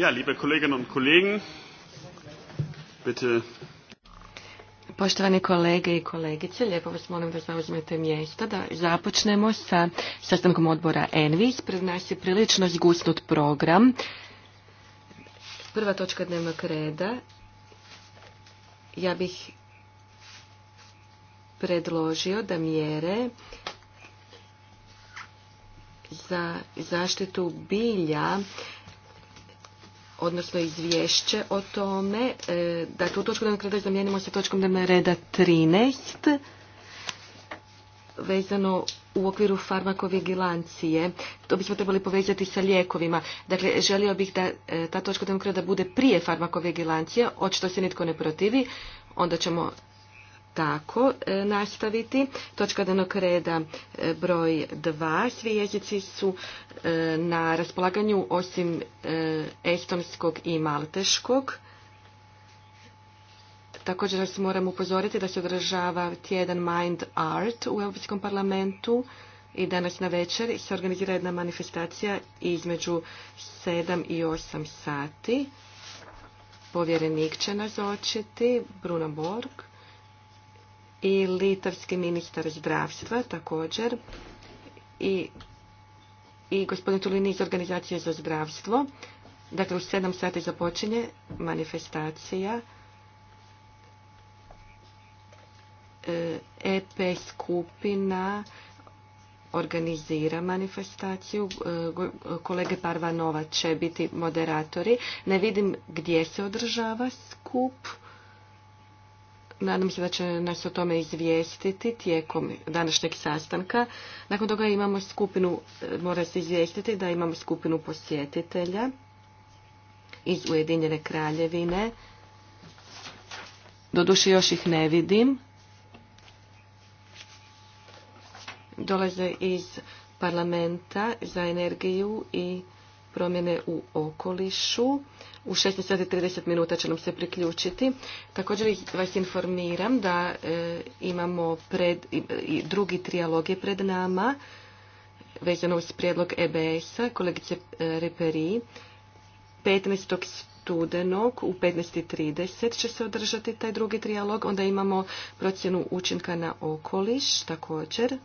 Ja, liebe Kolleginnen und Kollegen, bitte. Poštovani kolege i kolegice, lijepo vas molim da zauzmete mjesto da započnemo sa sastankom odbora Envis. pred nas je prilično zgusnut program. Prva točka dnevnog reda. Ja bih predložio da mjere za zaštitu bilja odnosno izvješće o tome. E, da tu točku dnevnog reda zamijenimo sa točkom dnevnog reda 13 vezano u okviru farmakovigilancije. To bismo trebali povezati sa lijekovima. Dakle, želio bih da e, ta točka dnevnog reda bude prije farmakovigilancije, očito se nitko ne protivi, onda ćemo tako e, nastaviti. Točka danog reda e, broj dva. Svi jezici su e, na raspolaganju osim estonskog i malteškog. Također vas moram upozoriti da se održava tjedan Mind Art u Europskom parlamentu i danas na večer se organizira jedna manifestacija između 7 i 8 sati. Povjerenik će očiti. Bruno Borg i litavski ministar zdravstva također i, i gospodin Tulin iz Organizacije za zdravstvo. Dakle, u sedam sati započinje manifestacija EP e skupina organizira manifestaciju. E, kolege Parvanova će biti moderatori. Ne vidim gdje se održava skup. Nadam se da će nas o tome izvijestiti tijekom današnjeg sastanka. Nakon toga imamo skupinu, e, mora se izvijestiti da imamo skupinu posjetitelja iz Ujedinjene kraljevine. Doduše još ih ne vidim. Dolaze iz parlamenta za energiju i promjene u okolišu. U 16.30 minuta će nam se priključiti. Također vas informiram da e, imamo i drugi trijalog je pred nama vezano uz prijedlog EBS-a, kolegice e, Reperi. 15. studenog u 15.30 će se održati taj drugi trijalog. Onda imamo procjenu učinka na okoliš također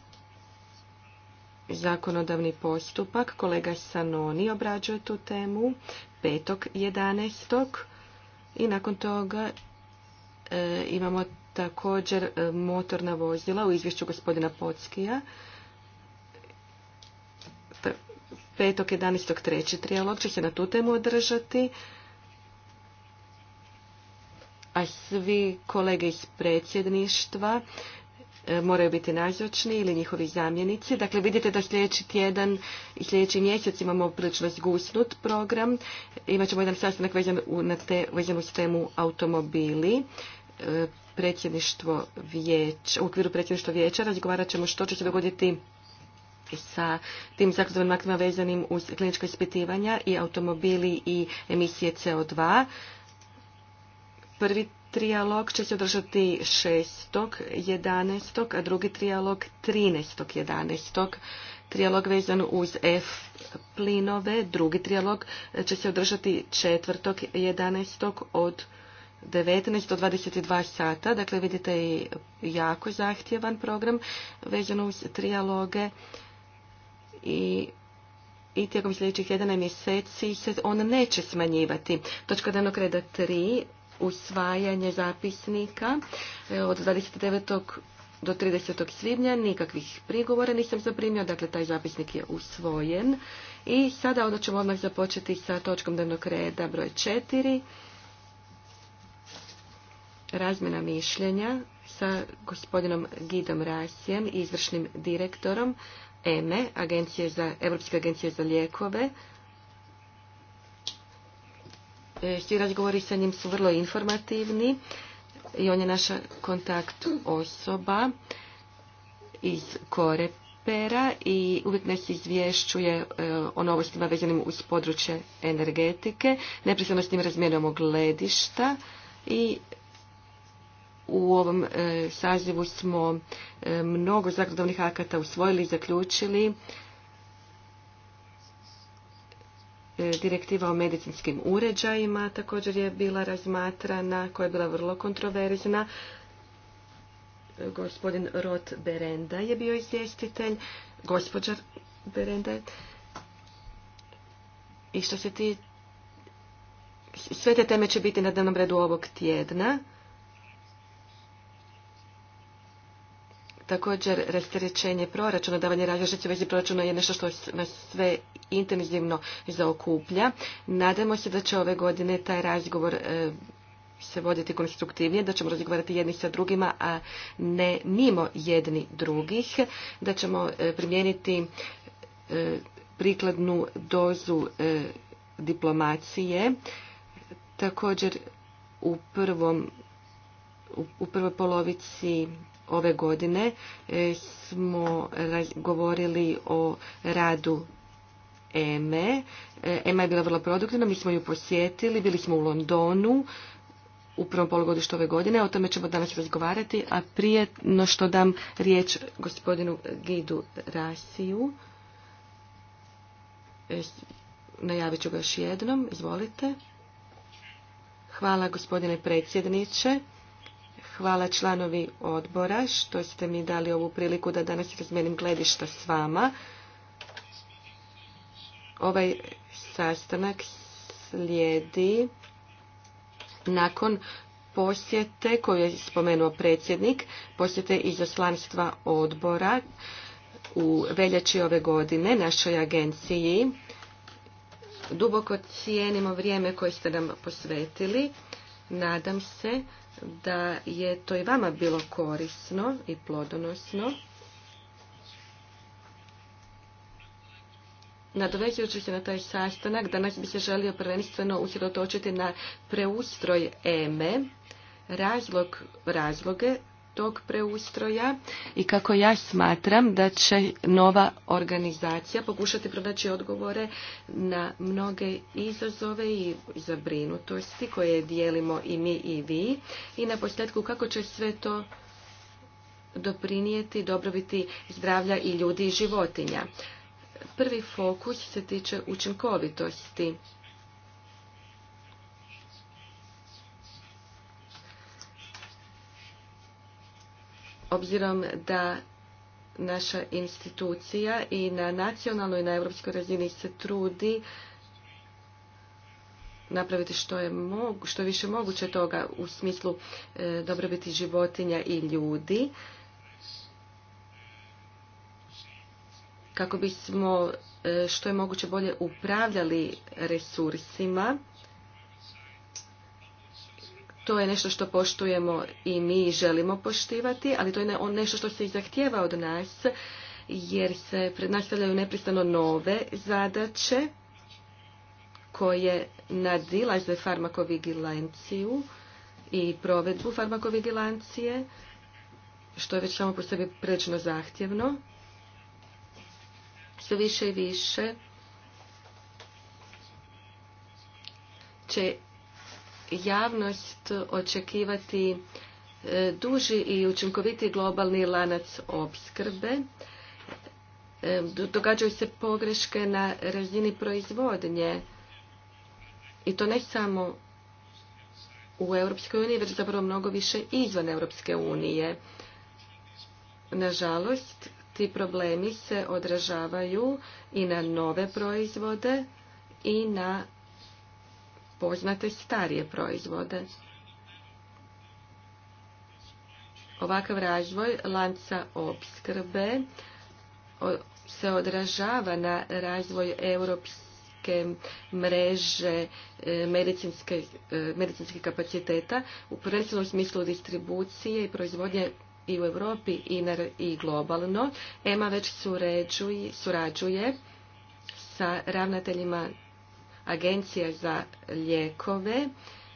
zakonodavni postupak. Kolega Sanoni obrađuje tu temu 5.11. I nakon toga e, imamo također e, motorna vozila u izvješću gospodina Pockija. treći trijalog će se na tu temu održati. A svi kolege iz predsjedništva E, moraju biti nazočni ili njihovi zamjenici. Dakle, vidite da sljedeći tjedan i sljedeći mjesec imamo prilično zgusnut program. Imaćemo jedan sastanak vezan, u, uz temu automobili e, predsjedništvo vijeća, u okviru predsjedništva vijeća razgovarat ćemo što će se dogoditi sa tim zakonodavnim aktima vezanim uz klinička ispitivanja i automobili i emisije CO2. Prvi trijalog će se održati 6.11., a drugi trijalog 13.11. Trijalog vezan uz F plinove, drugi trijalog će se održati 4.11. od 19 do 22 sata. Dakle, vidite i jako zahtjevan program vezan uz trijaloge i i tijekom sljedećih jedana mjeseci se on neće smanjivati. Točka dnevnog reda 3 usvajanje zapisnika e, od 29. do 30. svibnja. Nikakvih prigovora nisam zaprimio, dakle taj zapisnik je usvojen. I sada onda ćemo odmah započeti sa točkom dnevnog reda broj 4. Razmjena mišljenja sa gospodinom Gidom Rasijem, izvršnim direktorom EME, e, Agencije za, Europske agencije za lijekove, svi razgovori sa njim su vrlo informativni i on je naša kontakt osoba iz Korepera i uvijek nas izvješćuje e, o novostima vezanim uz područje energetike. Nepristano s njim razmjerujemo gledišta i u ovom e, sazivu smo e, mnogo zakonodavnih akata usvojili i zaključili E, direktiva o medicinskim uređajima također je bila razmatrana, koja je bila vrlo kontroverzna. E, gospodin Rot Berenda je bio izvjestitelj, gospođa Berenda. I što se ti... Sve te teme će biti na dnevnom redu ovog tjedna. Također, rasterećenje proračuna, davanje u vezi proračuna je nešto što nas sve intenzivno zaokuplja. Nadamo se da će ove godine taj razgovor e, se voditi konstruktivnije, da ćemo razgovarati jedni sa drugima, a ne mimo jedni drugih, da ćemo e, primijeniti e, prikladnu dozu diplomacije. Također, u prvom u prvoj polovici ove godine e, smo govorili o radu EME. EMA e e je bila vrlo produktivna, mi smo ju posjetili, bili smo u Londonu u prvom polugodištu ove godine, o tome ćemo danas razgovarati, a prije no što dam riječ gospodinu Gidu Rasiju, najavit ću ga još jednom, izvolite. Hvala gospodine predsjedniče. Hvala članovi odbora što ste mi dali ovu priliku da danas razmenim gledišta s vama. Ovaj sastanak slijedi nakon posjete koju je spomenuo predsjednik, posjete oslanstva odbora u veljači ove godine našoj agenciji. Duboko cijenimo vrijeme koje ste nam posvetili. Nadam se da je to i vama bilo korisno i plodonosno. Nadovezujući se na taj sastanak, danas bi se želio prvenstveno usredotočiti na preustroj EME, e. razlog, razloge tog preustroja i kako ja smatram da će nova organizacija pokušati pronaći odgovore na mnoge izazove i zabrinutosti koje dijelimo i mi i vi i na posljedku kako će sve to doprinijeti dobrobiti zdravlja i ljudi i životinja. Prvi fokus se tiče učinkovitosti. obzirom da naša institucija i na nacionalnoj i na europskoj razini se trudi napraviti što je mogu, što više moguće toga u smislu e, dobrobiti životinja i ljudi kako bismo e, što je moguće bolje upravljali resursima to je nešto što poštujemo i mi želimo poštivati, ali to je nešto što se i zahtjeva od nas, jer se pred nepristano nove zadaće koje nadilaze farmakovigilanciju i provedbu farmakovigilancije, što je već samo po sebi prečno zahtjevno. Sve više i više će javnost očekivati e, duži i učinkoviti globalni lanac opskrbe. E, događaju se pogreške na razini proizvodnje i to ne samo u Europskoj uniji, već zapravo mnogo više izvan Europske unije. Nažalost, ti problemi se odražavaju i na nove proizvode i na poznate starije proizvode. Ovakav razvoj lanca opskrbe se odražava na razvoj europske mreže e, medicinske, e, medicinskih kapaciteta, u prvenstveno smislu distribucije i proizvodnje i u Europi i, i globalno. EMA već surađuje, surađuje sa ravnateljima agencija za lijekove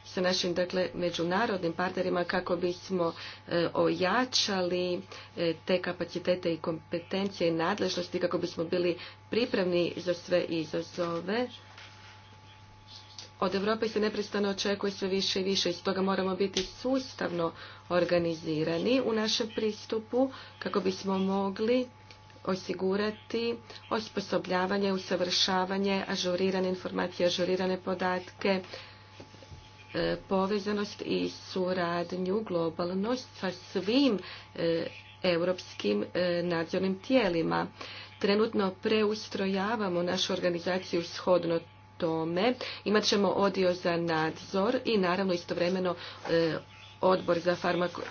sa našim dakle, međunarodnim partnerima kako bismo e, ojačali e, te kapacitete i kompetencije i nadležnosti kako bismo bili pripravni za sve izazove. Od Europe se neprestano očekuje sve više i više i stoga moramo biti sustavno organizirani u našem pristupu kako bismo mogli osigurati osposobljavanje, usavršavanje, ažurirane informacije, ažurirane podatke, e, povezanost i suradnju globalnost sa svim e, europskim e, nadzornim tijelima. Trenutno preustrojavamo našu organizaciju shodno tome. Imat ćemo odio za nadzor i naravno istovremeno odbor za farmako,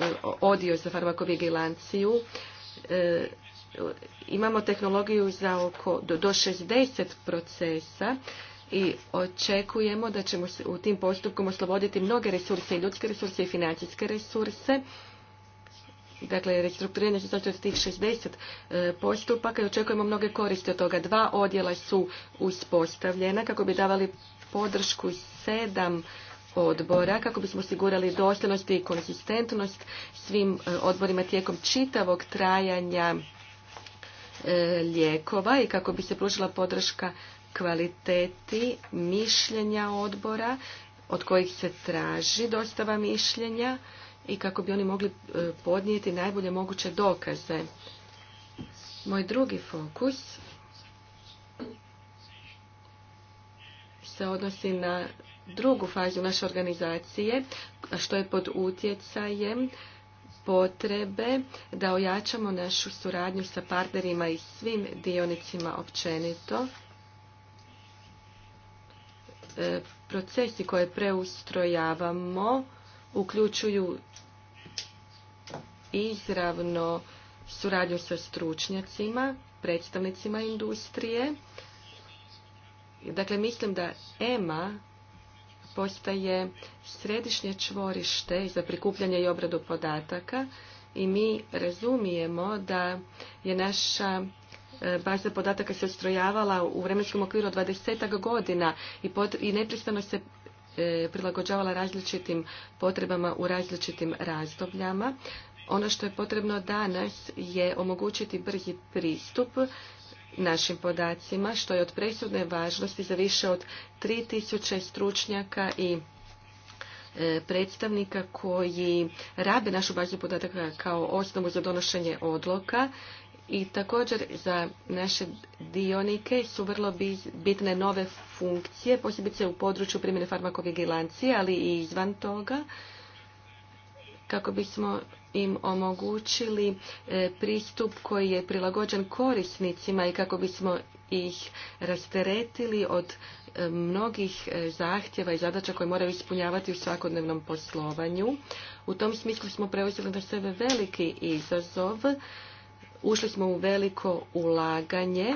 odio za farmakovigilanciju imamo tehnologiju za oko do 60 procesa i očekujemo da ćemo u tim postupkom osloboditi mnoge resurse, i ljudske resurse i financijske resurse. Dakle, restrukturiranje se sastoji od tih 60 e, postupaka i očekujemo mnoge koriste od toga. Dva odjela su uspostavljena kako bi davali podršku sedam odbora kako bismo osigurali dosljednost i konzistentnost svim e, odborima tijekom čitavog trajanja E, lijekova i kako bi se pružila podrška kvaliteti mišljenja odbora od kojih se traži dostava mišljenja i kako bi oni mogli e, podnijeti najbolje moguće dokaze. Moj drugi fokus se odnosi na drugu fazu naše organizacije, što je pod utjecajem potrebe da ojačamo našu suradnju sa partnerima i svim dionicima općenito. E, procesi koje preustrojavamo uključuju izravno suradnju sa stručnjacima, predstavnicima industrije. Dakle, mislim da EMA postaje središnje čvorište za prikupljanje i obradu podataka i mi razumijemo da je naša e, baza podataka se ustrojavala u vremenskom okviru od 20 godina i, i nepristano se e, prilagođavala različitim potrebama u različitim razdobljama. Ono što je potrebno danas je omogućiti brzi pristup našim podacima, što je od presudne važnosti za više od 3000 stručnjaka i e, predstavnika koji rabe našu bazu podataka kao osnovu za donošenje odloka i također za naše dionike su vrlo bitne nove funkcije, posebice u području primjene farmakovigilancije, ali i izvan toga kako bismo im omogućili e, pristup koji je prilagođen korisnicima i kako bismo ih rasteretili od e, mnogih e, zahtjeva i zadaća koje moraju ispunjavati u svakodnevnom poslovanju. U tom smislu smo preuzeli na sebe veliki izazov. Ušli smo u veliko ulaganje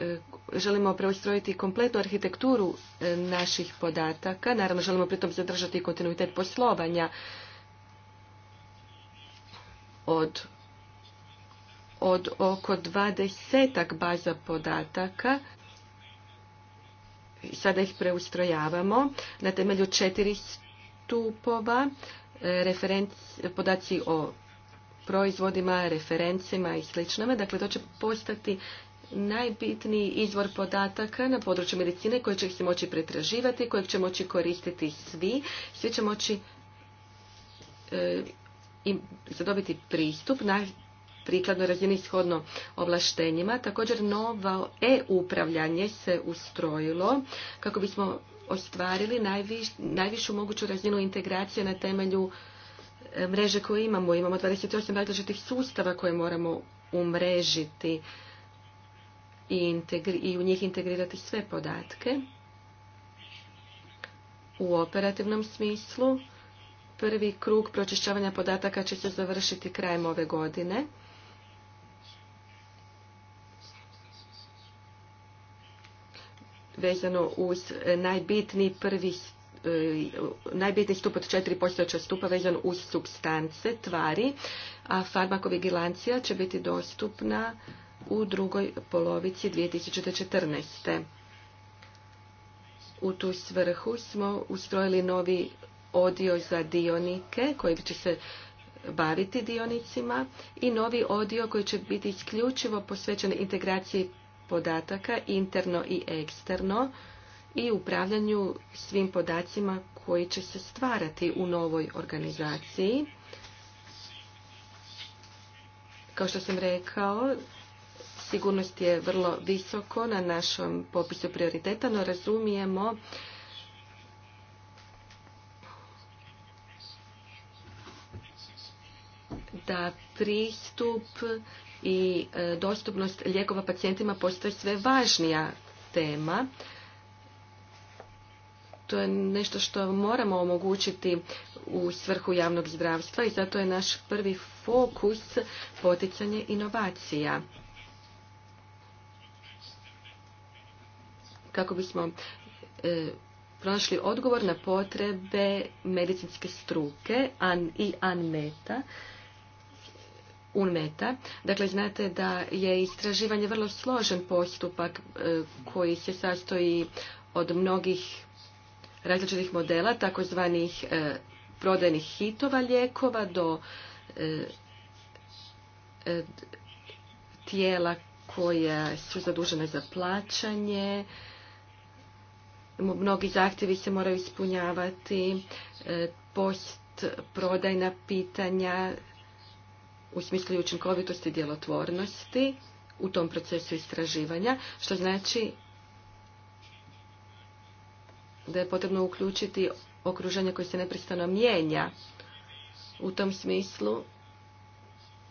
E, želimo preustrojiti kompletnu arhitekturu e, naših podataka. Naravno, želimo pritom zadržati kontinuitet poslovanja od, od oko dvadesetak baza podataka. Sada ih preustrojavamo na temelju četiri stupova, e, podaci o proizvodima, referencima i sl. Dakle, to će postati najbitniji izvor podataka na području medicine koje će se moći pretraživati, kojeg će moći koristiti svi. Svi će moći e, zadobiti pristup na prikladno razini ishodno ovlaštenjima. Također novo e-upravljanje se ustrojilo kako bismo ostvarili najvišu moguću razinu integracije na temelju e, mreže koje imamo. Imamo 28 različitih sustava koje moramo umrežiti i, i u njih integrirati sve podatke u operativnom smislu. Prvi krug pročišćavanja podataka će se završiti krajem ove godine. Vezano uz najbitniji prvi e, najbitniji stup od 4% stupa vezan uz substance, tvari, a farmakovigilancija će biti dostupna u drugoj polovici 2014. U tu svrhu smo ustrojili novi odio za dionike koji će se baviti dionicima i novi odio koji će biti isključivo posvećen integraciji podataka interno i eksterno i upravljanju svim podacima koji će se stvarati u novoj organizaciji. Kao što sam rekao, Sigurnost je vrlo visoko na našem popisu prioriteta, no razumijemo da pristup i e, dostupnost lijekova pacijentima postoje sve važnija tema. To je nešto što moramo omogućiti u svrhu javnog zdravstva i zato je naš prvi fokus poticanje inovacija. kako bismo e, pronašli odgovor na potrebe medicinske struke i anmeta. Unmeta. Dakle, znate da je istraživanje vrlo složen postupak e, koji se sastoji od mnogih različitih modela, takozvanih e, prodajnih hitova lijekova do tijela koja su zadužena za plaćanje, mnogi zahtjevi se moraju ispunjavati, e, post prodajna pitanja u smislu učinkovitosti i djelotvornosti u tom procesu istraživanja, što znači da je potrebno uključiti okruženje koje se neprestano mijenja. U tom smislu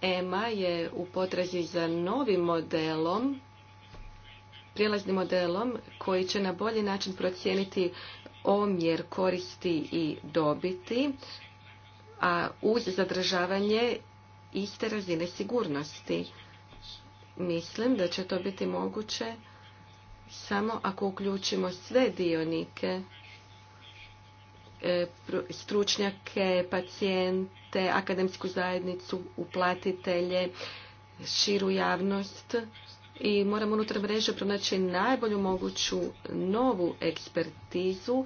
EMA je u potrazi za novim modelom prijelaznim modelom koji će na bolji način procijeniti omjer koristi i dobiti, a uz zadržavanje iste razine sigurnosti. Mislim da će to biti moguće samo ako uključimo sve dionike, e, stručnjake, pacijente, akademsku zajednicu, uplatitelje, širu javnost, i moramo unutar mreže pronaći najbolju moguću novu ekspertizu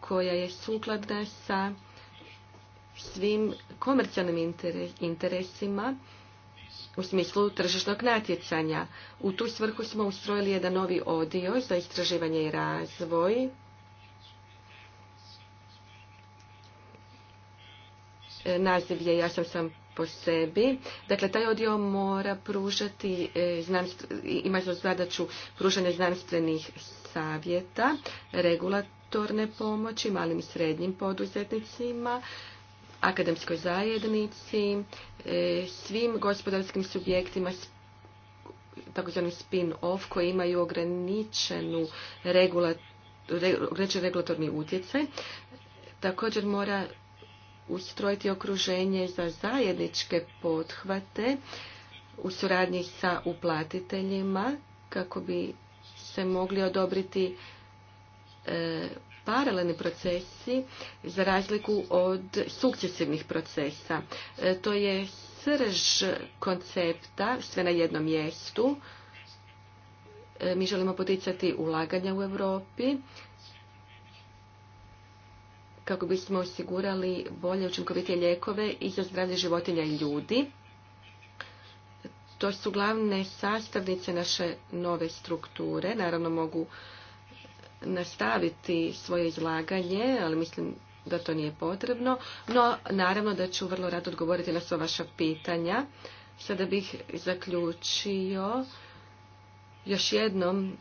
koja je sukladna sa svim komercijalnim interesima u smislu tržišnog natjecanja. U tu svrhu smo ustrojili jedan novi odio za istraživanje i razvoj. E, naziv je, ja sam sam po sebi. Dakle, taj odio mora pružati, e, ima zadaću pružanje znanstvenih savjeta, regulatorne pomoći malim i srednjim poduzetnicima, akademskoj zajednici, e, svim gospodarskim subjektima takozvani spin-off koji imaju ograničenu ograničen regulatorni utjecaj. Također mora ustrojiti okruženje za zajedničke pothvate u suradnji sa uplatiteljima kako bi se mogli odobriti e, paralelni procesi za razliku od sukcesivnih procesa. E, to je srž koncepta, sve na jednom mjestu. E, mi želimo poticati ulaganja u Europi kako bismo osigurali bolje učinkovitije lijekove i za zdravlje životinja i ljudi. To su glavne sastavnice naše nove strukture. Naravno mogu nastaviti svoje izlaganje, ali mislim da to nije potrebno. No, naravno da ću vrlo rado odgovoriti na sva vaša pitanja. Sada bih zaključio još jednom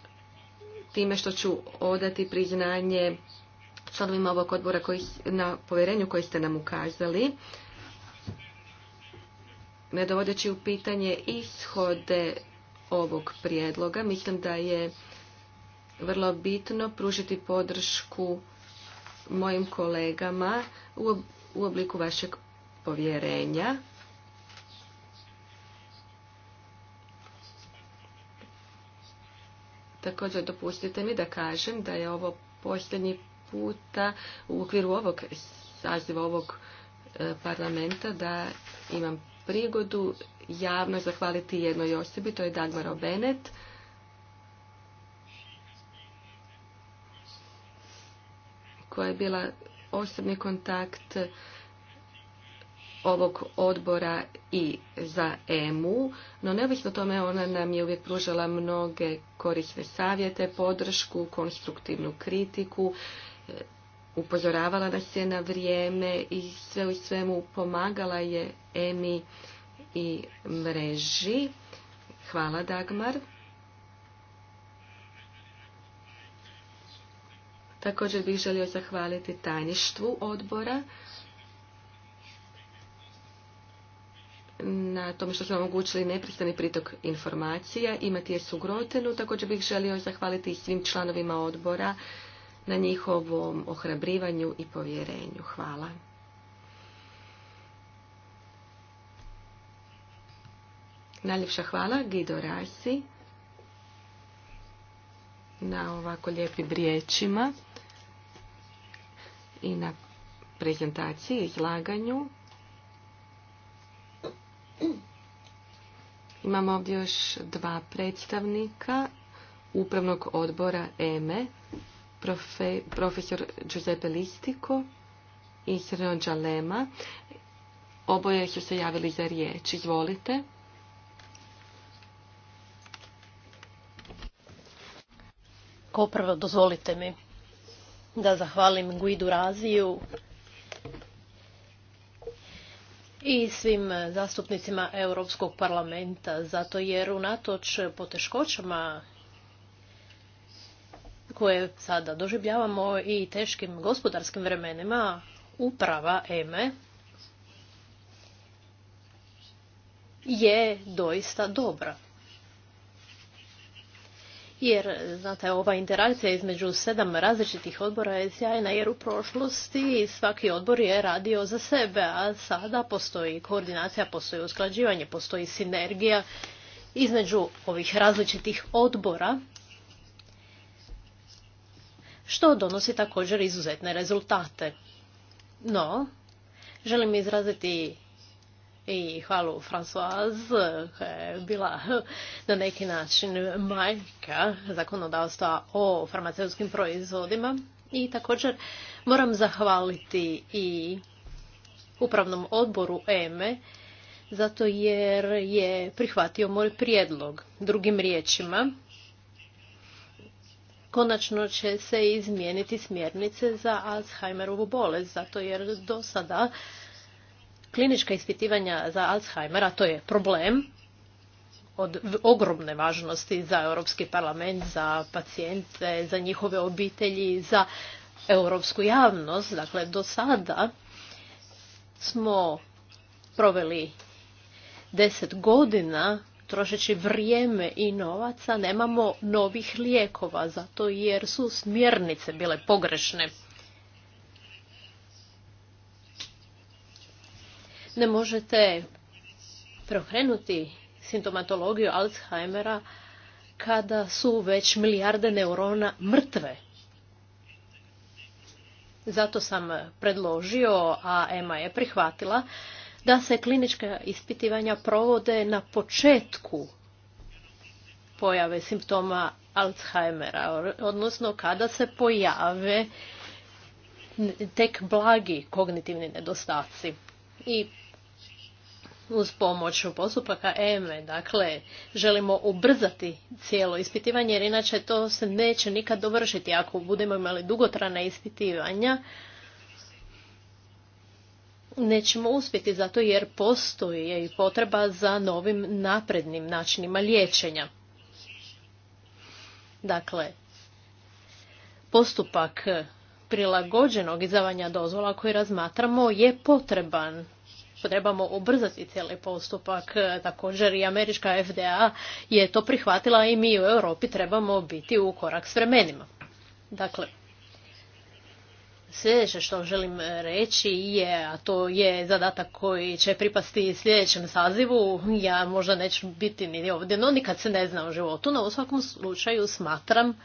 time što ću odati priznanje članovima ovog odbora koji, na povjerenju koji ste nam ukazali, ne dovodeći u pitanje ishode ovog prijedloga. Mislim da je vrlo bitno pružiti podršku mojim kolegama u obliku vašeg povjerenja. Također dopustite mi da kažem da je ovo posljednji puta u okviru ovog saziva ovog e, parlamenta da imam prigodu javno zahvaliti jednoj osobi, to je Dagmar Obenet. koja je bila osobni kontakt ovog odbora i za EMU, no neovisno tome ona nam je uvijek pružala mnoge korisne savjete, podršku, konstruktivnu kritiku upozoravala nas je na vrijeme i sve u svemu pomagala je Emi i mreži. Hvala Dagmar. Također bih želio zahvaliti tajništvu odbora na tom što smo omogućili nepristani pritok informacija. Imati je sugrotenu. Također bih želio zahvaliti i svim članovima odbora na njihovom ohrabrivanju i povjerenju. Hvala. Najljepša hvala Gido na ovako lijepim riječima i na prezentaciji, i izlaganju. Imamo ovdje još dva predstavnika upravnog odbora EME profesor Giuseppe Listico i Sreo Đalema. Oboje su se javili za riječ. Izvolite. Kao prvo, dozvolite mi da zahvalim Guidu Raziju i svim zastupnicima Europskog parlamenta, zato jer unatoč poteškoćama koje sada doživljavamo i teškim gospodarskim vremenima, uprava EME je doista dobra. Jer, znate, ova interakcija između sedam različitih odbora je sjajna, jer u prošlosti svaki odbor je radio za sebe, a sada postoji koordinacija, postoji usklađivanje, postoji sinergija između ovih različitih odbora što donosi također izuzetne rezultate. No, želim izraziti i hvalu Françoise, koja je bila na neki način majka zakonodavstva o farmaceutskim proizvodima. I također moram zahvaliti i upravnom odboru EME, e, zato jer je prihvatio moj prijedlog. Drugim riječima, konačno će se izmijeniti smjernice za Alzheimerovu bolest, zato jer do sada klinička ispitivanja za Alzheimera, to je problem od ogromne važnosti za Europski parlament, za pacijente, za njihove obitelji, za europsku javnost. Dakle, do sada smo proveli deset godina trošeći vrijeme i novaca nemamo novih lijekova, zato jer su smjernice bile pogrešne. Ne možete preokrenuti simptomatologiju Alzheimera kada su već milijarde neurona mrtve. Zato sam predložio, a Ema je prihvatila, da se klinička ispitivanja provode na početku pojave simptoma Alzheimera, odnosno kada se pojave tek blagi kognitivni nedostaci. I uz pomoć postupaka EME, e, dakle, želimo ubrzati cijelo ispitivanje jer inače to se neće nikad dovršiti. Ako budemo imali dugotrane ispitivanja, nećemo uspjeti zato jer postoji i potreba za novim naprednim načinima liječenja. Dakle, postupak prilagođenog izdavanja dozvola koji razmatramo je potreban. Trebamo ubrzati cijeli postupak. Također i američka FDA je to prihvatila i mi u Europi trebamo biti u korak s vremenima. Dakle, Sljedeće što želim reći je, a to je zadatak koji će pripasti sljedećem sazivu, ja možda neću biti ni ovdje, no nikad se ne zna o životu, no u svakom slučaju smatram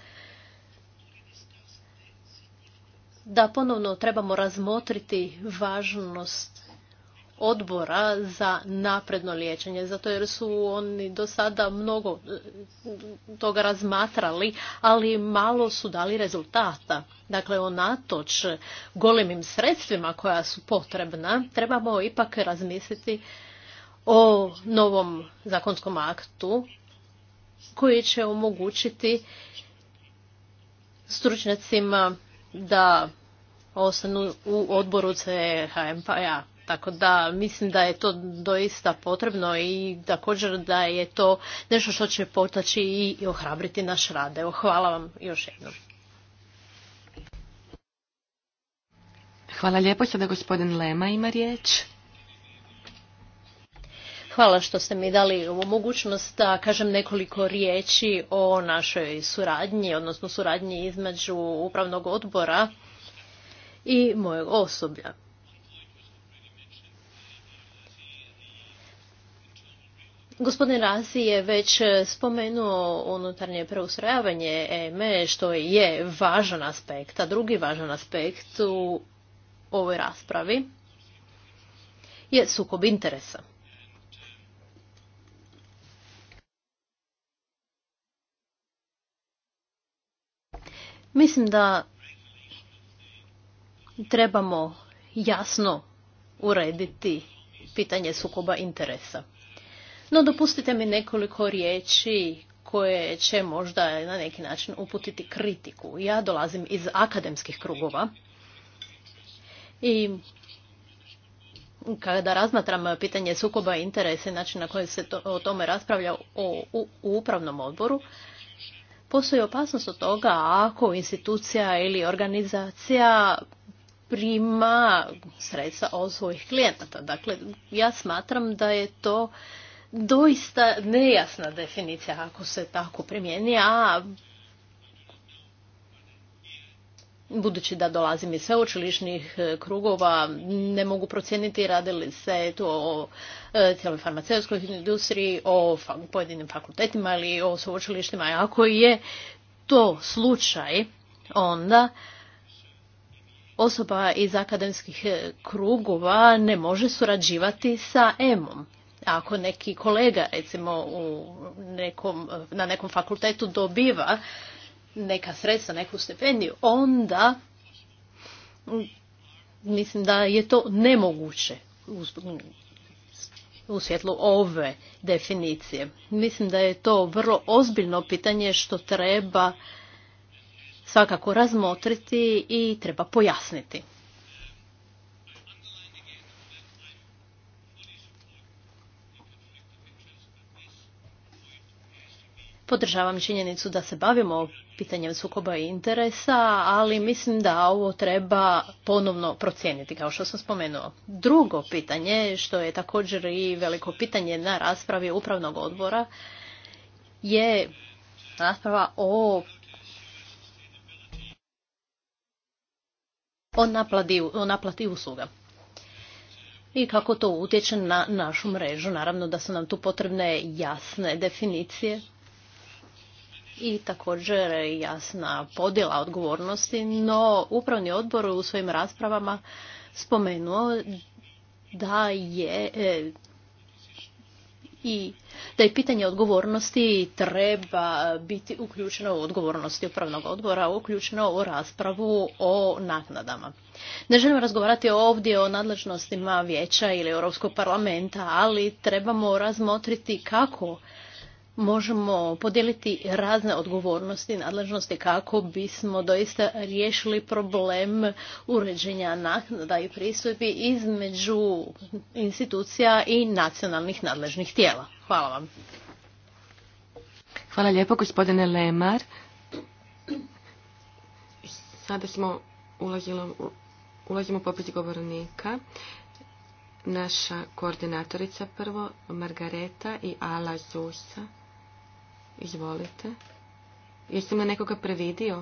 da ponovno trebamo razmotriti važnost odbora za napredno liječenje, zato jer su oni do sada mnogo e, toga razmatrali, ali malo su dali rezultata. Dakle, onatoč golemim sredstvima koja su potrebna, trebamo ipak razmisliti o novom zakonskom aktu koji će omogućiti stručnjacima da ostanu u odboru CHMPA. Tako da mislim da je to doista potrebno i također da je to nešto što će potaći i ohrabriti naš rad. Evo, hvala vam još jednom. Hvala lijepo. Sada gospodin Lema ima riječ. Hvala što ste mi dali ovu mogućnost da kažem nekoliko riječi o našoj suradnji, odnosno suradnji između upravnog odbora i mojeg osoblja. Gospodin Rasi je već e, spomenuo unutarnje preustrojavanje EME, što je važan aspekt, a drugi važan aspekt u ovoj raspravi je sukob interesa. Mislim da trebamo jasno urediti pitanje sukoba interesa. No dopustite mi nekoliko riječi koje će možda na neki način uputiti kritiku. Ja dolazim iz akademskih krugova i kada razmatram pitanje sukoba interesa i način na koji se to, o tome raspravlja o, u, u upravnom odboru, postoji opasnost od toga ako institucija ili organizacija prima sredstva od svojih klijenata. Dakle, ja smatram da je to doista nejasna definicija ako se tako primjeni, a budući da dolazim iz sveučilišnih e, krugova, ne mogu procijeniti radi li se tu o e, cijeloj farmaceutskoj industriji, o pojedinim fakultetima ili o sveučilištima. Ako je to slučaj, onda osoba iz akademskih e, krugova ne može surađivati sa EMOM ako neki kolega recimo u nekom, na nekom fakultetu dobiva neka sredstva, neku stipendiju, onda mislim da je to nemoguće u svjetlu ove definicije. Mislim da je to vrlo ozbiljno pitanje što treba svakako razmotriti i treba pojasniti. Podržavam činjenicu da se bavimo pitanjem sukoba interesa, ali mislim da ovo treba ponovno procijeniti, kao što sam spomenuo. Drugo pitanje, što je također i veliko pitanje na raspravi upravnog odbora, je rasprava o o naplati, o naplati usluga i kako to utječe na našu mrežu. Naravno da su nam tu potrebne jasne definicije i također jasna podjela odgovornosti, no upravni odbor u svojim raspravama spomenuo da je e, i da je pitanje odgovornosti treba biti uključeno u odgovornosti upravnog odbora, uključeno u raspravu o naknadama. Ne želim razgovarati ovdje o nadležnostima vijeća ili Europskog parlamenta, ali trebamo razmotriti kako možemo podijeliti razne odgovornosti i nadležnosti kako bismo doista riješili problem uređenja naknada i pristupi između institucija i nacionalnih nadležnih tijela. Hvala vam. Hvala lijepo gospodine Lemar. Sada smo ulazimo u popis govornika. Naša koordinatorica prvo, Margareta i Ala Zusa. Izvolite. Jesi me nekoga previdio?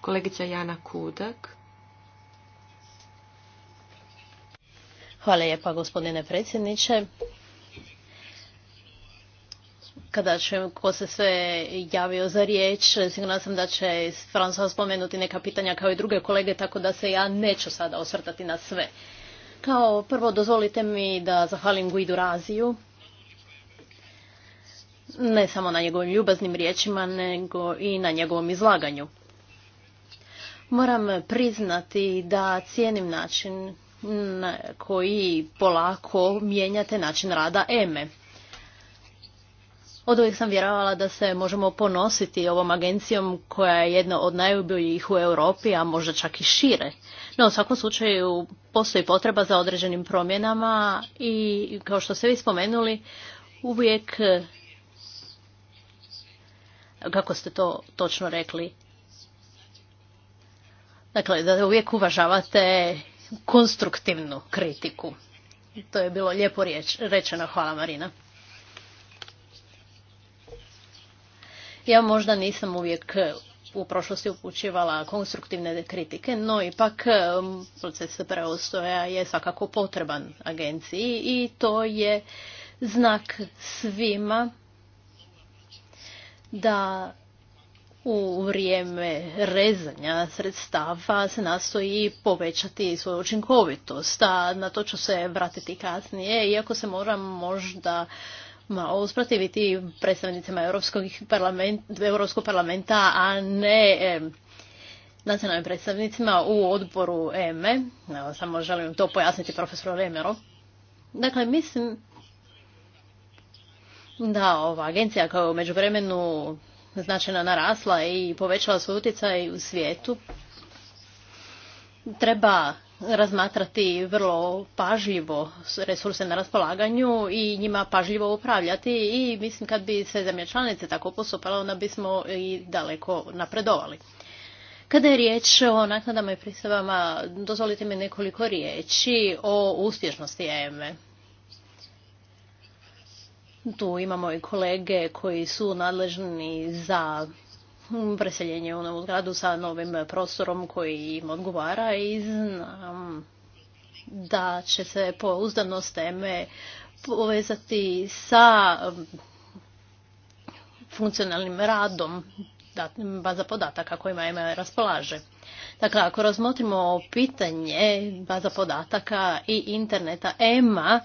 Kolegica Jana Kudak. Hvala lijepa gospodine predsjedniče. Kada ću, ko se sve javio za riječ, sigurno sam da će Fransa spomenuti neka pitanja kao i druge kolege, tako da se ja neću sada osvrtati na sve. Kao prvo dozvolite mi da zahvalim Guidu Raziju, ne samo na njegovim ljubaznim riječima, nego i na njegovom izlaganju. Moram priznati da cijenim način koji polako mijenjate način rada EME. Od sam vjerovala da se možemo ponositi ovom agencijom koja je jedna od najboljih u Europi, a možda čak i šire. No, u svakom slučaju postoji potreba za određenim promjenama i kao što ste vi spomenuli, uvijek, kako ste to točno rekli, dakle, da uvijek uvažavate konstruktivnu kritiku. To je bilo lijepo rečeno. Hvala Marina. Ja možda nisam uvijek e, u prošlosti upućivala konstruktivne kritike, no ipak e, proces preostoja je svakako potreban agenciji i to je znak svima da u vrijeme rezanja sredstava se nastoji povećati svoju učinkovitost, a na to ću se vratiti kasnije, iako se moram možda malo usprotiviti predstavnicima Europskog parlamenta, Europskog parlamenta a ne nacionalnim predstavnicima u odboru EME. samo želim to pojasniti profesoru Remero. Dakle, mislim da ova agencija koja je u međuvremenu značajno narasla i povećala svoj utjecaj u svijetu treba razmatrati vrlo pažljivo resurse na raspolaganju i njima pažljivo upravljati i mislim kad bi se zemlje članice tako postupale onda bismo i daleko napredovali. Kada je riječ o naknadama i pristavama, dozvolite mi nekoliko riječi o uspješnosti EME. E. Tu imamo i kolege koji su nadležni za preseljenje u novu zgradu sa novim prostorom koji im odgovara i znam da će se pouzdanost teme povezati sa um, funkcionalnim radom baza podataka kojima ima raspolaže. Dakle, ako razmotrimo pitanje baza podataka i interneta EMA,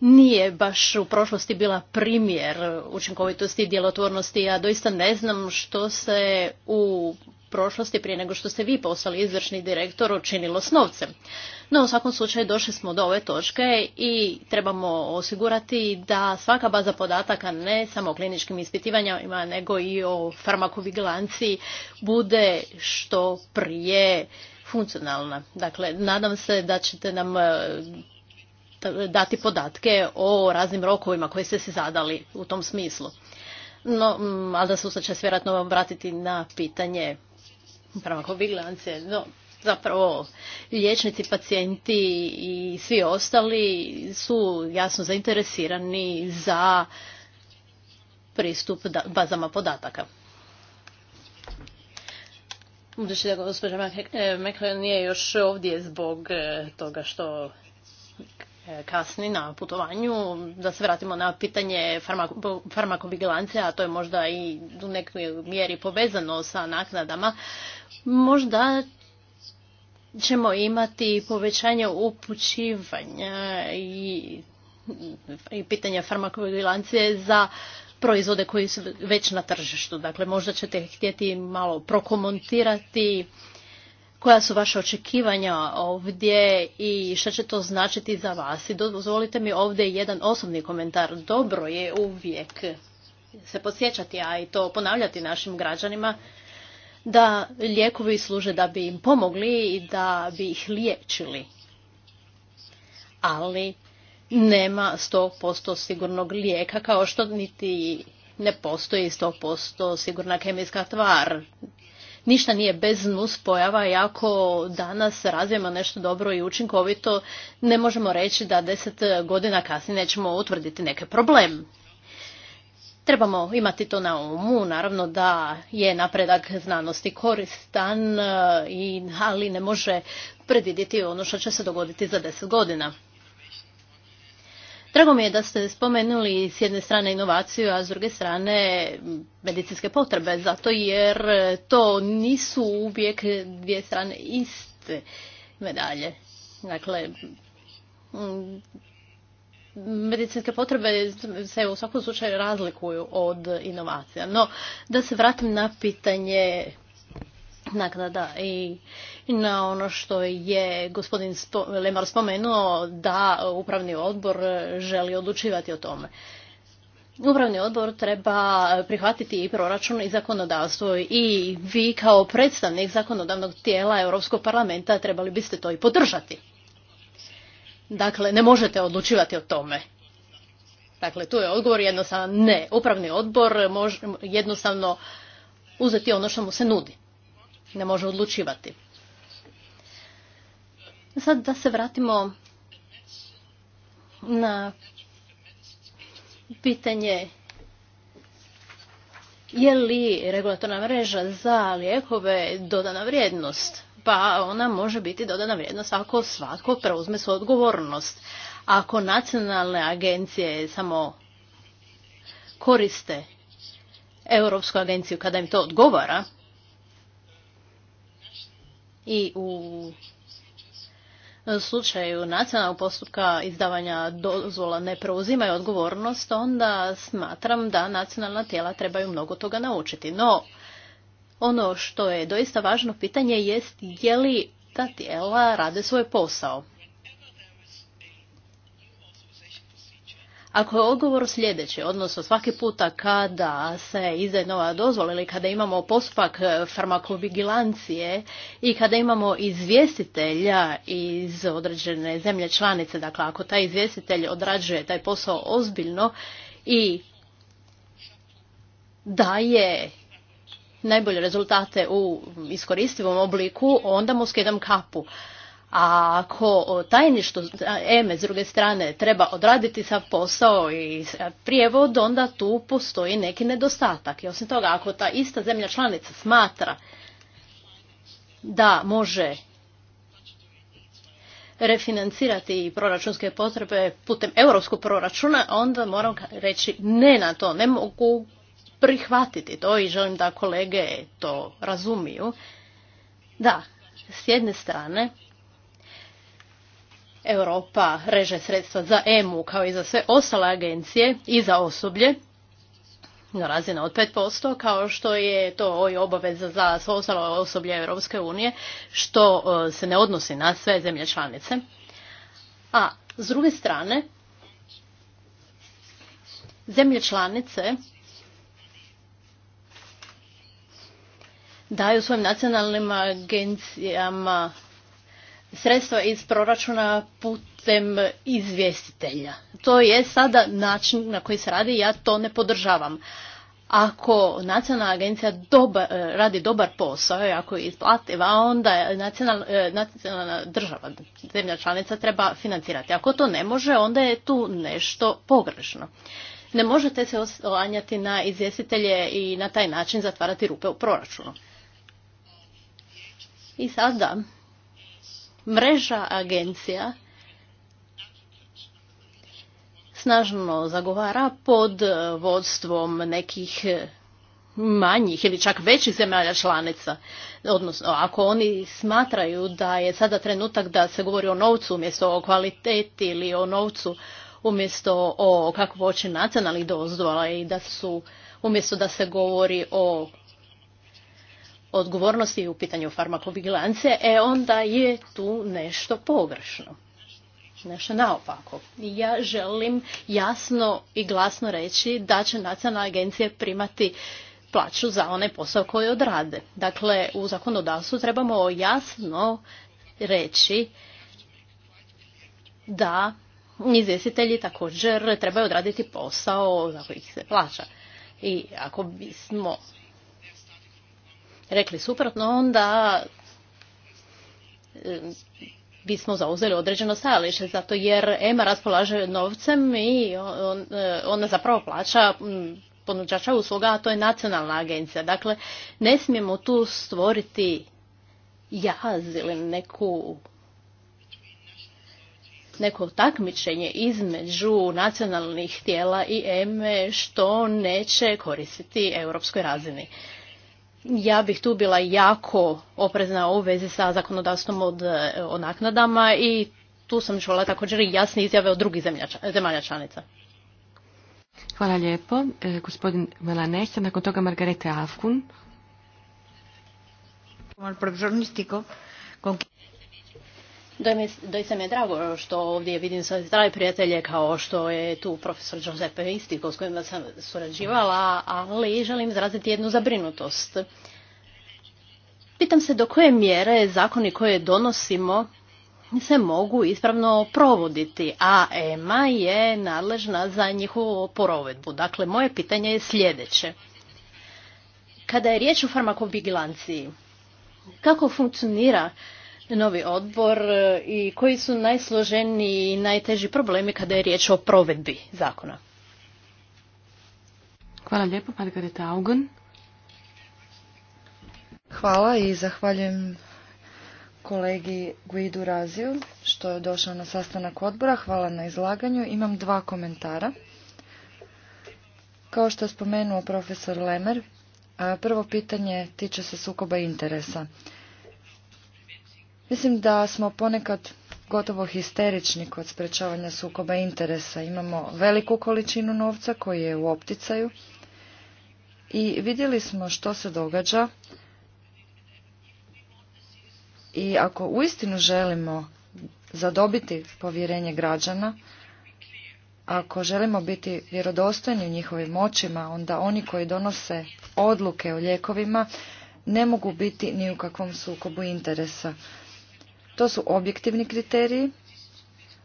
nije baš u prošlosti bila primjer učinkovitosti i djelotvornosti. Ja doista ne znam što se u prošlosti prije nego što ste vi poslali izvršni direktor učinilo s novcem. No u svakom slučaju došli smo do ove točke i trebamo osigurati da svaka baza podataka ne samo o kliničkim ispitivanjima nego i o farmakovigilanciji bude što prije funkcionalna. Dakle, nadam se da ćete nam dati podatke o raznim rokovima koje ste se zadali u tom smislu. No, mm, Alda Susa će se vjerojatno vam vratiti na pitanje prema kobilance. No, zapravo liječnici, pacijenti i svi ostali su jasno zainteresirani za pristup bazama podataka. Budući da gospođa McLean eh, nije još ovdje zbog eh, toga što E, kasni na putovanju, da se vratimo na pitanje farmakovigilance, a to je možda i u nekoj mjeri povezano sa naknadama, možda ćemo imati povećanje upućivanja i, i pitanja farmakovigilance za proizvode koji su već na tržištu. Dakle, možda ćete htjeti malo prokomentirati koja su vaša očekivanja ovdje i što će to značiti za vas. I dozvolite mi ovdje jedan osobni komentar. Dobro je uvijek se podsjećati, a i to ponavljati našim građanima, da lijekovi služe da bi im pomogli i da bi ih liječili. Ali nema 100% sigurnog lijeka, kao što niti ne postoji 100% sigurna kemijska tvar ništa nije bez nuspojava i ako danas razvijemo nešto dobro i učinkovito, ne možemo reći da deset godina kasnije nećemo utvrditi neki problem. Trebamo imati to na umu, naravno da je napredak znanosti koristan, e, ali ne može predvidjeti ono što će se dogoditi za deset godina. Drago mi je da ste spomenuli s jedne strane inovaciju, a s druge strane medicinske potrebe, zato jer to nisu uvijek dvije strane iste medalje. Dakle, mm, medicinske potrebe se u svakom slučaju razlikuju od inovacija. No, da se vratim na pitanje naknada i na ono što je gospodin Lemar spomenuo da upravni odbor želi odlučivati o tome. Upravni odbor treba prihvatiti i proračun i zakonodavstvo i vi kao predstavnik zakonodavnog tijela Europskog parlamenta trebali biste to i podržati. Dakle, ne možete odlučivati o tome. Dakle, tu je odgovor jednostavno ne. Upravni odbor može jednostavno uzeti ono što mu se nudi ne može odlučivati. Sad da se vratimo na pitanje je li regulatorna mreža za lijekove dodana vrijednost? Pa ona može biti dodana vrijednost ako svatko preuzme svoju odgovornost. Ako nacionalne agencije samo koriste Europsku agenciju kada im to odgovara, i u e, slučaju nacionalnog postupka izdavanja dozvola ne preuzimaju odgovornost, onda smatram da nacionalna tijela trebaju mnogo toga naučiti. No, ono što je doista važno pitanje jest je li ta tijela rade svoj posao. Ako je odgovor sljedeći, odnosno svaki puta kada se izdaje nova dozvola ili kada imamo postupak e, farmakovigilancije i kada imamo izvjestitelja iz određene zemlje članice, dakle ako taj izvjestitelj odrađuje taj posao ozbiljno i daje najbolje rezultate u iskoristivom obliku, onda mu skidam kapu. A ako tajništvo EME s druge strane treba odraditi sav posao i prijevod, onda tu postoji neki nedostatak. I osim toga, ako ta ista zemlja članica smatra da može refinancirati proračunske potrebe putem europskog proračuna, onda moram reći ne na to, ne mogu prihvatiti to i želim da kolege to razumiju. Da, s jedne strane Europa reže sredstva za EMU kao i za sve ostale agencije i za osoblje na razine od 5%, kao što je to i obaveza za sve ostale osoblje Europske unije, što e, se ne odnosi na sve zemlje članice. A s druge strane, zemlje članice daju svojim nacionalnim agencijama sredstva iz proračuna putem izvjestitelja. To je sada način na koji se radi, ja to ne podržavam. Ako nacionalna agencija e, radi dobar posao i ako je isplativa, onda nacionalna, e, nacionalna država, zemlja članica treba financirati. Ako to ne može, onda je tu nešto pogrešno. Ne možete se oslanjati na izvjestitelje i na taj način zatvarati rupe u proračunu. I sada mreža agencija snažno zagovara pod vodstvom nekih manjih ili čak većih zemalja članica. Odnosno, ako oni smatraju da je sada trenutak da se govori o novcu umjesto o kvaliteti ili o novcu umjesto o kakvoći nacionalnih dozvola i da su umjesto da se govori o odgovornosti u pitanju farmakovigilance, e onda je tu nešto pogrešno. Nešto naopako. Ja želim jasno i glasno reći da će nacionalna agencija primati plaću za onaj posao koji odrade. Dakle, u zakonodavstvu trebamo jasno reći da izvjestitelji također trebaju odraditi posao za koji ih se plaća. I ako bismo rekli suprotno, onda bismo zauzeli određeno stajalište, zato jer EMA raspolaže novcem i eh, ona zapravo plaća ponuđača usluga, a to je nacionalna agencija. Dakle, ne smijemo tu stvoriti jaz ili neku neko takmičenje između nacionalnih tijela i EME što neće koristiti europskoj razini ja bih tu bila jako oprezna u vezi sa zakonodavstvom od, e, o naknadama i tu sam čula također i jasne izjave od drugih zemlja, zemalja članica. Hvala lijepo. E, gospodin Melanesa, nakon toga Margarete Afkun. Doista mi je drago što ovdje vidim svoje zdrave prijatelje kao što je tu profesor Giuseppe Istiko s kojima sam surađivala, ali želim izraziti jednu zabrinutost. Pitam se do koje mjere zakoni koje donosimo se mogu ispravno provoditi, a EMA je nadležna za njihovu provedbu. Dakle, moje pitanje je sljedeće. Kada je riječ o farmakovigilanciji, kako funkcionira novi odbor e, i koji su najsloženiji i najteži problemi kada je riječ o provedbi zakona? Hvala lijepo, Margareta Augun. Hvala i zahvaljujem kolegi Guidu Raziju što je došao na sastanak odbora. Hvala na izlaganju. Imam dva komentara. Kao što je spomenuo profesor Lemer, prvo pitanje tiče se sukoba interesa. Mislim da smo ponekad gotovo histerični kod sprečavanja sukoba interesa. Imamo veliku količinu novca koji je u opticaju i vidjeli smo što se događa i ako uistinu želimo zadobiti povjerenje građana, ako želimo biti vjerodostojni u njihovim očima, onda oni koji donose odluke o lijekovima ne mogu biti ni u kakvom sukobu interesa. To su objektivni kriteriji.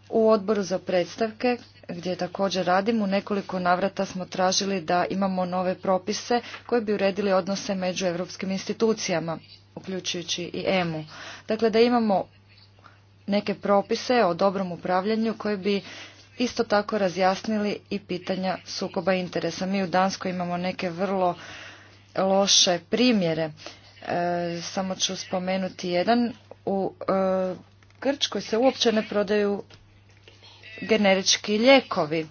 U odboru za predstavke, gdje također radim, u nekoliko navrata smo tražili da imamo nove propise koji bi uredili odnose među europskim institucijama, uključujući i EMU. Dakle, da imamo neke propise o dobrom upravljanju koje bi isto tako razjasnili i pitanja sukoba interesa. Mi u Danskoj imamo neke vrlo loše primjere E, samo ću spomenuti jedan. U e, Grčkoj se uopće ne prodaju generički lijekovi.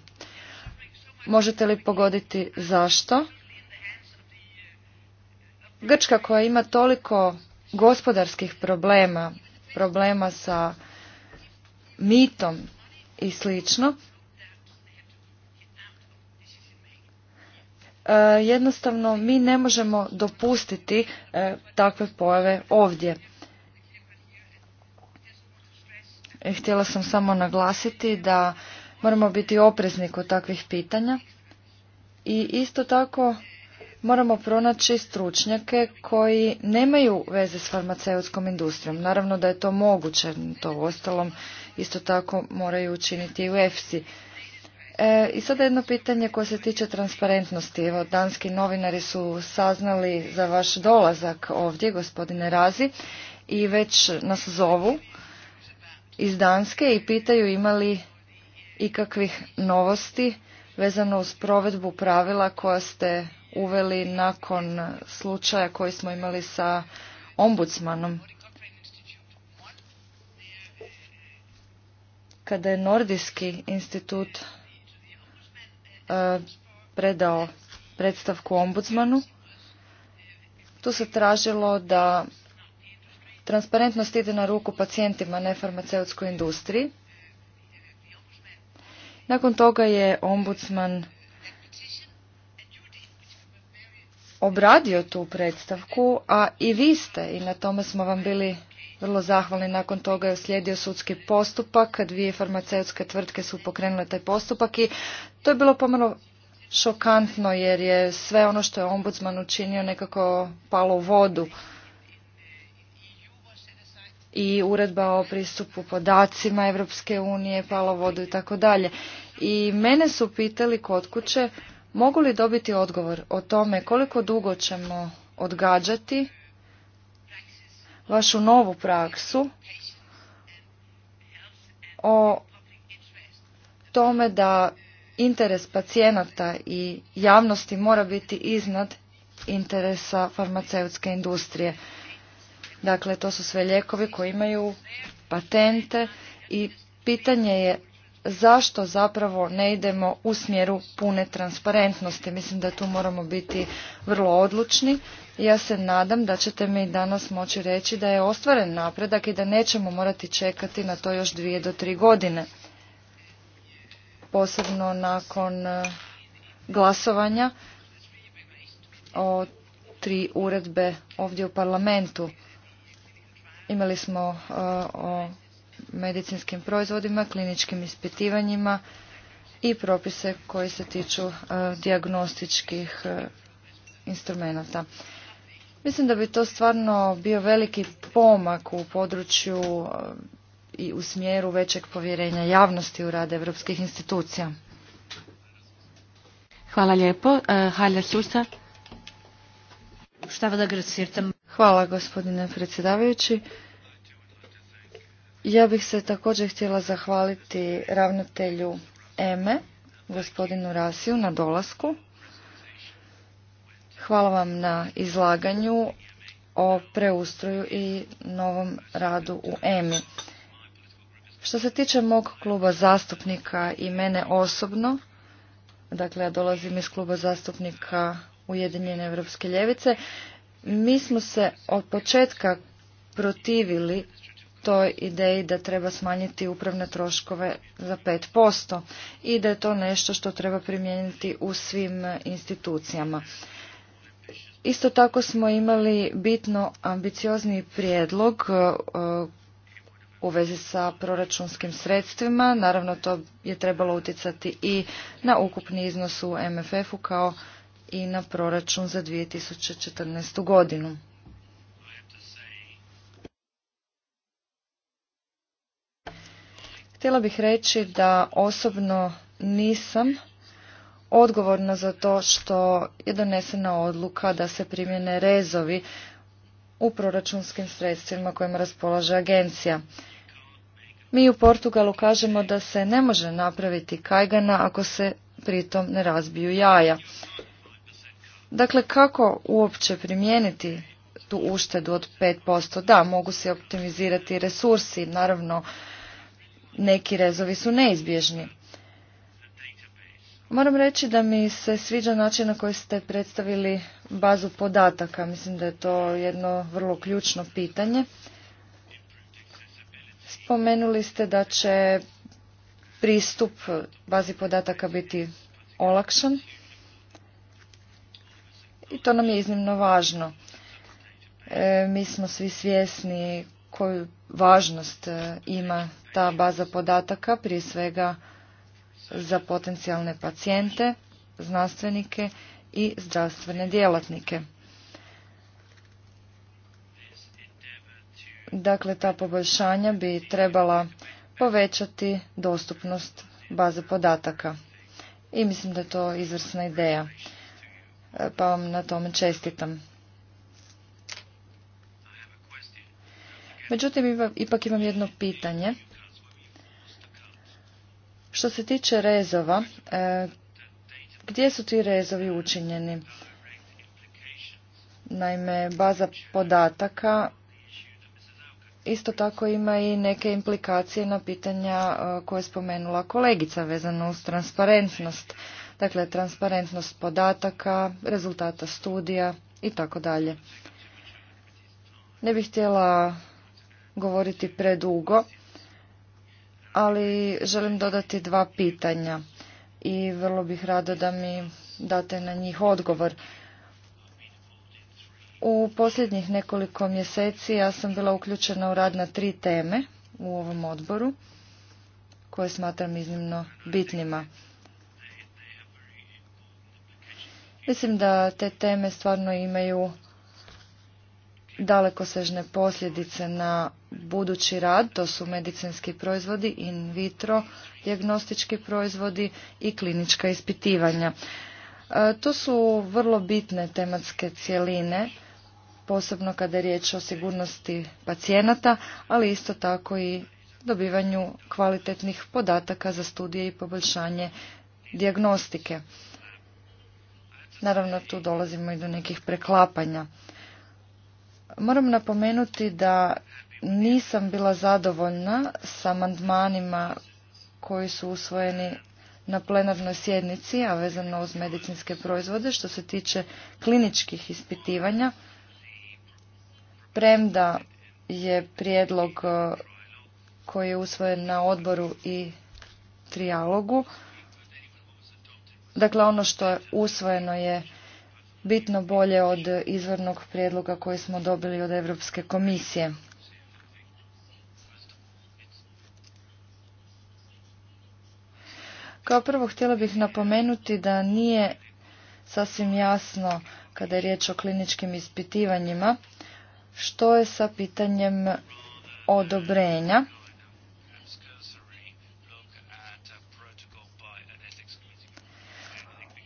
Možete li pogoditi zašto? Grčka koja ima toliko gospodarskih problema, problema sa mitom i slično, E, jednostavno mi ne možemo dopustiti e, takve pojave ovdje. E, htjela sam samo naglasiti da moramo biti oprezni kod takvih pitanja i isto tako moramo pronaći stručnjake koji nemaju veze s farmaceutskom industrijom. Naravno da je to moguće, to ostalom isto tako moraju učiniti i u EFSI. E, I sada jedno pitanje koje se tiče transparentnosti. Evo, danski novinari su saznali za vaš dolazak ovdje, gospodine Razi, i već nas zovu iz Danske i pitaju imali ikakvih novosti vezano uz provedbu pravila koja ste uveli nakon slučaja koji smo imali sa ombudsmanom. Kada je Nordijski institut predao predstavku ombudsmanu. Tu se tražilo da transparentnost ide na ruku pacijentima, ne farmaceutskoj industriji. Nakon toga je ombudsman obradio tu predstavku, a i vi ste i na tome smo vam bili vrlo zahvalni. Nakon toga je slijedio sudski postupak, dvije farmaceutske tvrtke su pokrenule taj postupak i to je bilo pomalo šokantno jer je sve ono što je ombudsman učinio nekako palo u vodu i uredba o pristupu podacima Europske unije, palo vodu i tako dalje. I mene su pitali kod kuće mogu li dobiti odgovor o tome koliko dugo ćemo odgađati vašu novu praksu o tome da interes pacijenata i javnosti mora biti iznad interesa farmaceutske industrije. Dakle, to su sve lijekovi koji imaju patente i pitanje je zašto zapravo ne idemo u smjeru pune transparentnosti. Mislim da tu moramo biti vrlo odlučni. Ja se nadam da ćete mi danas moći reći da je ostvaren napredak i da nećemo morati čekati na to još dvije do tri godine. Posebno nakon e, glasovanja o tri uredbe ovdje u parlamentu. Imali smo e, o medicinskim proizvodima, kliničkim ispitivanjima i propise koji se tiču e, diagnostičkih e, instrumenta. Mislim da bi to stvarno bio veliki pomak u području e, i u smjeru većeg povjerenja javnosti u rad evropskih institucija. Hvala lijepo. Halja Susa. Hvala gospodine predsjedavajući. Ja bih se također htjela zahvaliti ravnatelju EME, gospodinu Rasiju, na dolasku. Hvala vam na izlaganju o preustroju i novom radu u EMI. Što se tiče mog kluba zastupnika i mene osobno, dakle ja dolazim iz kluba zastupnika Ujedinjene Evropske ljevice, mi smo se od početka protivili toj ideji da treba smanjiti upravne troškove za 5% i da je to nešto što treba primijeniti u svim institucijama. Isto tako smo imali bitno ambiciozni prijedlog e, u vezi sa proračunskim sredstvima. Naravno, to je trebalo utjecati i na ukupni iznos u MFF-u kao i na proračun za 2014. godinu. Htjela bih reći da osobno nisam odgovorna za to što je donesena odluka da se primjene rezovi u proračunskim sredstvima kojima raspolaže agencija. Mi u Portugalu kažemo da se ne može napraviti kajgana ako se pritom ne razbiju jaja. Dakle, kako uopće primijeniti tu uštedu od 5%? Da, mogu se optimizirati resursi, naravno neki rezovi su neizbježni. Moram reći da mi se sviđa način na koji ste predstavili bazu podataka. Mislim da je to jedno vrlo ključno pitanje. Spomenuli ste da će pristup bazi podataka biti olakšan i to nam je iznimno važno. E, mi smo svi svjesni koju važnost e, ima baza podataka prije svega za potencijalne pacijente, znanstvenike i zdravstvene djelatnike. Dakle, ta poboljšanja bi trebala povećati dostupnost baze podataka. I mislim da je to izvrsna ideja. Pa vam na tome čestitam. Međutim, ipak imam jedno pitanje. Što se tiče rezova, e, gdje su ti rezovi učinjeni? Naime, baza podataka isto tako ima i neke implikacije na pitanja e, koje je spomenula kolegica vezano uz transparentnost. Dakle, transparentnost podataka, rezultata studija i tako dalje. Ne bih htjela govoriti predugo, ali želim dodati dva pitanja i vrlo bih rado da mi date na njih odgovor. U posljednjih nekoliko mjeseci ja sam bila uključena u rad na tri teme u ovom odboru koje smatram iznimno bitnima. Mislim da te teme stvarno imaju dalekosežne posljedice na budući rad, to su medicinski proizvodi, in vitro diagnostički proizvodi i klinička ispitivanja. E, to su vrlo bitne tematske cjeline, posebno kada je riječ o sigurnosti pacijenata, ali isto tako i dobivanju kvalitetnih podataka za studije i poboljšanje diagnostike. Naravno, tu dolazimo i do nekih preklapanja. Moram napomenuti da nisam bila zadovoljna sa amandmanima koji su usvojeni na plenarnoj sjednici, a vezano uz medicinske proizvode, što se tiče kliničkih ispitivanja. Premda je prijedlog e, koji je usvojen na odboru i trialogu. Dakle, ono što je usvojeno je bitno bolje od izvornog prijedloga koji smo dobili od Europske komisije. Kao prvo htjela bih napomenuti da nije sasvim jasno kada je riječ o kliničkim ispitivanjima što je sa pitanjem odobrenja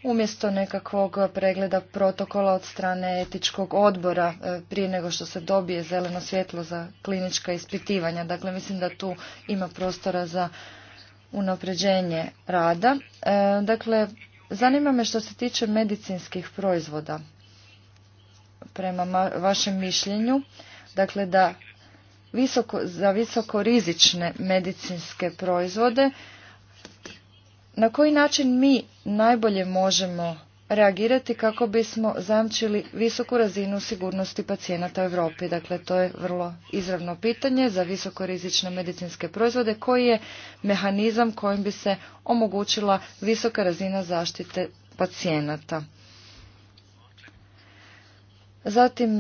umjesto nekakvog pregleda protokola od strane etičkog odbora e, prije nego što se dobije zeleno svjetlo za klinička ispitivanja. Dakle, mislim da tu ima prostora za unapređenje rada. E, dakle, zanima me što se tiče medicinskih proizvoda prema vašem mišljenju, dakle da visoko, za visokorizične medicinske proizvode na koji način mi najbolje možemo reagirati kako bismo zamčili visoku razinu sigurnosti pacijenata u Europi. Dakle, to je vrlo izravno pitanje za visokorizične medicinske proizvode koji je mehanizam kojim bi se omogućila visoka razina zaštite pacijenata. Zatim,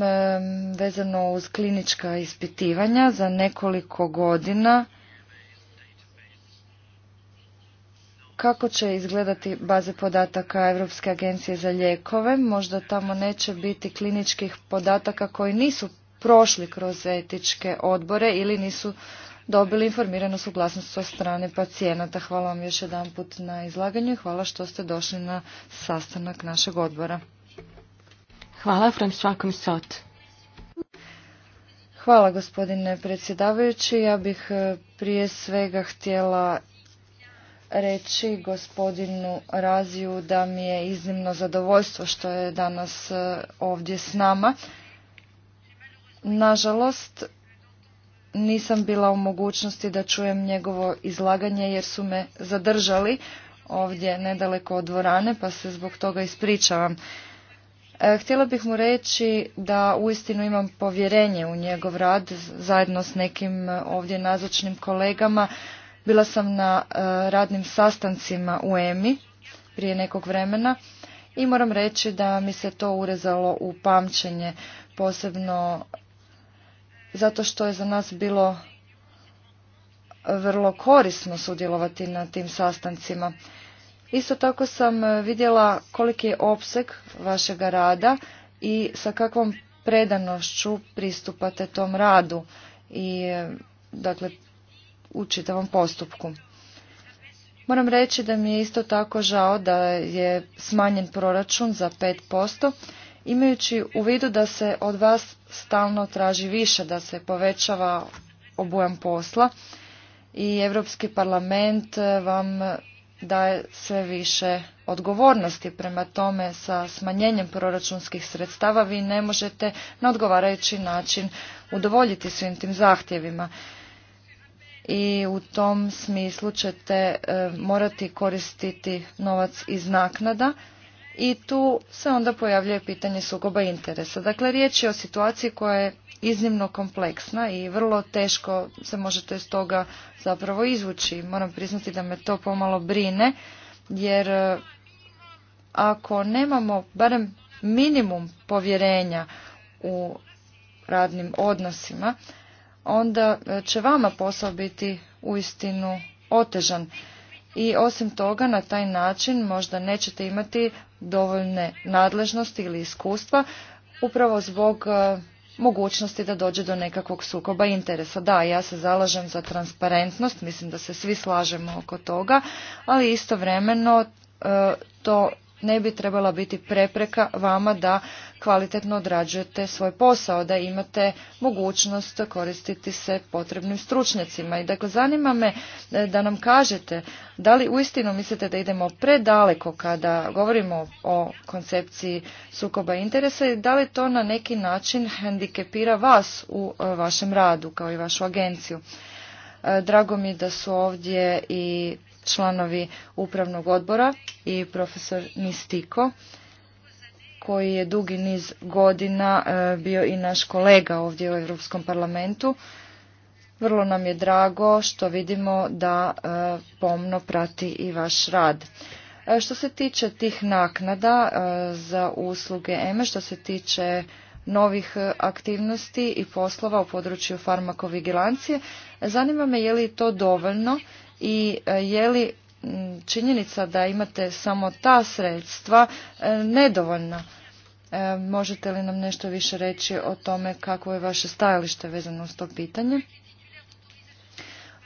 vezano uz klinička ispitivanja, za nekoliko godina kako će izgledati baze podataka Europske agencije za lijekove. Možda tamo neće biti kliničkih podataka koji nisu prošli kroz etičke odbore ili nisu dobili informiranu suglasnost od strane pacijenata. Hvala vam još jedan put na izlaganju i hvala što ste došli na sastanak našeg odbora. Hvala, Sot. Hvala gospodine predsjedavajući. Ja bih eh, prije svega htjela reći gospodinu Raziju da mi je iznimno zadovoljstvo što je danas e, ovdje s nama. Nažalost, nisam bila u mogućnosti da čujem njegovo izlaganje jer su me zadržali ovdje nedaleko od dvorane pa se zbog toga ispričavam. E, htjela bih mu reći da uistinu imam povjerenje u njegov rad zajedno s nekim e, ovdje nazočnim kolegama. Bila sam na e, radnim sastancima u EMI prije nekog vremena i moram reći da mi se to urezalo u pamćenje, posebno zato što je za nas bilo vrlo korisno sudjelovati na tim sastancima. Isto tako sam vidjela koliki je opseg vašega rada i sa kakvom predanošću pristupate tom radu i e, dakle u čitavom postupku. Moram reći da mi je isto tako žao da je smanjen proračun za 5%, imajući u vidu da se od vas stalno traži više, da se povećava obujam posla i Europski parlament eh, vam daje sve više odgovornosti. Prema tome, sa smanjenjem proračunskih sredstava vi ne možete na odgovarajući način udovoljiti svim tim zahtjevima i u tom smislu ćete e, morati koristiti novac iz naknada i tu se onda pojavljuje pitanje sukoba interesa. Dakle, riječ je o situaciji koja je iznimno kompleksna i vrlo teško se možete iz toga zapravo izvući. Moram priznati da me to pomalo brine, jer e, ako nemamo barem minimum povjerenja u radnim odnosima, onda e, će vama posao biti uistinu otežan. I osim toga, na taj način možda nećete imati dovoljne nadležnosti ili iskustva upravo zbog e, mogućnosti da dođe do nekakvog sukoba interesa. Da, ja se zalažem za transparentnost, mislim da se svi slažemo oko toga, ali istovremeno e, to ne bi trebala biti prepreka vama da kvalitetno odrađujete svoj posao, da imate mogućnost koristiti se potrebnim stručnjacima. I dakle, zanima me e, da nam kažete da li uistinu mislite da idemo predaleko kada govorimo o koncepciji sukoba interesa i da li to na neki način hendikepira vas u e, vašem radu kao i vašu agenciju. E, drago mi da su ovdje i članovi upravnog odbora i profesor Mistiko koji je dugi niz godina e, bio i naš kolega ovdje u Europskom parlamentu. Vrlo nam je drago što vidimo da e, pomno prati i vaš rad. E, što se tiče tih naknada za usluge EME, što se tiče novih aktivnosti i poslova u području farmakovigilancije, zanima me je li to dovoljno i e, je li činjenica da imate samo ta sredstva e, nedovoljna. E, možete li nam nešto više reći o tome kako je vaše stajalište vezano s to pitanje?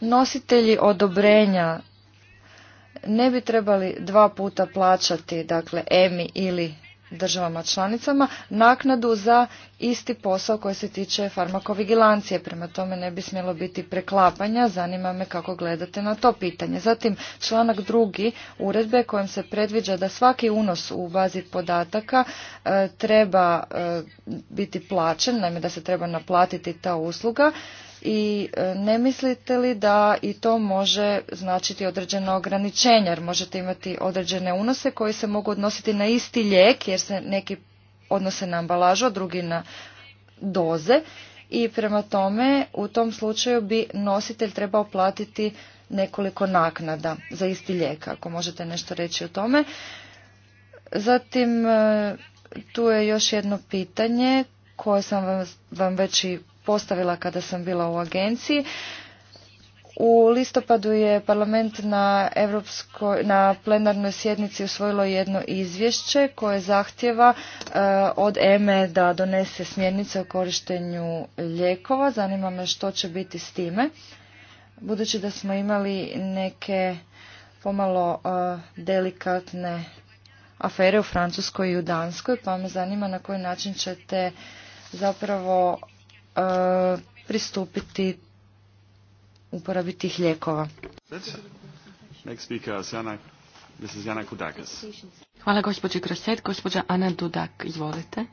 Nositelji odobrenja ne bi trebali dva puta plaćati, dakle EMI ili državama članicama naknadu za isti posao koji se tiče farmakovigilancije. Prema tome ne bi smjelo biti preklapanja. Zanima me kako gledate na to pitanje. Zatim članak drugi uredbe kojim se predviđa da svaki unos u bazi podataka e, treba e, biti plaćen, naime da se treba naplatiti ta usluga i e, ne mislite li da i to može značiti određeno ograničenje jer možete imati određene unose koji se mogu odnositi na isti lijek jer se neki odnose na ambalažu, a drugi na doze i prema tome u tom slučaju bi nositelj trebao platiti nekoliko naknada za isti lijek, ako možete nešto reći o tome. Zatim e, tu je još jedno pitanje koje sam vam, vam već i postavila kada sam bila u agenciji. U listopadu je parlament na, Europskoj na plenarnoj sjednici usvojilo jedno izvješće koje zahtjeva e, od EME e da donese smjernice o korištenju lijekova. Zanima me što će biti s time. Budući da smo imali neke pomalo e, delikatne afere u Francuskoj i u Danskoj, pa me zanima na koji način ćete zapravo E, pristupiti uporabi tih lijekova. Hvala gospođi Gospođa Ana Dudak, izvolite.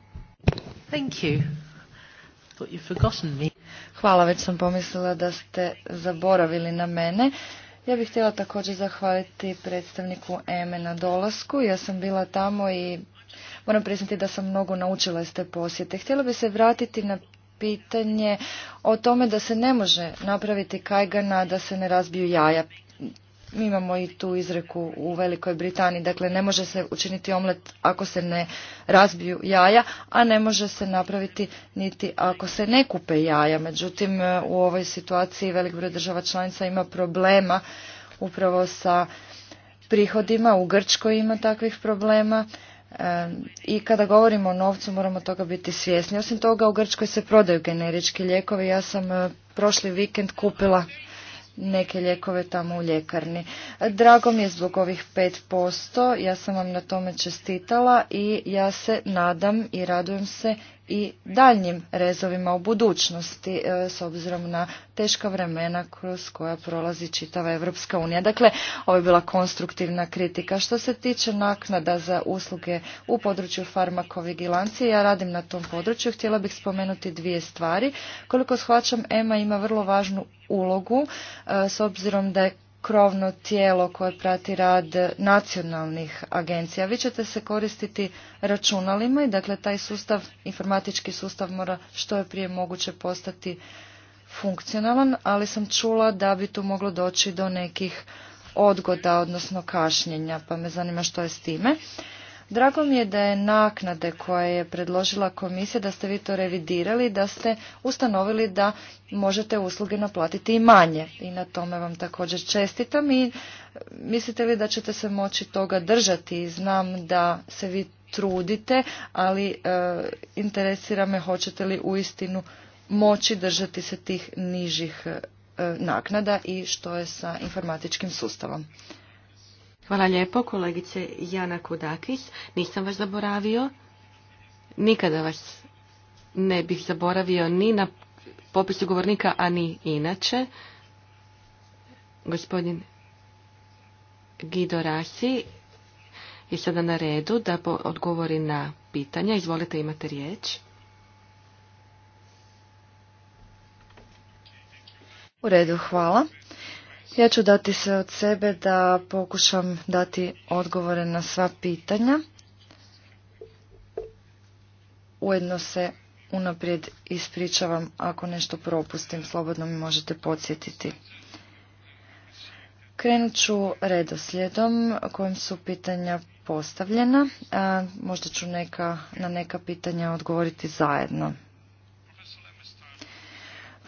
Hvala, već sam pomislila da ste zaboravili na mene. Ja bih htjela također zahvaliti predstavniku EME na dolasku. Ja sam bila tamo i moram priznati da sam mnogo naučila iz te posjete. Htjela bih se vratiti na pitanje o tome da se ne može napraviti kajgana da se ne razbiju jaja. Mi imamo i tu izreku u Velikoj Britaniji, dakle ne može se učiniti omlet ako se ne razbiju jaja, a ne može se napraviti niti ako se ne kupe jaja. Međutim, u ovoj situaciji velik broj država članica ima problema upravo sa prihodima. U Grčkoj ima takvih problema i kada govorimo o novcu moramo toga biti svjesni. Osim toga u Grčkoj se prodaju generički lijekovi. Ja sam e, prošli vikend kupila neke lijekove tamo u ljekarni. Drago mi je zbog ovih 5%, ja sam vam na tome čestitala i ja se nadam i radujem se i daljnjim rezovima u budućnosti e, s obzirom na teška vremena kroz koja prolazi čitava Evropska unija. Dakle, ovo je bila konstruktivna kritika. Što se tiče naknada za usluge u području farmakovigilancije, ja radim na tom području. Htjela bih spomenuti dvije stvari. Koliko shvaćam, EMA ima vrlo važnu ulogu e, s obzirom da je krovno tijelo koje prati rad nacionalnih agencija. Vi ćete se koristiti računalima i dakle taj sustav, informatički sustav mora što je prije moguće postati funkcionalan, ali sam čula da bi tu moglo doći do nekih odgoda, odnosno kašnjenja, pa me zanima što je s time. Drago mi je da je naknade koje je predložila komisija, da ste vi to revidirali, da ste ustanovili da možete usluge naplatiti i manje. I na tome vam također čestitam i e, mislite li da ćete se moći toga držati? Znam da se vi trudite, ali e, interesira me hoćete li uistinu moći držati se tih nižih e, naknada i što je sa informatičkim sustavom. Hvala lijepo, kolegice Jana Kudakis. Nisam vas zaboravio. Nikada vas ne bih zaboravio ni na popisu govornika, a ni inače. Gospodin Gido Rasi je sada na redu da odgovori na pitanja. Izvolite, imate riječ. U redu, hvala. Ja ću dati sve od sebe da pokušam dati odgovore na sva pitanja. Ujedno se unaprijed ispričavam ako nešto propustim, slobodno mi možete podsjetiti. Krenut ću redoslijedom kojim su pitanja postavljena. možda ću neka, na neka pitanja odgovoriti zajedno.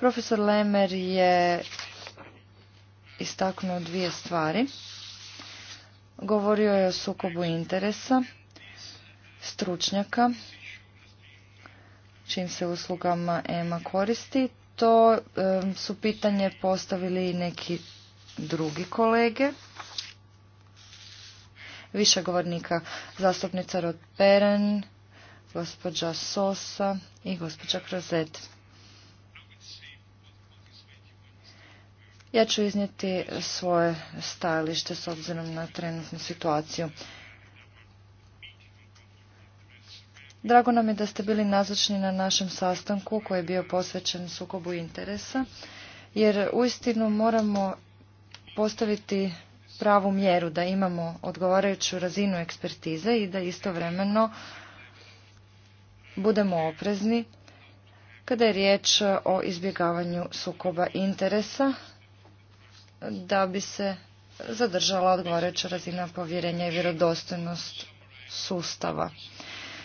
Profesor Lemer je istaknuo dvije stvari. Govorio je o sukobu interesa stručnjaka čim se uslugama EMA koristi. To su pitanje postavili i neki drugi kolege. Više govornika, zastupnica Rod Peren, gospođa Sosa i gospođa Krozet. Ja ću iznijeti svoje stajalište s obzirom na trenutnu situaciju. Drago nam je da ste bili nazočni na našem sastanku koji je bio posvećen sukobu interesa, jer uistinu moramo postaviti pravu mjeru da imamo odgovarajuću razinu ekspertize i da istovremeno budemo oprezni kada je riječ o izbjegavanju sukoba interesa da bi se zadržala odgovarajuća razina povjerenja i vjerodostojnost sustava.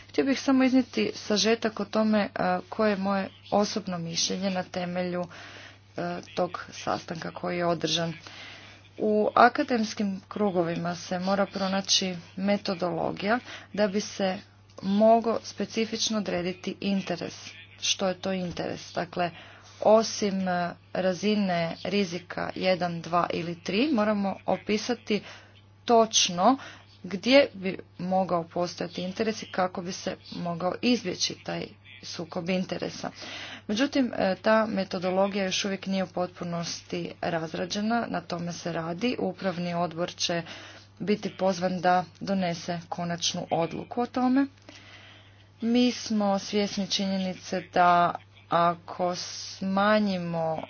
Htio bih samo iznijeti sažetak o tome e, koje je moje osobno mišljenje na temelju e, tog sastanka koji je održan. U akademskim krugovima se mora pronaći metodologija da bi se mogao specifično odrediti interes. Što je to interes? Dakle, osim e, razine rizika 1, 2 ili 3, moramo opisati točno gdje bi mogao postojati interes i kako bi se mogao izbjeći taj sukob interesa. Međutim, e, ta metodologija još uvijek nije u potpunosti razrađena, na tome se radi. Upravni odbor će biti pozvan da donese konačnu odluku o tome. Mi smo svjesni činjenice da ako smanjimo,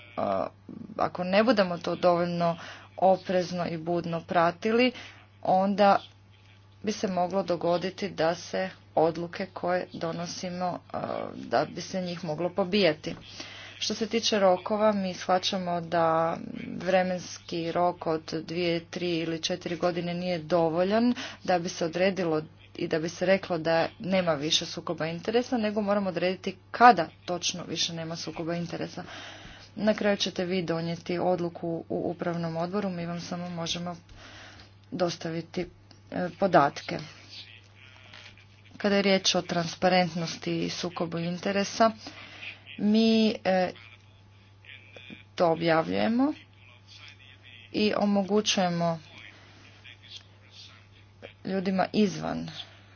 ako ne budemo to dovoljno oprezno i budno pratili, onda bi se moglo dogoditi da se odluke koje donosimo, da bi se njih moglo pobijati. Što se tiče rokova, mi shvaćamo da vremenski rok od dvije, tri ili četiri godine nije dovoljan da bi se odredilo i da bi se reklo da nema više sukoba interesa, nego moramo odrediti kada točno više nema sukoba interesa. Na kraju ćete vi donijeti odluku u upravnom odboru, mi vam samo možemo dostaviti e, podatke. Kada je riječ o transparentnosti i sukobu interesa, mi e, to objavljujemo i omogućujemo ljudima izvan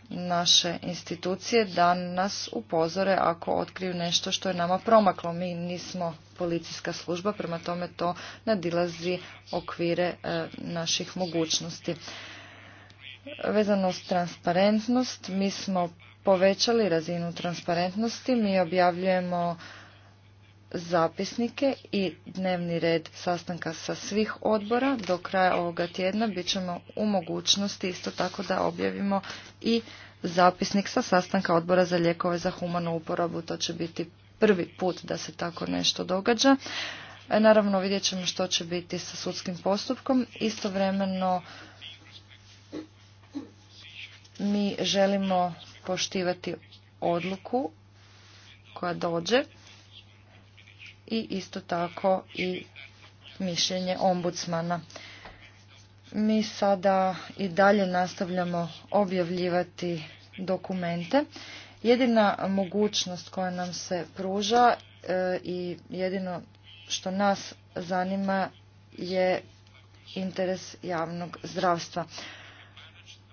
naše institucije da nas upozore ako otkriju nešto što je nama promaklo. Mi nismo policijska služba, prema tome to nadilazi okvire e, naših mogućnosti. Vezano s transparentnost, mi smo povećali razinu transparentnosti, mi objavljujemo zapisnike i dnevni red sastanka sa svih odbora. Do kraja ovoga tjedna bit ćemo u mogućnosti isto tako da objavimo i zapisnik sa sastanka odbora za lijekove za humanu uporabu. To će biti prvi put da se tako nešto događa. E, naravno vidjet ćemo što će biti sa sudskim postupkom. Istovremeno mi želimo poštivati odluku koja dođe i isto tako i mišljenje ombudsmana. Mi sada i dalje nastavljamo objavljivati dokumente. Jedina mogućnost koja nam se pruža e, i jedino što nas zanima je interes javnog zdravstva.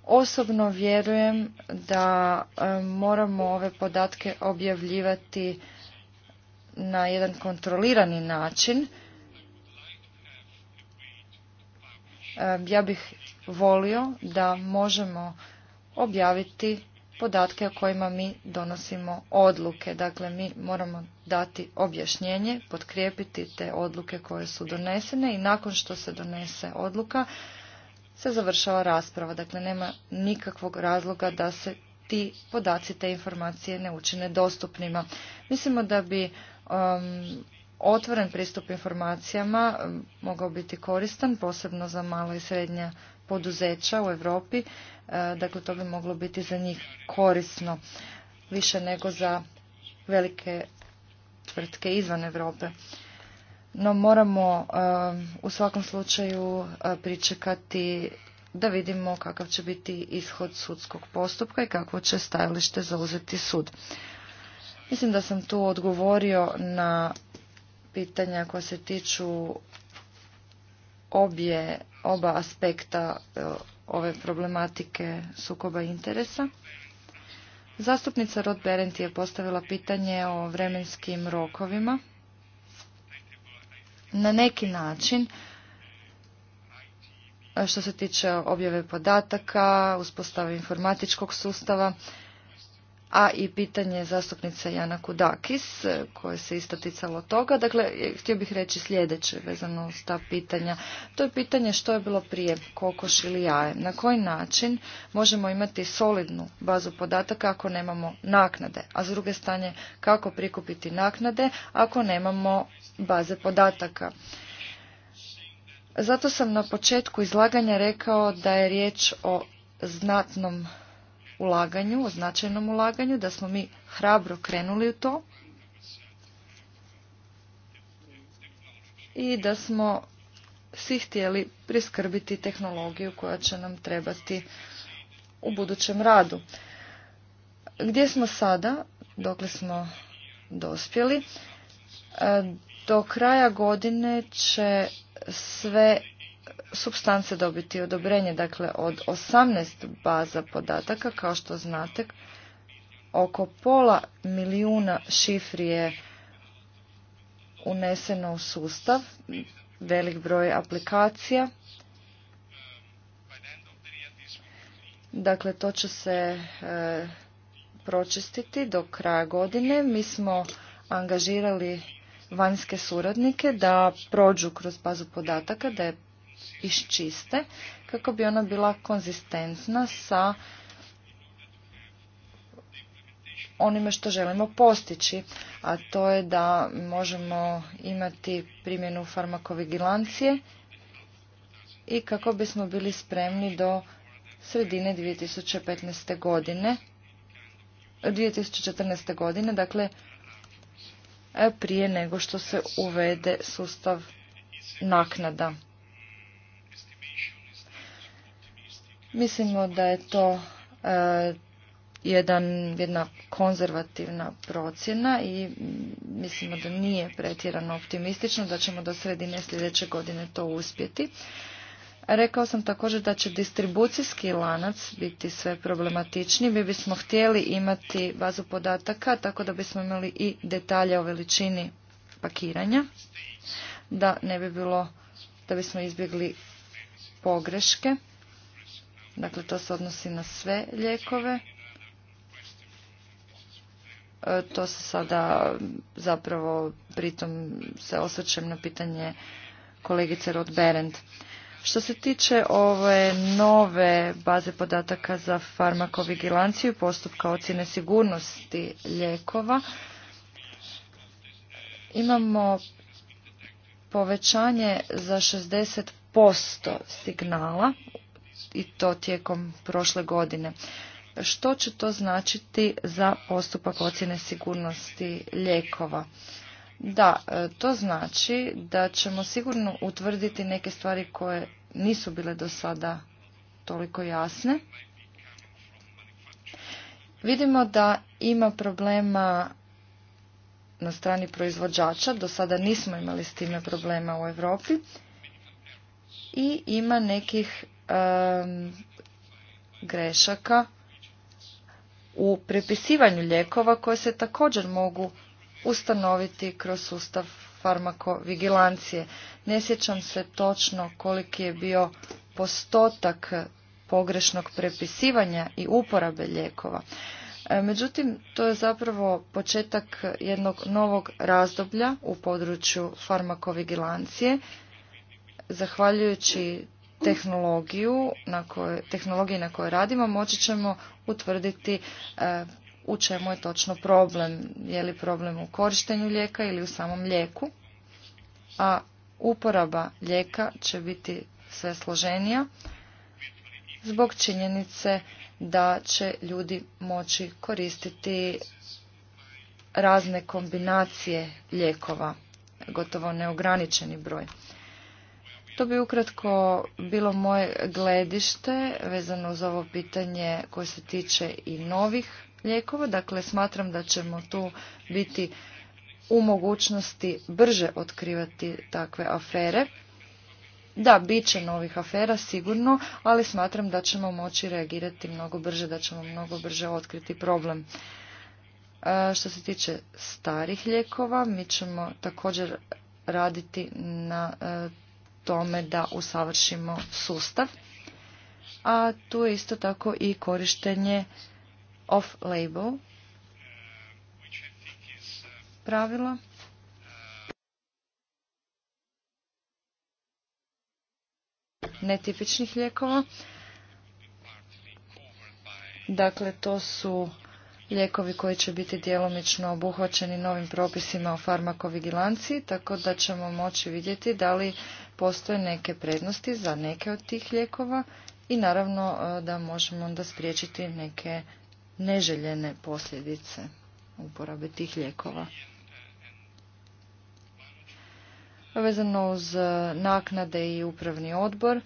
Osobno vjerujem da e, moramo ove podatke objavljivati na jedan kontrolirani način. Ja bih volio da možemo objaviti podatke o kojima mi donosimo odluke. Dakle, mi moramo dati objašnjenje, potkrijepiti te odluke koje su donesene i nakon što se donese odluka se završava rasprava. Dakle, nema nikakvog razloga da se ti podaci, te informacije ne učine dostupnima. Mislimo da bi otvoren pristup informacijama mogao biti koristan, posebno za mala i srednja poduzeća u Europi. E, dakle, to bi moglo biti za njih korisno više nego za velike tvrtke izvan Europe. No moramo u svakom slučaju e, pričekati da vidimo kakav će biti ishod sudskog postupka i kakvo će stajalište zauzeti sud. Mislim da sam tu odgovorio na pitanja koja se tiču obje, oba aspekta e, ove problematike sukoba interesa. Zastupnica Rod Berenti je postavila pitanje o vremenskim rokovima. Na neki način, e, što se tiče objave podataka, uspostave informatičkog sustava, a i pitanje zastupnice Jana Kudakis e, koje se isto ticalo toga. Dakle, e, htio bih reći sljedeće vezano uz ta pitanja. To je pitanje što je bilo prije kokoš ili jaje. Na koji način možemo imati solidnu bazu podataka ako nemamo naknade, a s druge stanje, kako prikupiti naknade ako nemamo baze podataka. Zato sam na početku izlaganja rekao da je riječ o znatnom ulaganju, o značajnom ulaganju, da smo mi hrabro krenuli u to i da smo svi htjeli priskrbiti tehnologiju koja će nam trebati u budućem radu. Gdje smo sada, dokle smo dospjeli, e, do kraja godine će sve substance dobiti odobrenje. Dakle, od 18 baza podataka, kao što znate, oko pola milijuna šifri je uneseno u sustav, velik broj aplikacija. Dakle, to će se e, pročistiti do kraja godine. Mi smo angažirali vanjske suradnike da prođu kroz bazu podataka, da je iščiste kako bi ona bila konzistentna sa onime što želimo postići, a to je da možemo imati primjenu farmakovigilancije i kako bismo bili spremni do sredine 2015. godine 2014. godine, dakle prije nego što se uvede sustav naknada. Mislimo da je to e, jedan, jedna konzervativna procjena i mislimo da nije pretjerano optimistično da ćemo do sredine sljedeće godine to uspjeti. Rekao sam također da će distribucijski lanac biti sve problematičniji. Mi bismo htjeli imati bazu podataka tako da bismo imali i detalje o veličini pakiranja, da ne bi bilo, da bismo izbjegli pogreške. Dakle, to se odnosi na sve lijekove. E, to se sada zapravo pritom se osvrćem na pitanje kolegice Rod Berend. Što se tiče ove nove baze podataka za farmakovigilanciju i postupka ocjene sigurnosti lijekova, imamo povećanje za 60% signala i to tijekom prošle godine. Što će to značiti za postupak ocjene sigurnosti lijekova? Da, e, to znači da ćemo sigurno utvrditi neke stvari koje nisu bile do sada toliko jasne. Vidimo da ima problema na strani proizvođača, do sada nismo imali s time problema u Europi i ima nekih grešaka u prepisivanju lijekova koje se također mogu ustanoviti kroz sustav farmakovigilancije. Ne sjećam se točno koliki je bio postotak pogrešnog prepisivanja i uporabe lijekova. E, međutim, to je zapravo početak jednog novog razdoblja u području farmakovigilancije. Zahvaljujući tehnologiju na kojoj, tehnologiji na kojoj radimo moći ćemo utvrditi e, u čemu je točno problem. Je li problem u korištenju lijeka ili u samom lijeku? A uporaba lijeka će biti sve složenija zbog činjenice da će ljudi moći koristiti razne kombinacije lijekova, gotovo neograničeni broj. To bi ukratko bilo moje gledište vezano uz ovo pitanje koje se tiče i novih lijekova. Dakle, smatram da ćemo tu biti u mogućnosti brže otkrivati takve afere. Da, bit će novih afera sigurno, ali smatram da ćemo moći reagirati mnogo brže, da ćemo mnogo brže otkriti problem. E, što se tiče starih lijekova, mi ćemo također raditi na e, tome da usavršimo sustav, a tu je isto tako i korištenje off-label pravila. netipičnih lijekova. Dakle, to su lijekovi koji će biti djelomično obuhvaćeni novim propisima o farmakovigilanciji, tako da ćemo moći vidjeti da li postoje neke prednosti za neke od tih lijekova i naravno e, da možemo onda spriječiti neke neželjene posljedice uporabe tih lijekova. Vezano uz e, naknade i upravni odbor,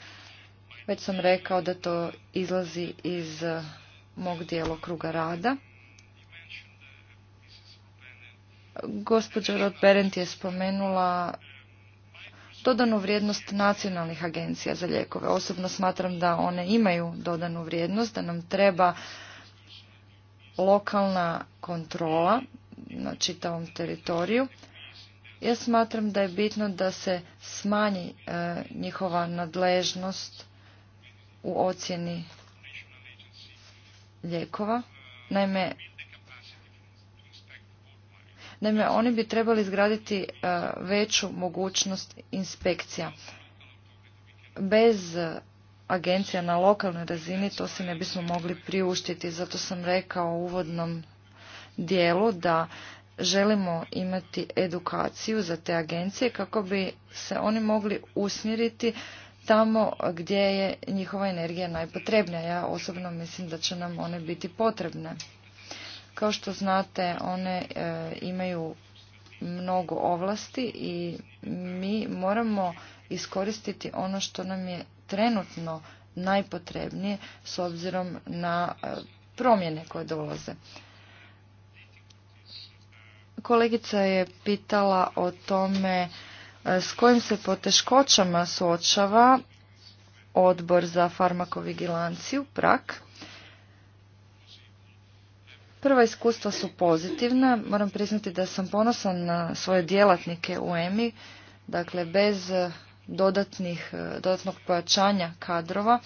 već sam rekao da to izlazi iz e, mog djelokruga rada. Gospođa Rod Berend je spomenula dodanu vrijednost nacionalnih agencija za lijekove. Osobno smatram da one imaju dodanu vrijednost, da nam treba lokalna kontrola na čitavom teritoriju. Ja smatram da je bitno da se smanji e, njihova nadležnost u ocjeni lijekova. Naime, Naime, oni bi trebali izgraditi e, veću mogućnost inspekcija. Bez agencija na lokalnoj razini to se ne bismo mogli priuštiti. Zato sam rekao u uvodnom dijelu da želimo imati edukaciju za te agencije kako bi se oni mogli usmjeriti tamo gdje je njihova energija najpotrebnija. Ja osobno mislim da će nam one biti potrebne. Kao što znate, one e, imaju mnogo ovlasti i mi moramo iskoristiti ono što nam je trenutno najpotrebnije s obzirom na e, promjene koje dolaze. Kolegica je pitala o tome e, s kojim se poteškoćama suočava odbor za farmakovigilanciju, prak. Prva iskustva su pozitivna. Moram priznati da sam ponosan na svoje djelatnike u EMI. Dakle, bez eh, dodatnih, eh, dodatnog pojačanja kadrova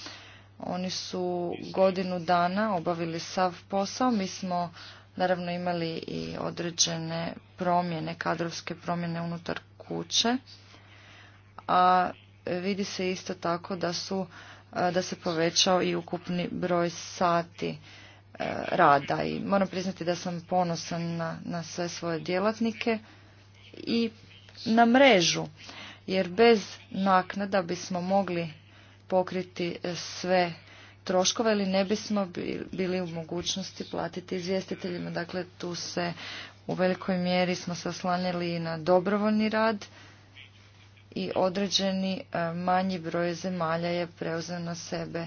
oni su godinu dana obavili sav posao. Mi smo naravno imali i određene promjene, kadrovske promjene unutar kuće. A vidi se isto tako da su eh, da se povećao i ukupni broj sati E, rada i moram priznati da sam ponosan na, na sve svoje djelatnike i na mrežu jer bez naknada bismo mogli pokriti e, sve troškove ili ne bismo bili u mogućnosti platiti izvjestiteljima. Dakle, tu se u velikoj mjeri smo se oslanjali na dobrovoljni rad i određeni e, manji broj zemalja je preuzeo na sebe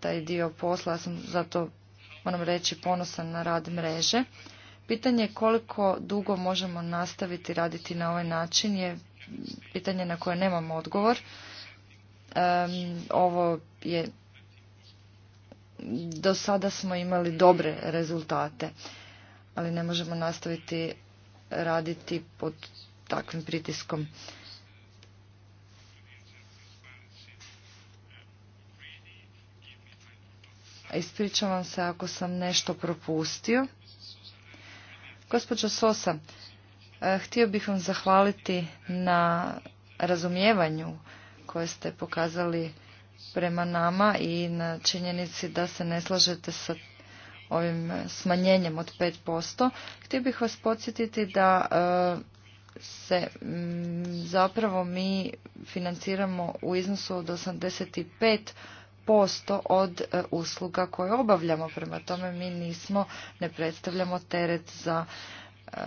taj dio posla. Ja sam zato moram reći, ponosan na rad mreže. Pitanje je koliko dugo možemo nastaviti raditi na ovaj način je pitanje na koje nemam odgovor. ovo je do sada smo imali dobre rezultate, ali ne možemo nastaviti raditi pod takvim pritiskom. Ispričavam se ako sam nešto propustio. Gospođo Sosa, e, htio bih vam zahvaliti na razumijevanju koje ste pokazali prema nama i na činjenici da se ne slažete sa ovim smanjenjem od 5%. Htio bih vas podsjetiti da e, se zapravo mi financiramo u iznosu od 85% posto od e, usluga koje obavljamo. Prema tome mi nismo, ne predstavljamo teret za e,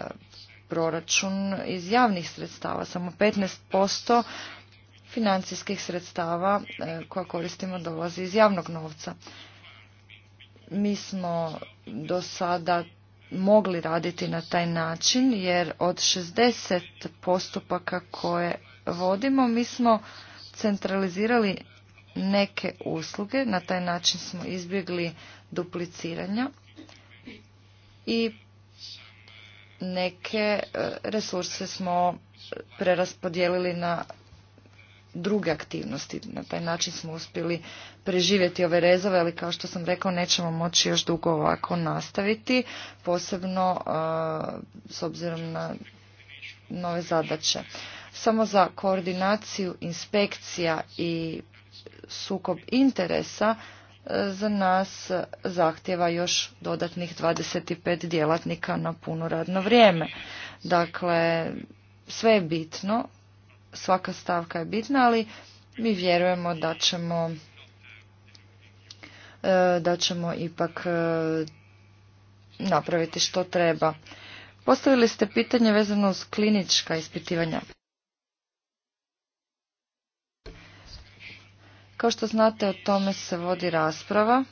proračun iz javnih sredstava. Samo 15% financijskih sredstava e, koja koristimo dolazi iz javnog novca. Mi smo do sada mogli raditi na taj način jer od 60 postupaka koje vodimo mi smo centralizirali neke usluge. Na taj način smo izbjegli dupliciranja i neke e, resurse smo preraspodijelili na druge aktivnosti. Na taj način smo uspjeli preživjeti ove rezove, ali kao što sam rekao nećemo moći još dugo ovako nastaviti, posebno e, s obzirom na nove zadaće. Samo za koordinaciju inspekcija i sukob interesa e, za nas zahtjeva još dodatnih 25 djelatnika na puno radno vrijeme. Dakle, sve je bitno, svaka stavka je bitna, ali mi vjerujemo da ćemo e, da ćemo ipak e, napraviti što treba. Postavili ste pitanje vezano uz klinička ispitivanja. Kao što znate, o tome se vodi rasprava.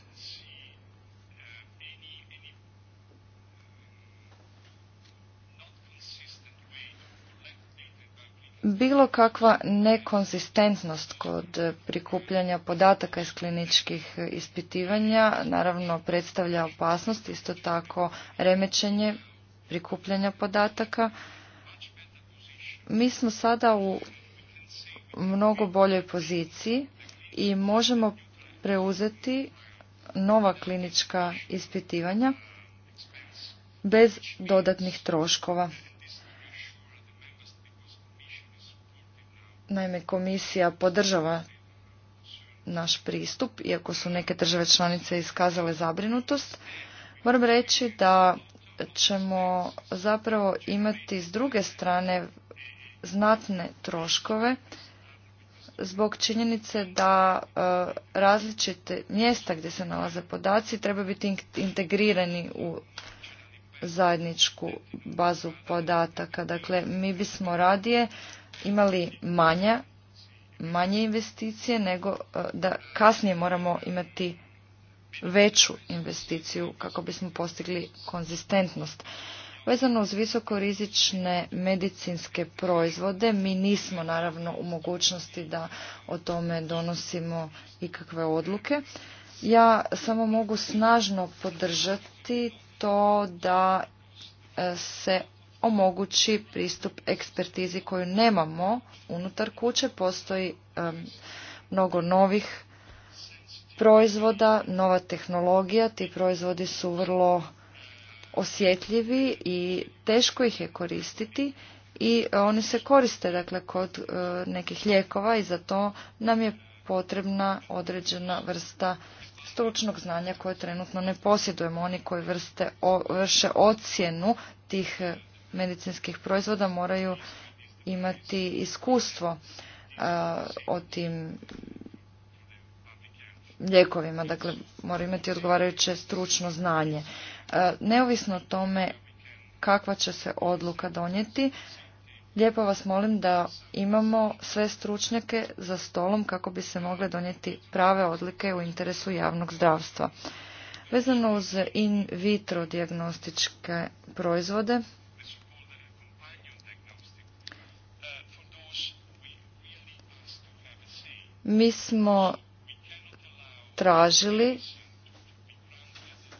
Bilo kakva nekonzistentnost kod prikupljanja podataka iz kliničkih ispitivanja naravno predstavlja opasnost, isto tako remećenje prikupljanja podataka. Mi smo sada u mnogo boljoj poziciji i možemo preuzeti nova klinička ispitivanja bez dodatnih troškova. Naime, komisija podržava naš pristup, iako su neke države članice iskazale zabrinutost. Moram reći da ćemo zapravo imati s druge strane znatne troškove zbog činjenice da e, različite mjesta gdje se nalaze podaci treba biti integrirani u zajedničku bazu podataka. Dakle, mi bismo radije imali manja, manje investicije nego e, da kasnije moramo imati veću investiciju kako bismo postigli konzistentnost. Vezano uz visokorizične medicinske proizvode, mi nismo naravno u mogućnosti da o tome donosimo ikakve odluke. Ja samo mogu snažno podržati to da e, se omogući pristup ekspertizi koju nemamo unutar kuće. Postoji e, mnogo novih proizvoda, nova tehnologija. Ti proizvodi su vrlo osjetljivi i teško ih je koristiti i oni se koriste dakle kod e, nekih lijekova i za to nam je potrebna određena vrsta stručnog znanja koje trenutno ne posjedujemo. Oni koji vrste, vrše ocjenu tih e, medicinskih proizvoda moraju imati iskustvo e, o tim lijekovima, dakle moraju imati odgovarajuće stručno znanje. E, neovisno o tome kakva će se odluka donijeti, lijepo vas molim da imamo sve stručnjake za stolom kako bi se mogle donijeti prave odlike u interesu javnog zdravstva. Vezano uz in vitro diagnostičke proizvode, mi smo tražili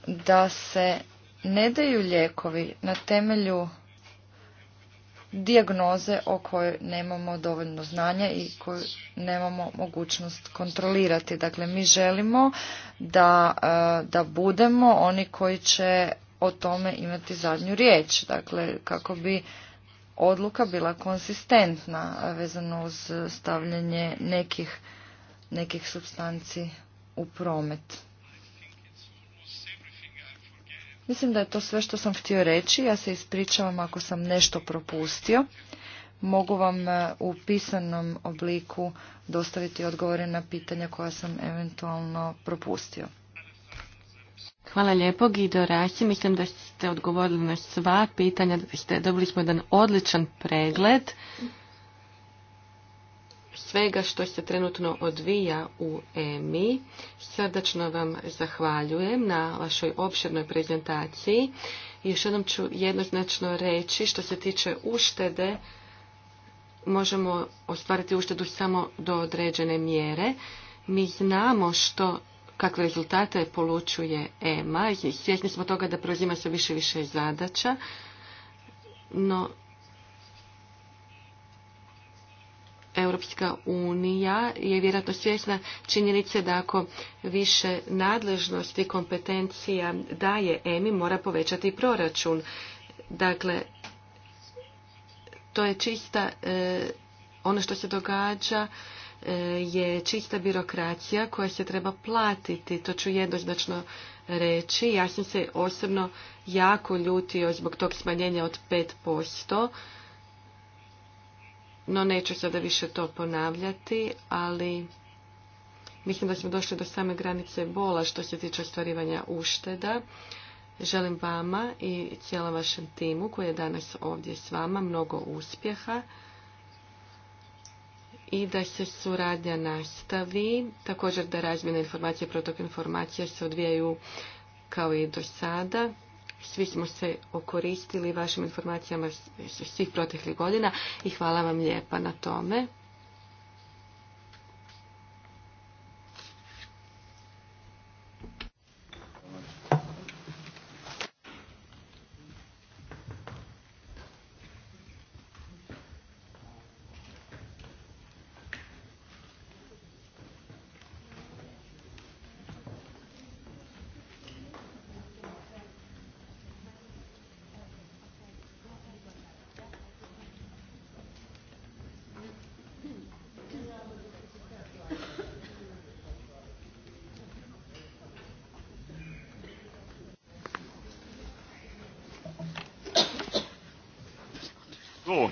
da se ne daju lijekovi na temelju dijagnoze o kojoj nemamo dovoljno znanja i koju nemamo mogućnost kontrolirati. Dakle, mi želimo da, e, da budemo oni koji će o tome imati zadnju riječ. Dakle, kako bi odluka bila konsistentna vezano uz stavljanje nekih, nekih substanci u promet. Mislim da je to sve što sam htio reći. Ja se ispričavam ako sam nešto propustio. Mogu vam e, u pisanom obliku dostaviti odgovore na pitanja koja sam eventualno propustio. Hvala lijepo, Gido Rahi. Mislim da ste odgovorili na sva pitanja. Dobili smo jedan odličan pregled svega što se trenutno odvija u EMI. Srdačno vam zahvaljujem na vašoj opširnoj prezentaciji. I još jednom ću jednoznačno reći što se tiče uštede, možemo ostvariti uštedu samo do određene mjere. Mi znamo što kakve rezultate polučuje EMA. Svjesni smo toga da preuzima se više i više zadaća, no Europska unija je vjerojatno svjesna činjenice da ako više nadležnosti i kompetencija daje EMI, mora povećati proračun. Dakle, to je čista, e, ono što se događa e, je čista birokracija koja se treba platiti. To ću jednoznačno reći. Ja sam se osobno jako ljutio zbog tog smanjenja od 5%. No neću sada više to ponavljati, ali mislim da smo došli do same granice bola što se tiče ostvarivanja ušteda. Želim vama i cijelom vašem timu koji je danas ovdje s vama mnogo uspjeha i da se suradnja nastavi, također da razmjene informacije i protok informacija se odvijaju kao i do sada. Svi smo se okoristili vašim informacijama svih proteklih godina i hvala vam lijepa na tome.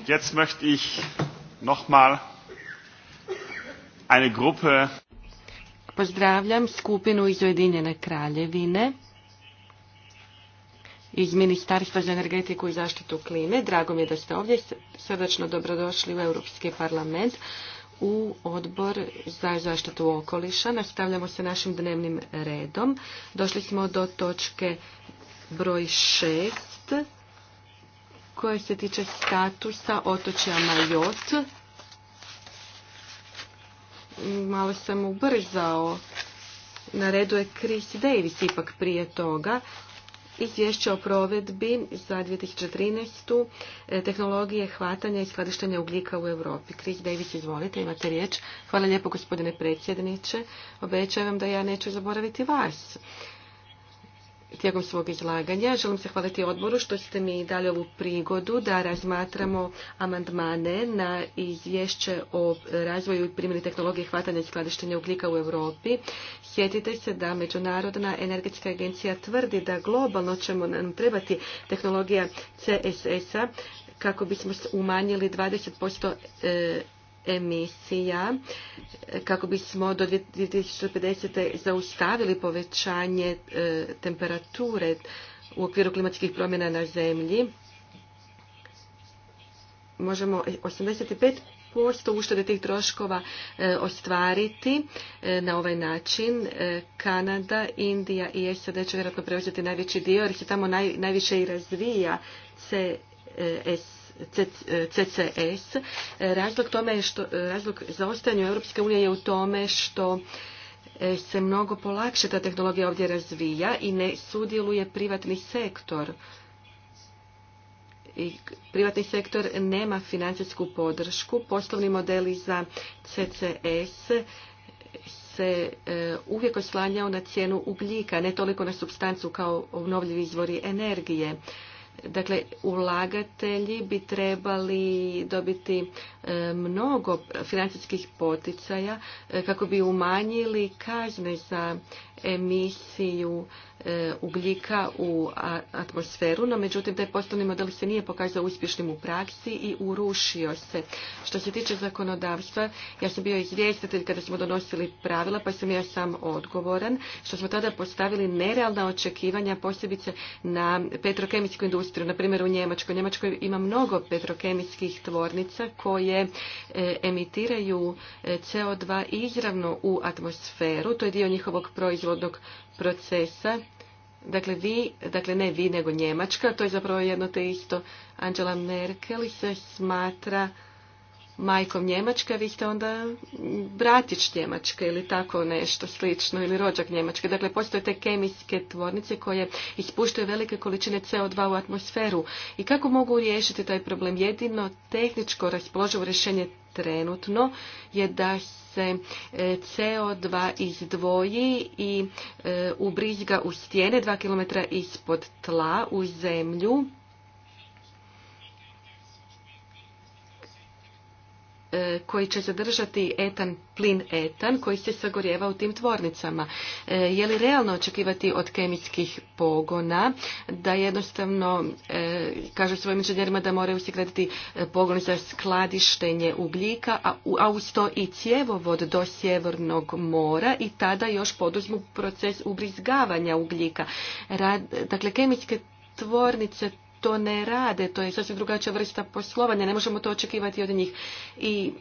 jetzt möchte ich mal eine Gruppe. Pozdravljam skupinu iz Ujedinjene kraljevine iz Ministarstva za energetiku i zaštitu klime. Drago mi je da ste ovdje. Srdačno dobrodošli u Europski parlament u odbor za zaštitu okoliša. Nastavljamo se našim dnevnim redom. Došli smo do točke broj šest koje se tiče statusa otočja Majot. Malo sam ubrzao. Na redu je Chris Davis ipak prije toga. Izvješće o provedbi za 2013. E, tehnologije hvatanja i skladištenja ugljika u Europi. Chris Davis, izvolite, imate riječ. Hvala lijepo gospodine predsjedniče. Obećajem da ja neću zaboraviti vas tijekom svog izlaganja. Želim se hvaliti odboru što ste mi dali ovu prigodu da razmatramo amandmane na izvješće o razvoju i primjeni tehnologije hvatanja i skladištenja ugljika u Europi. Sjetite se da Međunarodna energetska agencija tvrdi da globalno ćemo nam trebati tehnologija CSS-a kako bismo umanjili 20% emisija kako bismo do 2050. zaustavili povećanje e, temperature u okviru klimatskih promjena na zemlji. Možemo 85 posto uštede tih troškova e, ostvariti e, na ovaj način. Kanada, Indija i SAD će vjerojatno preuzeti najveći dio jer se tamo najviše i razvija CS CCS. Razlog, tome je što, razlog Europske unije je u tome što e, se mnogo polakše ta tehnologija ovdje razvija i ne sudjeluje privatni sektor. I privatni sektor nema financijsku podršku. Poslovni modeli za CCS se e, uvijek oslanjao na cijenu ugljika, ne toliko na substancu kao obnovljivi izvori energije. Dakle, ulagatelji bi trebali dobiti e, mnogo financijskih poticaja e, kako bi umanjili kazne za emisiju e, ugljika u atmosferu, no međutim taj poslovni model se nije pokazao uspješnim u praksi i urušio se. Što se tiče zakonodavstva, ja sam bio izvjestitelj kada smo donosili pravila, pa sam ja sam odgovoran, što smo tada postavili nerealna očekivanja posebice na petrokemijsku industriju, na primjer u Njemačkoj. Njemačkoj ima mnogo petrokemijskih tvornica koje e, emitiraju e, CO2 izravno u atmosferu, to je dio njihovog proizvoda proizvodnog procesa. Dakle, vi, dakle ne vi, nego Njemačka, to je zapravo jedno te isto. Angela Merkel se smatra majkom Njemačka, vi ste onda bratić Njemačka ili tako nešto slično, ili rođak Njemačke. Dakle, postoje te kemijske tvornice koje ispuštaju velike količine CO2 u atmosferu. I kako mogu riješiti taj problem? Jedino tehničko raspoloživo rješenje trenutno je da se e, CO2 izdvoji i e, ubrizga u stijene 2 km ispod tla u zemlju E, koji će zadržati etan, plin etan koji se sagorjeva u tim tvornicama. E, je li realno očekivati od kemijskih pogona da jednostavno e, kažu svojim inženjerima da moraju se graditi pogon za skladištenje ugljika, a uz to i cjevovod do Sjevernog mora i tada još poduzmu proces ubrizgavanja ugljika. dakle, kemijske tvornice to ne rade, to je sasvim drugačija vrsta poslovanja, ne možemo to očekivati od njih. I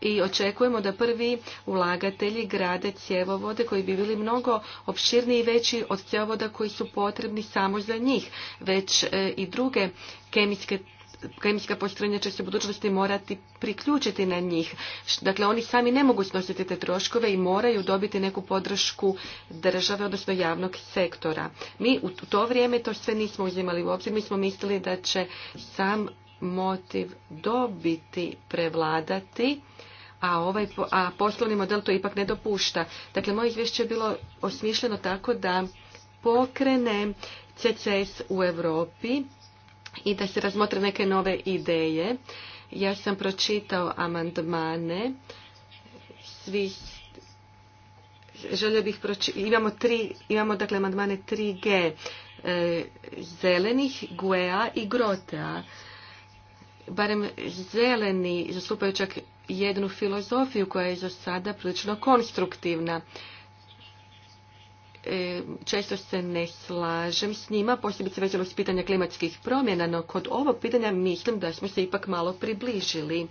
i očekujemo da prvi ulagatelji grade cjevovode koji bi bili mnogo opširniji i veći od cjevovoda koji su potrebni samo za njih, već e, i druge kemijske kemijska postrojenja će se u budućnosti morati priključiti na njih. Dakle, oni sami ne mogu snositi te troškove i moraju dobiti neku podršku države, odnosno javnog sektora. Mi u to vrijeme to sve nismo uzimali u obzir. Mi smo mislili da će sam motiv dobiti prevladati a, ovaj, a poslovni model to ipak ne dopušta. Dakle, moje izvješće je bilo osmišljeno tako da pokrene CCS u Europi i da se razmotre neke nove ideje. Ja sam pročitao amandmane. svih želio bih pročitati. Imamo, tri, imamo dakle amandmane 3G e, zelenih, guea i grotea. Barem zeleni zastupaju čak jednu filozofiju koja je za sada prilično konstruktivna. E, često se ne slažem s njima, posebice vezano s pitanja klimatskih promjena, no kod ovog pitanja mislim da smo se ipak malo približili.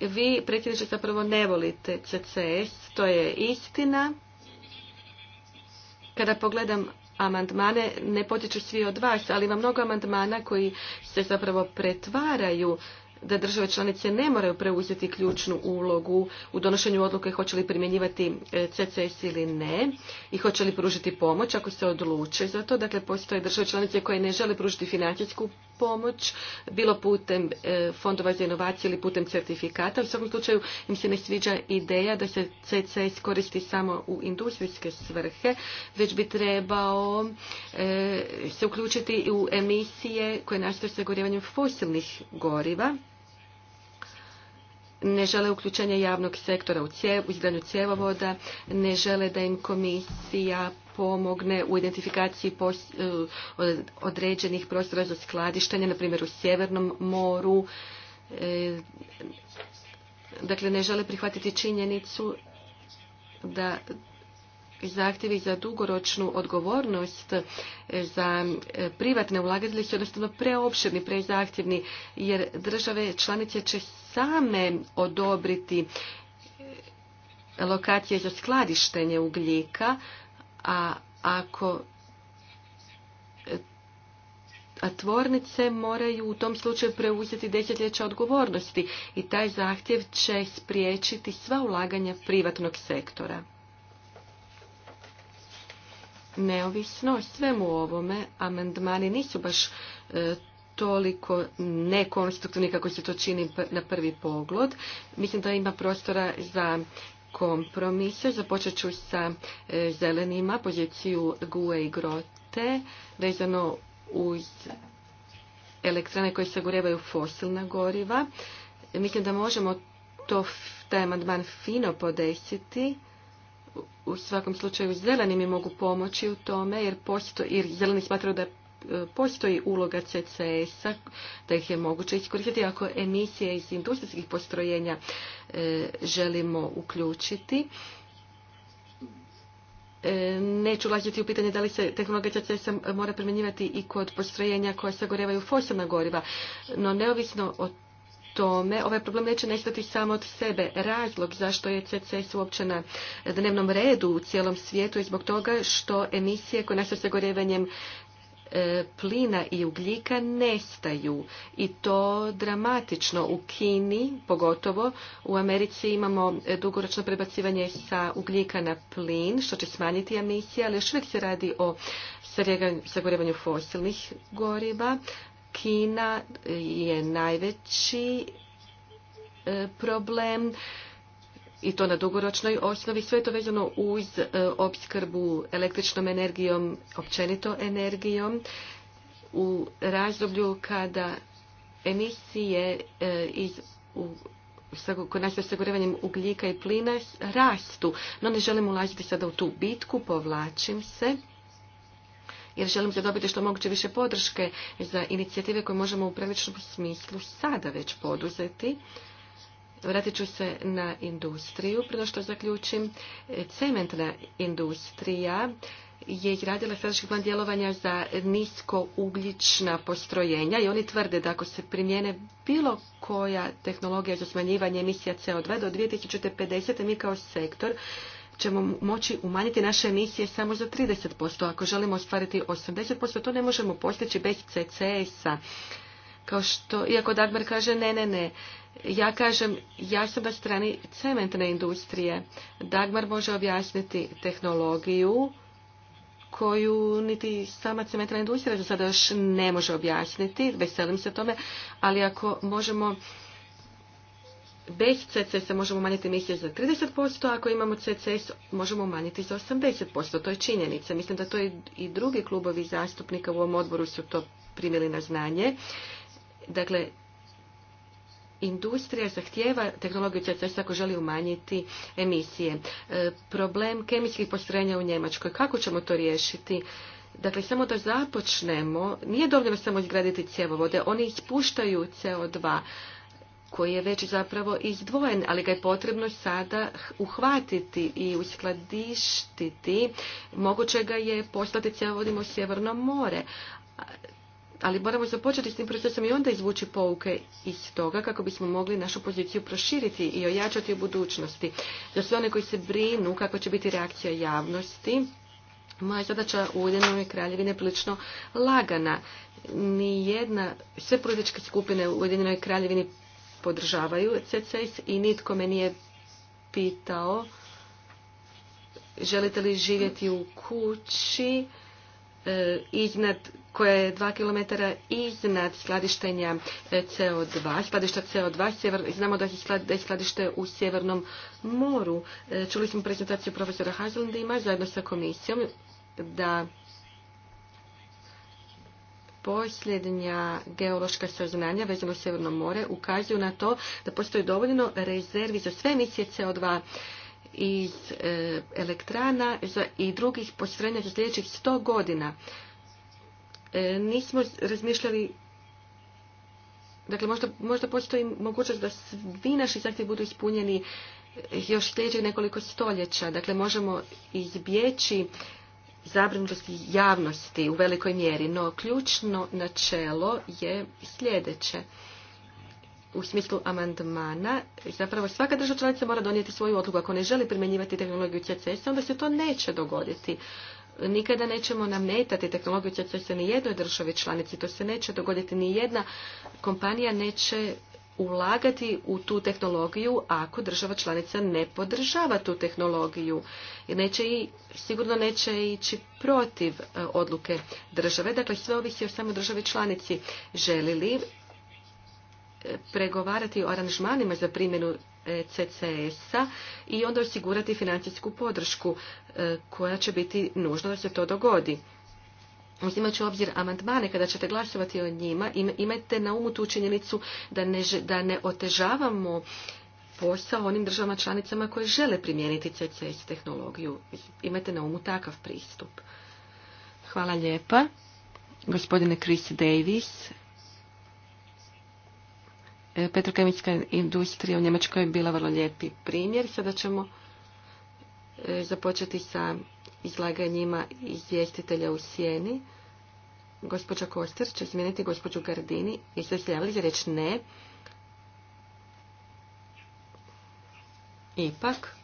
Vi, predsjedniče, zapravo ne volite CCS, to je istina. Kada pogledam amandmane, ne potiču svi od vas, ali ima mnogo amandmana koji se zapravo pretvaraju da države članice ne moraju preuzeti ključnu ulogu u donošenju odluke hoće li primjenjivati e, CCS ili ne i hoće li pružiti pomoć ako se odluče za to. Dakle, postoje države članice koje ne žele pružiti financijsku pomoć, bilo putem e, fondova za inovacije ili putem certifikata. U svakom slučaju im se ne sviđa ideja da se CCS koristi samo u industrijske svrhe, već bi trebao e, se uključiti u emisije koje nastaju sa gorjevanjem fosilnih goriva ne žele uključenje javnog sektora u, cijev, izgradnju cjevovoda, ne žele da im komisija pomogne u identifikaciji e, određenih prostora za skladištenje, na primjer u Sjevernom moru. E, dakle, ne žele prihvatiti činjenicu da zahtjevi za dugoročnu odgovornost e, za e, privatne ulagatelje su jednostavno preopširni, prezahtjevni, jer države članice će same odobriti e, lokacije za skladištenje ugljika, a ako a tvornice moraju u tom slučaju preuzeti desetljeća odgovornosti i taj zahtjev će spriječiti sva ulaganja privatnog sektora neovisno svemu ovome, amandmani nisu baš e, toliko nekonstruktivni kako se to čini na prvi pogled. Mislim da ima prostora za kompromise. Započet ću sa e, zelenima, poziciju Gue i Grote, vezano uz elektrane koje sagorevaju fosilna goriva. Mislim da možemo to, taj amandman fino podesiti u svakom slučaju zeleni mi mogu pomoći u tome jer, zeleni smatraju da e, postoji uloga CCS-a, da ih je moguće iskoristiti ako emisije iz industrijskih postrojenja e, želimo uključiti. E, neću ulaziti u pitanje da li se tehnologija CCS-a mora primjenjivati i kod postrojenja koja sagorevaju fosilna goriva, no neovisno od tome, ovaj problem neće nestati samo od sebe. Razlog zašto je CCS uopće na dnevnom redu u cijelom svijetu je zbog toga što emisije koje nastaju sa gorevanjem e, plina i ugljika nestaju i to dramatično u Kini, pogotovo u Americi imamo e, dugoročno prebacivanje sa ugljika na plin, što će smanjiti emisije, ali još uvijek se radi o sagorevanju fosilnih goriva. Kina je najveći e, problem i to na dugoročnoj osnovi. Sve je to vezano uz e, opskrbu električnom energijom, općenito energijom. U razdoblju kada emisije e, iz, u, kod nas osiguravanjem ugljika i plina rastu. No ne želim ulaziti sada u tu bitku, povlačim se jer se dobiti što moguće više podrške za inicijative koje možemo u priličnom smislu sada već poduzeti. Vratit ću se na industriju. Prvo što zaključim, cementna industrija je izradila strateški plan djelovanja za nisko ugljična postrojenja i oni tvrde da ako se primjene bilo koja tehnologija za smanjivanje emisija CO2 do 2050. mi kao sektor ćemo moći umanjiti naše emisije samo za 30%. Ako želimo ostvariti 80%, to ne možemo postići bez CCS-a. Kao što, iako Dagmar kaže ne, ne, ne, ja kažem, ja sam na strani cementne industrije. Dagmar može objasniti tehnologiju koju niti sama cementna industrija za sada još ne može objasniti. Veselim se tome, ali ako možemo Bez CCS-a možemo umanjiti emisije za 30%, ako imamo CCS možemo umanjiti za 80%. To je činjenica. Mislim da to i drugi klubovi zastupnika u ovom odboru su to primili na znanje. Dakle, industrija zahtjeva tehnologiju CCS ako želi umanjiti emisije. E, problem kemijskih postrojenja u Njemačkoj, kako ćemo to riješiti? Dakle, samo da započnemo, nije dovoljno samo izgraditi cjevovode, oni ispuštaju CO2 koji je već zapravo izdvojen, ali ga je potrebno sada uhvatiti i uskladištiti. Moguće ga je poslati vodimo Sjeverno more. Ali moramo započeti s tim procesom i onda izvući pouke iz toga kako bismo mogli našu poziciju proširiti i ojačati u budućnosti. Za sve one koji se brinu kako će biti reakcija javnosti, moja zadaća u Ujedinjenoj kraljevini je prilično lagana. jedna sve političke skupine u Ujedinjenoj kraljevini podržavaju CCS i nitko me nije pitao želite li živjeti u kući e, iznad, koja je dva km iznad skladištenja e, CO2, skladišta CO2. znamo da je, sklad, skladište u Sjevernom moru. E, čuli smo prezentaciju profesora Hazlundima zajedno sa komisijom da Posljednja geološka saznanja vezano u Sjeverno more ukazuju na to da postoji dovoljno rezervi za sve emisije CO2 iz e, elektrana i drugih postrojenja za sljedećih 100 godina. E, nismo razmišljali Dakle, možda, možda postoji mogućnost da svi naši zahtjevi budu ispunjeni još sljedećih nekoliko stoljeća. Dakle, možemo izbjeći zabrinutosti javnosti u velikoj mjeri, no ključno načelo je sljedeće. U smislu amandmana, zapravo svaka država članica mora donijeti svoju odluku. Ako ne želi primjenjivati tehnologiju CCS, onda se to neće dogoditi. Nikada nećemo nametati tehnologiju CCS ni jednoj državi članici. To se neće dogoditi. Ni jedna kompanija neće ulagati u tu tehnologiju ako država članica ne podržava tu tehnologiju. neće i, sigurno neće ići protiv e, odluke države. Dakle, sve ovisi o samo države članici. Želi li e, pregovarati o aranžmanima za primjenu e, CCS-a i onda osigurati financijsku podršku koja će biti nužna da se to dogodi uzimajući u obzir amandmane, kada ćete glasovati o njima, imajte na umu tu činjenicu da ne, da ne otežavamo posao onim državama članicama koje žele primijeniti CCS tehnologiju. Imajte na umu takav pristup. Hvala lijepa. Gospodine Chris Davis. E, Petrokemijska industrija u Njemačkoj je bila vrlo lijepi primjer. Sada ćemo e, započeti sa izlaganjima izvjestitelja u sjeni. Gospođa Koster će smijeniti gospođu Gardini. Jeste se javili za reč ne? Ipak,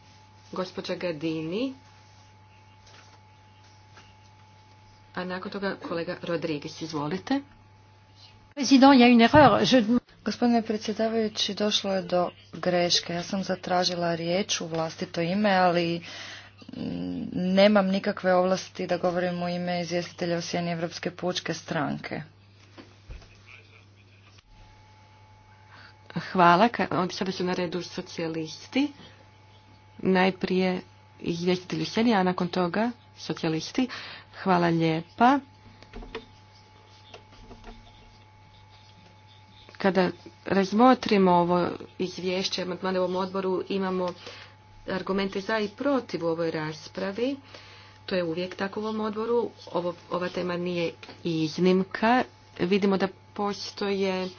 gospođa Gardini. A nakon toga kolega Rodriguez, izvolite. ja une Gospodine predsjedavajući, došlo je do greške. Ja sam zatražila riječ u vlastito ime, ali nemam nikakve ovlasti da govorim u ime izvjestitelja o Evropske pučke stranke. Hvala. Sada su na redu socijalisti. Najprije izvjestitelji a nakon toga socijalisti. Hvala lijepa. Kada razmotrimo ovo izvješće u ovom odboru imamo argumente za i protiv u ovoj raspravi. To je uvijek tako u ovom odboru. ova tema nije iznimka. Vidimo da postoje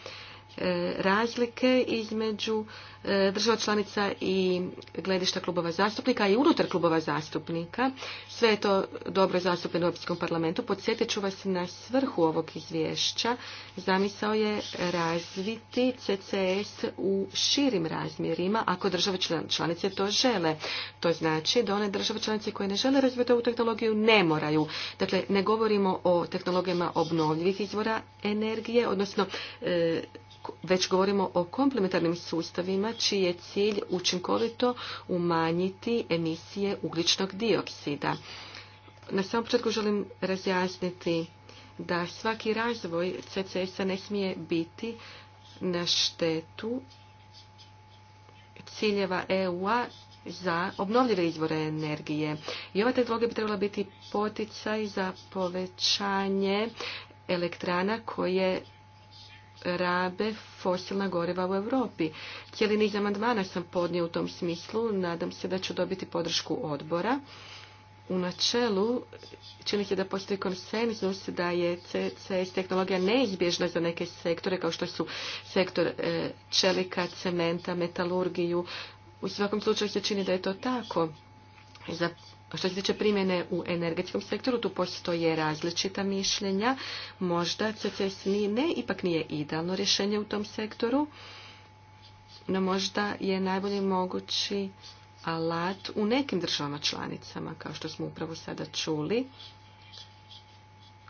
E, razlike između e, država članica i gledišta klubova zastupnika i unutar klubova zastupnika. Sve je to dobro zastupljeno u Europskom parlamentu. Podsjetit ću vas na svrhu ovog izvješća. Zamisao je razviti CCS u širim razmjerima ako države članice to žele. To znači da one države članice koje ne žele razviti ovu tehnologiju ne moraju. Dakle, ne govorimo o tehnologijama obnovljivih izvora energije, odnosno e, već govorimo o komplementarnim sustavima čiji je cilj učinkovito umanjiti emisije ugljičnog dioksida. Na samom početku želim razjasniti da svaki razvoj CCS-a ne smije biti na štetu ciljeva EU-a za obnovljive izvore energije. I ova tehnologija bi trebala biti poticaj za povećanje elektrana koje rabe fosilna goriva u Europi. Cijeli niz amandmana sam podnio u tom smislu, nadam se da ću dobiti podršku odbora. U načelu čini se da postoji konsenzus da je CCS tehnologija neizbježna za neke sektore kao što su sektor e, čelika, cementa, metalurgiju. U svakom slučaju se čini da je to tako. Za što se tiče primjene u energetskom sektoru, tu postoje različita mišljenja. Možda CCS nije, ne, ipak nije idealno rješenje u tom sektoru, no možda je najbolji mogući alat u nekim državama članicama, kao što smo upravo sada čuli.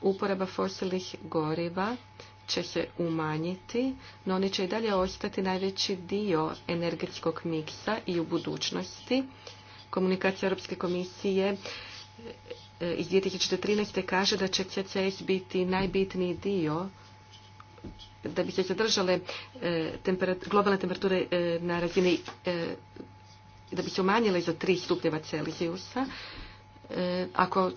Uporaba fosilnih goriva će se umanjiti, no oni će i dalje ostati najveći dio energetskog miksa i u budućnosti komunikacija Europske komisije e, iz 2013. kaže da će CCS biti najbitniji dio da bi se zadržale e, globalne temperature e, na razini da bi se umanjile za 3 stupnjeva Celzijusa. Ako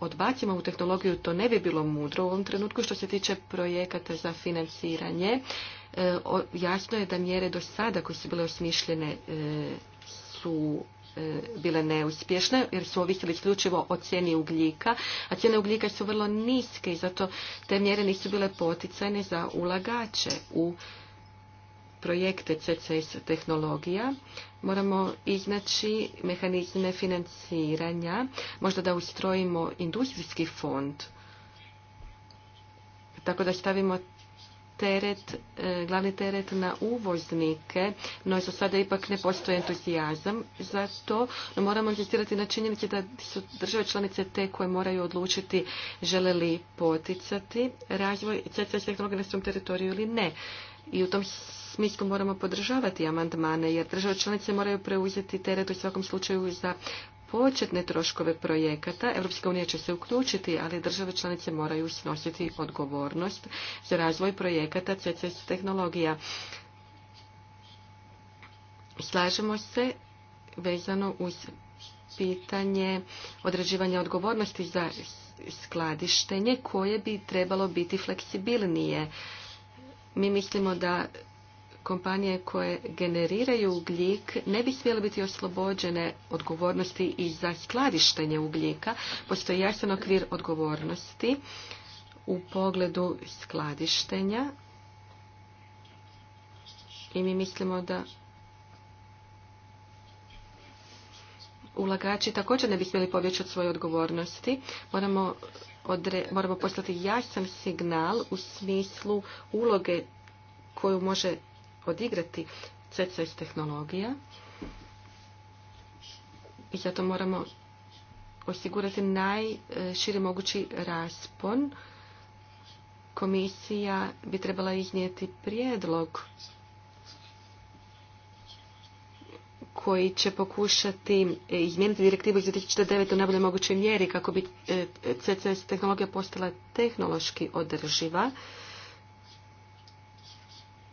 odbacimo ovu tehnologiju, to ne bi bilo mudro u ovom trenutku. Što se tiče projekata za financiranje, jasno je da mjere do sada koje su bile osmišljene su E, bile neuspješne jer su ovisili isključivo o cijeni ugljika, a cijene ugljika su vrlo niske i zato te mjere nisu bile poticajne za ulagače u projekte CCS tehnologija. Moramo iznaći mehanizme financiranja, možda da ustrojimo industrijski fond, tako da stavimo teret, e, glavni teret na uvoznike, no su sada ipak ne postoji entuzijazam za to, no moramo insistirati na činjenici da su države članice te koje moraju odlučiti žele li poticati razvoj CCS tehnologije na svom teritoriju ili ne. I u tom smislu moramo podržavati amandmane, jer države članice moraju preuzeti teret u svakom slučaju za početne troškove projekata. Europska unija će se uključiti, ali države članice moraju snositi odgovornost za razvoj projekata CCS tehnologija. Slažemo se vezano uz pitanje određivanja odgovornosti za skladištenje koje bi trebalo biti fleksibilnije. Mi mislimo da kompanije koje generiraju ugljik ne bi smjele biti oslobođene odgovornosti i za skladištenje ugljika. Postoji jasan okvir odgovornosti u pogledu skladištenja i mi mislimo da ulagači također ne bi smjeli povjeći od svoje odgovornosti. Moramo, moramo poslati jasan signal u smislu uloge koju može odigrati CCS tehnologija i zato moramo osigurati najširi mogući raspon. Komisija bi trebala iznijeti prijedlog koji će pokušati izmijeniti direktivu iz 2009. u najbolje mogućoj mjeri kako bi e, CCS tehnologija postala tehnološki održiva,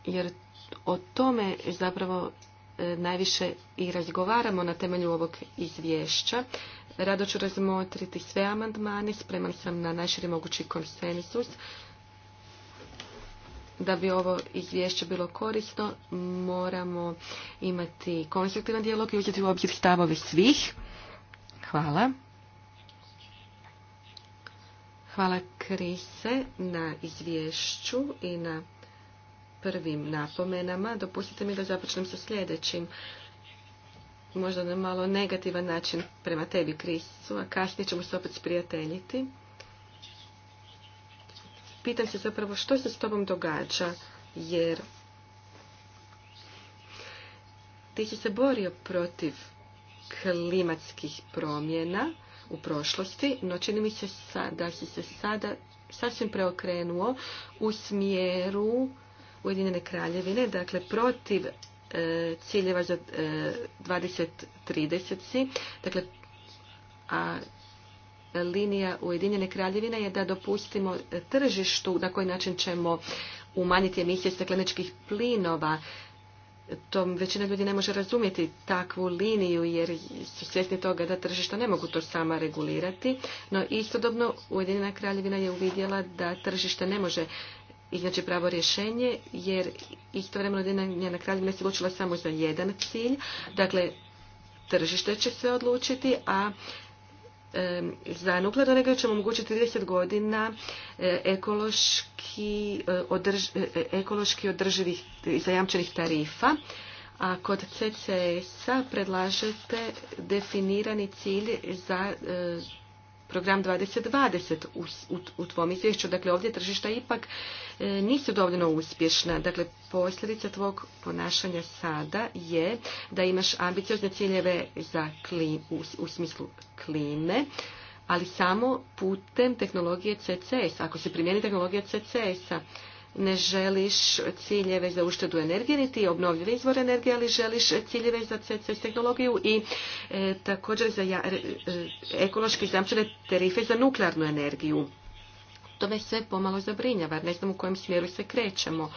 jer o tome zapravo e, najviše i razgovaramo na temelju ovog izvješća. Rado ću razmotriti sve amandmane, spreman sam na najširi mogući konsensus. Da bi ovo izvješće bilo korisno, moramo imati konstruktivan dijalog i uzeti u obzir stavove svih. Hvala. Hvala Krise na izvješću i na prvim napomenama, dopustite mi da započnem sa sljedećim možda na malo negativan način prema tebi, Krisu, a kasnije ćemo se opet sprijateljiti. Pitam se zapravo što se s tobom događa, jer ti si se borio protiv klimatskih promjena u prošlosti, no čini mi se da si se sada sasvim preokrenuo u smjeru Ujedinjene kraljevine, dakle protiv e, ciljeva za 2030. E, dakle, a linija Ujedinjene kraljevine je da dopustimo tržištu na koji način ćemo umanjiti emisije stakleničkih plinova. To većina ljudi ne može razumjeti takvu liniju jer su svjesni toga da tržišta ne mogu to sama regulirati. No istodobno Ujedinjena kraljevina je uvidjela da tržište ne može iznaći pravo rješenje, jer istovremeno na kraju se odlučila samo za jedan cilj. Dakle, tržište će se odlučiti, a za nuklearnu energiju ćemo omogućiti 30 godina e, ekološki, e, i e, e, ekološki održivih zajamčenih tarifa. A kod CCS-a predlažete definirani cilj za program 2020 u, u, u tvom izvješću. Dakle, ovdje tržišta ipak e, nisu dovoljno uspješna. Dakle, posljedica tvog ponašanja sada je da imaš ambiciozne ciljeve za u, u smislu klime, ali samo putem tehnologije CCS, ako se primjeni tehnologija CCS-a ne želiš ciljeve za uštedu energije niti obnovljive izvore energije, ali želiš ciljeve za CCS tehnologiju i e, također za ja, e, ekološki zamčene tarife za nuklearnu energiju. To me sve pomalo zabrinjava, ne znam u kojem smjeru se krećemo.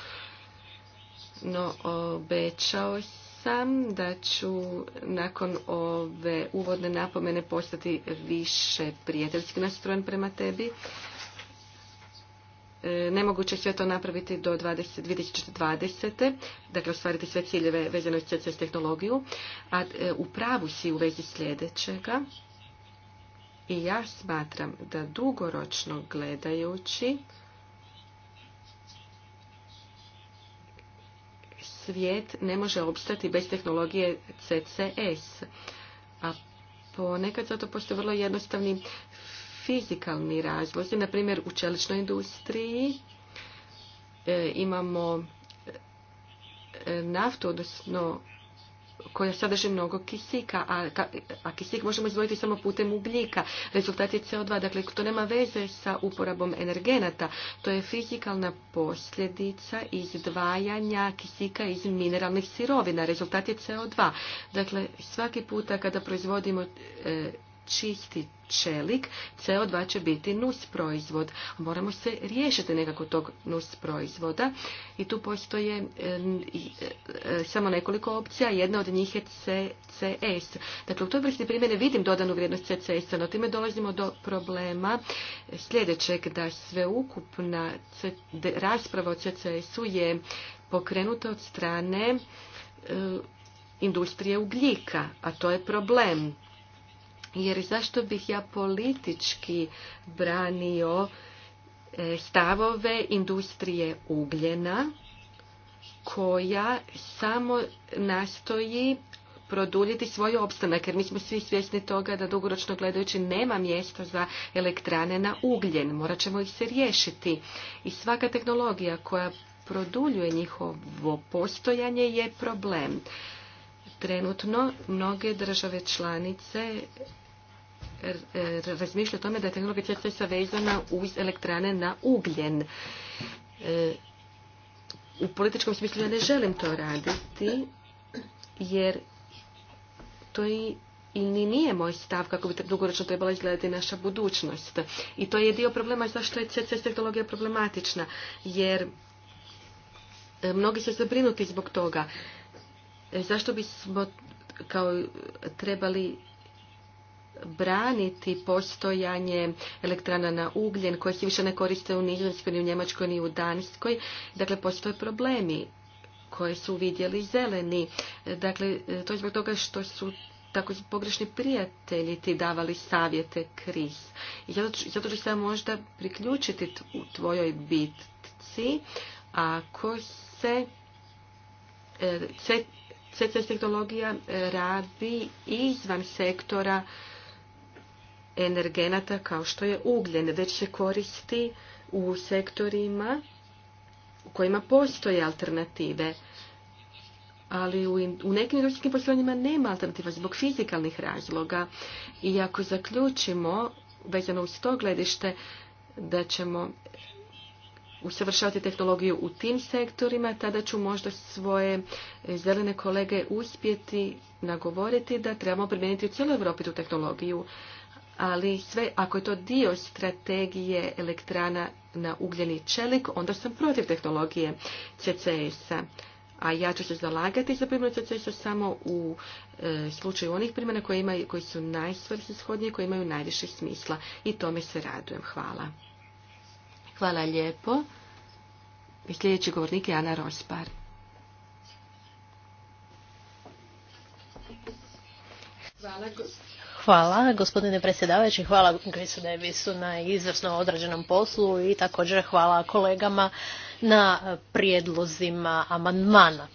No, obećao sam da ću nakon ove uvodne napomene postati više prijateljski nastrojen prema tebi E, nemoguće sve to napraviti do 2020. Dakle, ostvariti sve ciljeve vezano s tehnologiju. A e, u pravu si u vezi sljedećega. I ja smatram da dugoročno gledajući svijet ne može obstati bez tehnologije CCS. A ponekad zato postoje vrlo jednostavni fizikalni razlozi. Na primjer, u čeličnoj industriji e, imamo e, naftu, odnosno koja sadrži mnogo kisika, a, kisik možemo izdvojiti samo putem ugljika. Rezultat je CO2, dakle to nema veze sa uporabom energenata. To je fizikalna posljedica izdvajanja kisika iz mineralnih sirovina. Rezultat je CO2. Dakle, svaki puta kada proizvodimo e, čisti čelik, CO2 će biti nus proizvod. Moramo se riješiti nekako tog nus proizvoda i tu postoje e, e, samo nekoliko opcija, jedna od njih je CCS. Dakle, u toj vrsti primjene vidim dodanu vrijednost CCS-a, no time dolazimo do problema sljedećeg, da sveukupna rasprava o CCS-u je pokrenuta od strane e, industrije ugljika, a to je problem jer zašto bih ja politički branio e, stavove industrije ugljena koja samo nastoji produljiti svoj opstanak, jer mi smo svi svjesni toga da dugoročno gledajući nema mjesta za elektrane na ugljen. Morat ćemo ih se riješiti. I svaka tehnologija koja produljuje njihovo postojanje je problem. Trenutno mnoge države članice razmišlja o tome da je tehnologija CCS-a vezana uz elektrane na ugljen. E, u političkom smislu ja ne želim to raditi, jer to i ni nije moj stav kako bi dugoročno trebala izgledati naša budućnost. I to je dio problema zašto je CCS tehnologija problematična, jer e, mnogi su zabrinuti zbog toga. E, zašto bismo kao trebali braniti postojanje elektrana na ugljen koje se više ne koriste u Nizozemskoj, ni u Njemačkoj, ni u Danskoj. Dakle, postoje problemi koje su vidjeli zeleni. Dakle, to je zbog toga što su tako pogrešni prijatelji ti davali savjete kriz. I zato ću se možda priključiti u tvojoj bitci ako se e, sve tehnologija radi izvan sektora energenata kao što je ugljen, već se koristi u sektorima u kojima postoje alternative. Ali u nekim industrijskim poslovima nema alternativa zbog fizikalnih razloga. I ako zaključimo, vezano uz to gledište, da ćemo usavršavati tehnologiju u tim sektorima, tada ću možda svoje e, zelene kolege uspjeti nagovoriti da trebamo primijeniti u cijeloj Europi tu tehnologiju ali sve, ako je to dio strategije elektrana na ugljeni čelik, onda sam protiv tehnologije CCS-a. A ja ću se zalagati za primjenu CCS-a samo u e, slučaju onih primjena koji, imaju, koji su najsvrsishodniji i koji imaju najviše smisla. I tome se radujem. Hvala. Hvala lijepo. I sljedeći govornik je Ana Rospar. Hvala, Hvala gospodine predsjedavajući, hvala Chrisu Davisu na izvrsno odrađenom poslu i također hvala kolegama na prijedlozima amandmana.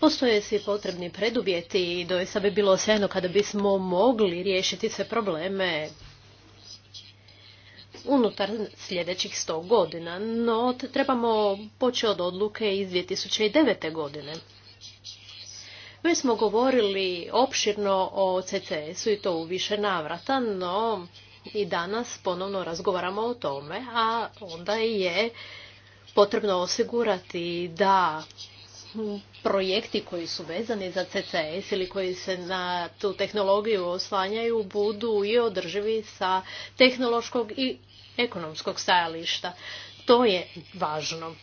Postoje svi potrebni predubjeti i doista bi bilo sjajno kada bismo mogli riješiti sve probleme unutar sljedećih 100 godina, no trebamo poći od odluke iz 2009. godine. Mi smo govorili opširno o CCS-u i to u više navrata, no i danas ponovno razgovaramo o tome, a onda je potrebno osigurati da projekti koji su vezani za CCS ili koji se na tu tehnologiju oslanjaju budu i održivi sa tehnološkog i ekonomskog stajališta. To je važno.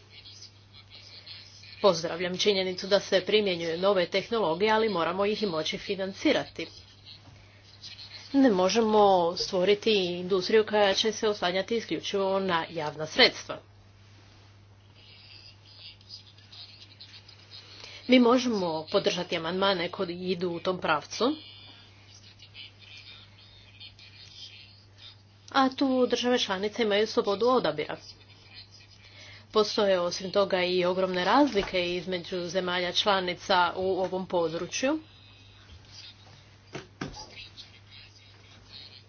Pozdravljam činjenicu da se primjenjuje nove tehnologije, ali moramo ih i moći financirati. Ne možemo stvoriti industriju koja će se oslanjati isključivo na javna sredstva. Mi možemo podržati amandmane koji idu u tom pravcu, a tu države članice imaju slobodu odabira. Postoje osim toga i ogromne razlike između zemalja članica u ovom području.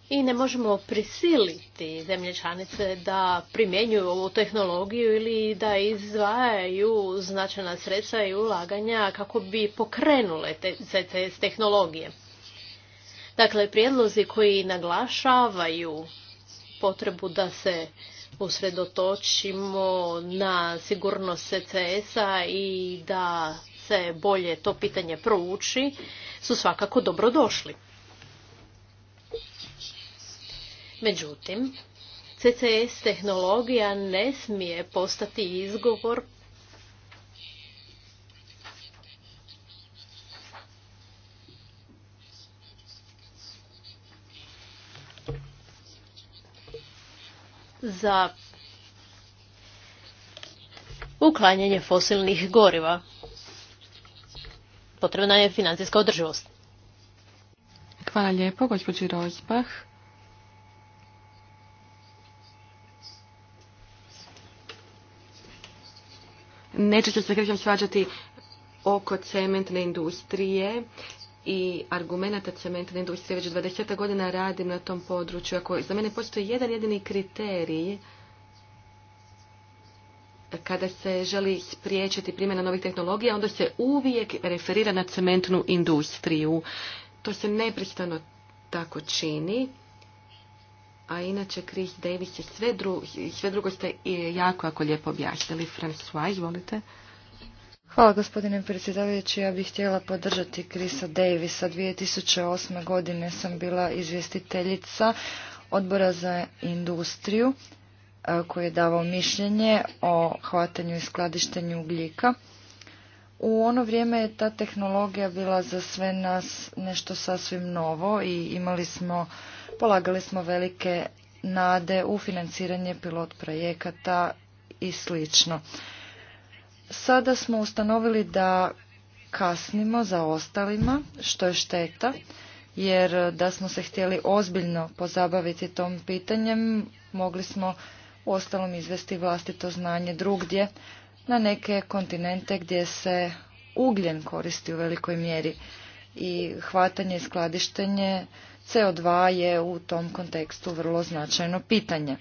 I ne možemo prisiliti zemlje članice da primjenjuju ovu tehnologiju ili da izdvajaju značajna sredstva i ulaganja kako bi pokrenule te, te, tehnologije. Dakle, prijedlozi koji naglašavaju potrebu da se usredotočimo na sigurnost CCS-a i da se bolje to pitanje prouči, su svakako dobrodošli. Međutim, CCS tehnologija ne smije postati izgovor za uklanjanje fosilnih goriva. Potrebna je financijska održivost. Hvala lijepo, gospođi Rozbah. Neće se sve svađati oko cementne industrije i argumenata cementne industrije. Već 20 godina radim na tom području. Ako za mene postoji jedan jedini kriterij kada se želi spriječiti primjena novih tehnologija, onda se uvijek referira na cementnu industriju. To se nepristano tako čini. A inače, Chris Davis je sve, sve drugo ste jako, jako lijepo objasnili. François, izvolite. Hvala gospodine predsjedavajući. Ja bih htjela podržati Krisa Davisa. 2008. godine sam bila izvjestiteljica odbora za industriju e, koji je davao mišljenje o hvatanju i skladištenju ugljika. U ono vrijeme je ta tehnologija bila za sve nas nešto sasvim novo i imali smo, polagali smo velike nade u financiranje pilot projekata i slično. Sada smo ustanovili da kasnimo za ostalima, što je šteta, jer da smo se htjeli ozbiljno pozabaviti tom pitanjem, mogli smo uostalom izvesti vlastito znanje drugdje, na neke kontinente gdje se ugljen koristi u velikoj mjeri i hvatanje i skladištenje CO2 je u tom kontekstu vrlo značajno pitanje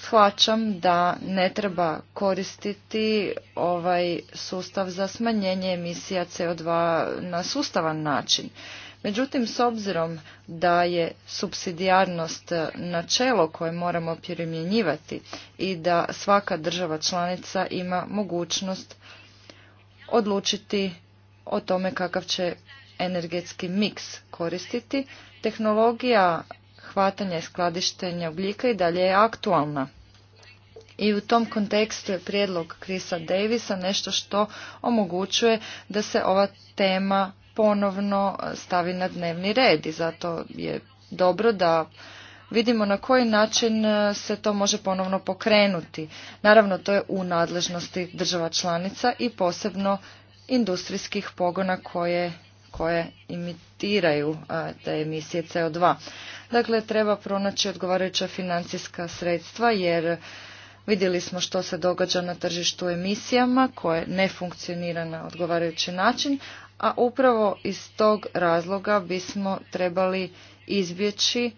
shvaćam da ne treba koristiti ovaj sustav za smanjenje emisija CO2 na sustavan način. Međutim, s obzirom da je subsidijarnost načelo koje moramo primjenjivati i da svaka država članica ima mogućnost odlučiti o tome kakav će energetski miks koristiti, tehnologija Hvatanja i skladištenja ugljika i dalje je aktualna. I u tom kontekstu je prijedlog Krisa Davisa nešto što omogućuje da se ova tema ponovno e, stavi na dnevni red i zato je dobro da vidimo na koji način e, se to može ponovno pokrenuti. Naravno, to je u nadležnosti država članica i posebno industrijskih pogona koje koje imitiraju te emisije CO2. Dakle, treba pronaći odgovarajuća financijska sredstva jer vidjeli smo što se događa na tržištu emisijama koje ne funkcionira na odgovarajući način, a upravo iz tog razloga bismo trebali izbjeći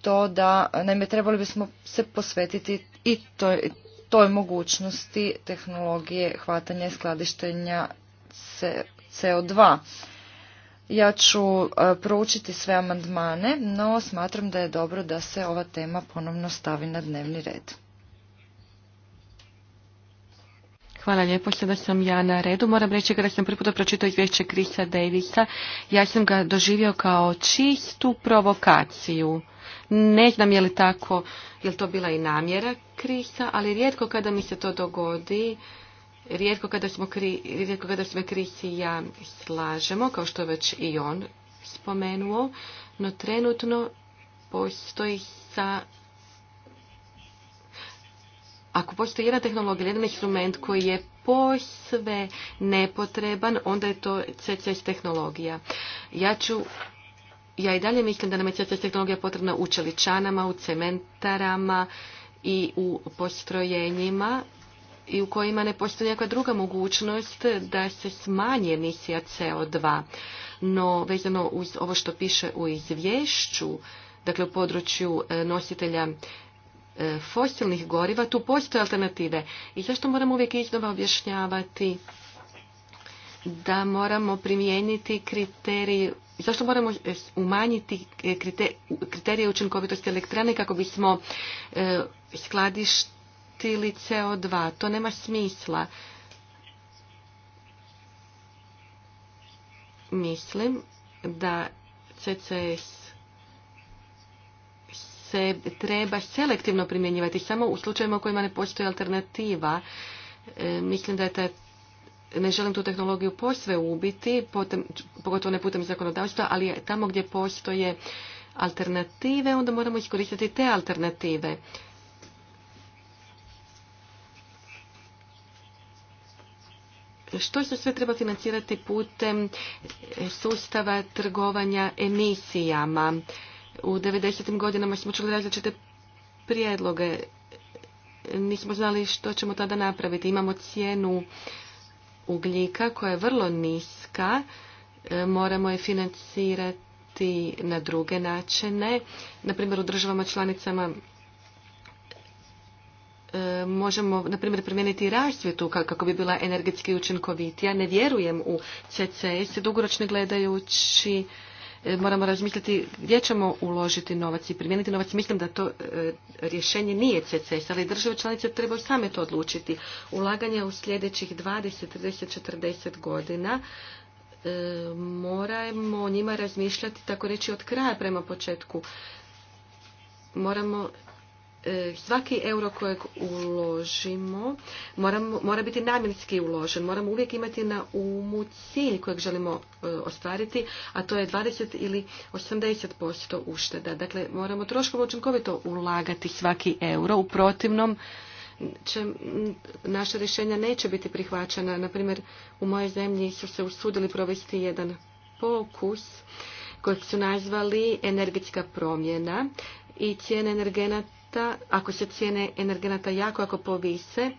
to da, naime, trebali bismo se posvetiti i toj, toj mogućnosti tehnologije hvatanja i skladištenja CO2. Ja ću e, proučiti sve amandmane, no smatram da je dobro da se ova tema ponovno stavi na dnevni red. Hvala lijepo, sada sam ja na redu. Moram reći kada sam prvi pročitao izvješće Krisa Davisa, ja sam ga doživio kao čistu provokaciju. Ne znam je li tako, je li to bila i namjera Krisa, ali rijetko kada mi se to dogodi, Rijetko kada, smo kri, kada se ja slažemo, kao što je već i on spomenuo, no trenutno postoji sa... Ako postoji jedna tehnologija, jedan instrument koji je posve nepotreban, onda je to CCS tehnologija. Ja ću ja i dalje mislim da nam je CCS tehnologija potrebna u čeličanama, u cementarama i u postrojenjima i u kojima ne postoji neka druga mogućnost da se smanji emisija CO2. No, vezano uz ovo što piše u izvješću, dakle u području e, nositelja e, fosilnih goriva, tu postoje alternative. I zašto moramo uvijek iznova objašnjavati da moramo primijeniti kriterij, zašto moramo e, umanjiti kriterije učinkovitosti elektrane kako bismo skladišti ili CO2. To nema smisla. Mislim da CCS se treba selektivno primjenjivati samo u slučajevima u kojima ne postoji alternativa. E, mislim da je ta ne želim tu tehnologiju posve ubiti, pogotovo ne putem zakonodavstva, ali tamo gdje postoje alternative, onda moramo iskoristiti te alternative. što se sve treba financirati putem sustava trgovanja emisijama. U 90. godinama smo čuli različite prijedloge. Nismo znali što ćemo tada napraviti. Imamo cijenu ugljika koja je vrlo niska. E, moramo je financirati na druge načine. Na u državama članicama E, možemo, na primjer, promijeniti rasvjetu kako bi bila energetski učinkovitija. Ne vjerujem u CCS, dugoročno gledajući e, moramo razmisliti gdje ćemo uložiti novac i primijeniti novac. Mislim da to e, rješenje nije CCS, ali države članice trebaju same to odlučiti. Ulaganje u sljedećih 20, 30, 40 godina moramo njima razmišljati, tako reći, od kraja prema početku. Moramo E, svaki euro kojeg uložimo mora biti namjenski uložen. Moramo uvijek imati na umu cilj kojeg želimo e, ostvariti, a to je 20 ili 80% ušteda. Dakle, moramo troškovo učinkovito ulagati svaki euro. U protivnom, će, naša rješenja neće biti prihvaćena. Naprimjer, u mojoj zemlji su se usudili provesti jedan pokus kojeg su nazvali energetska promjena i cijene energenata energenata, ako se cijene energenata jako ako povise,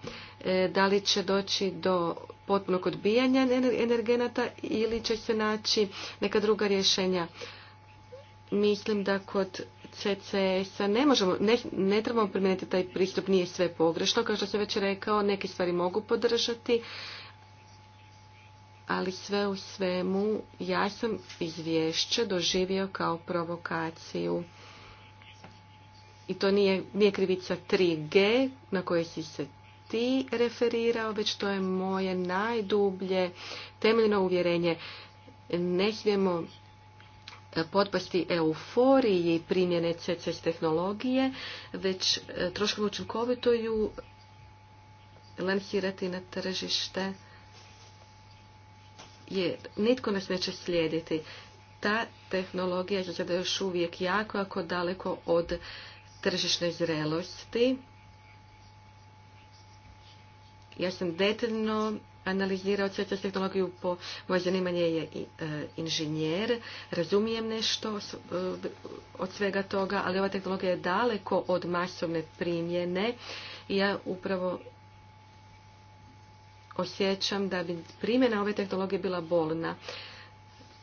e, da li će doći do potpunog odbijanja energenata ili će se naći neka druga rješenja. Mislim da kod ccs ne, možemo, ne, ne trebamo primijeniti taj pristup, nije sve pogrešno. Kao što sam već rekao, neke stvari mogu podržati, ali sve u svemu ja sam izvješće doživio kao provokaciju i to nije, nije krivica 3G na koje si se ti referirao, već to je moje najdublje temeljno uvjerenje. Ne smijemo e, potpasti euforiji primjene CCS tehnologije, već e, troškom učinkovito ju lansirati na tržište, jer nitko nas neće slijediti. Ta tehnologija je sada još uvijek jako, jako daleko od tržišnoj zrelosti. Ja sam detaljno analizirao CCS tehnologiju, po, moje zanimanje je e, inženjer, razumijem nešto e, od svega toga, ali ova tehnologija je daleko od masovne primjene i ja upravo osjećam da bi primjena ove tehnologije bila bolna.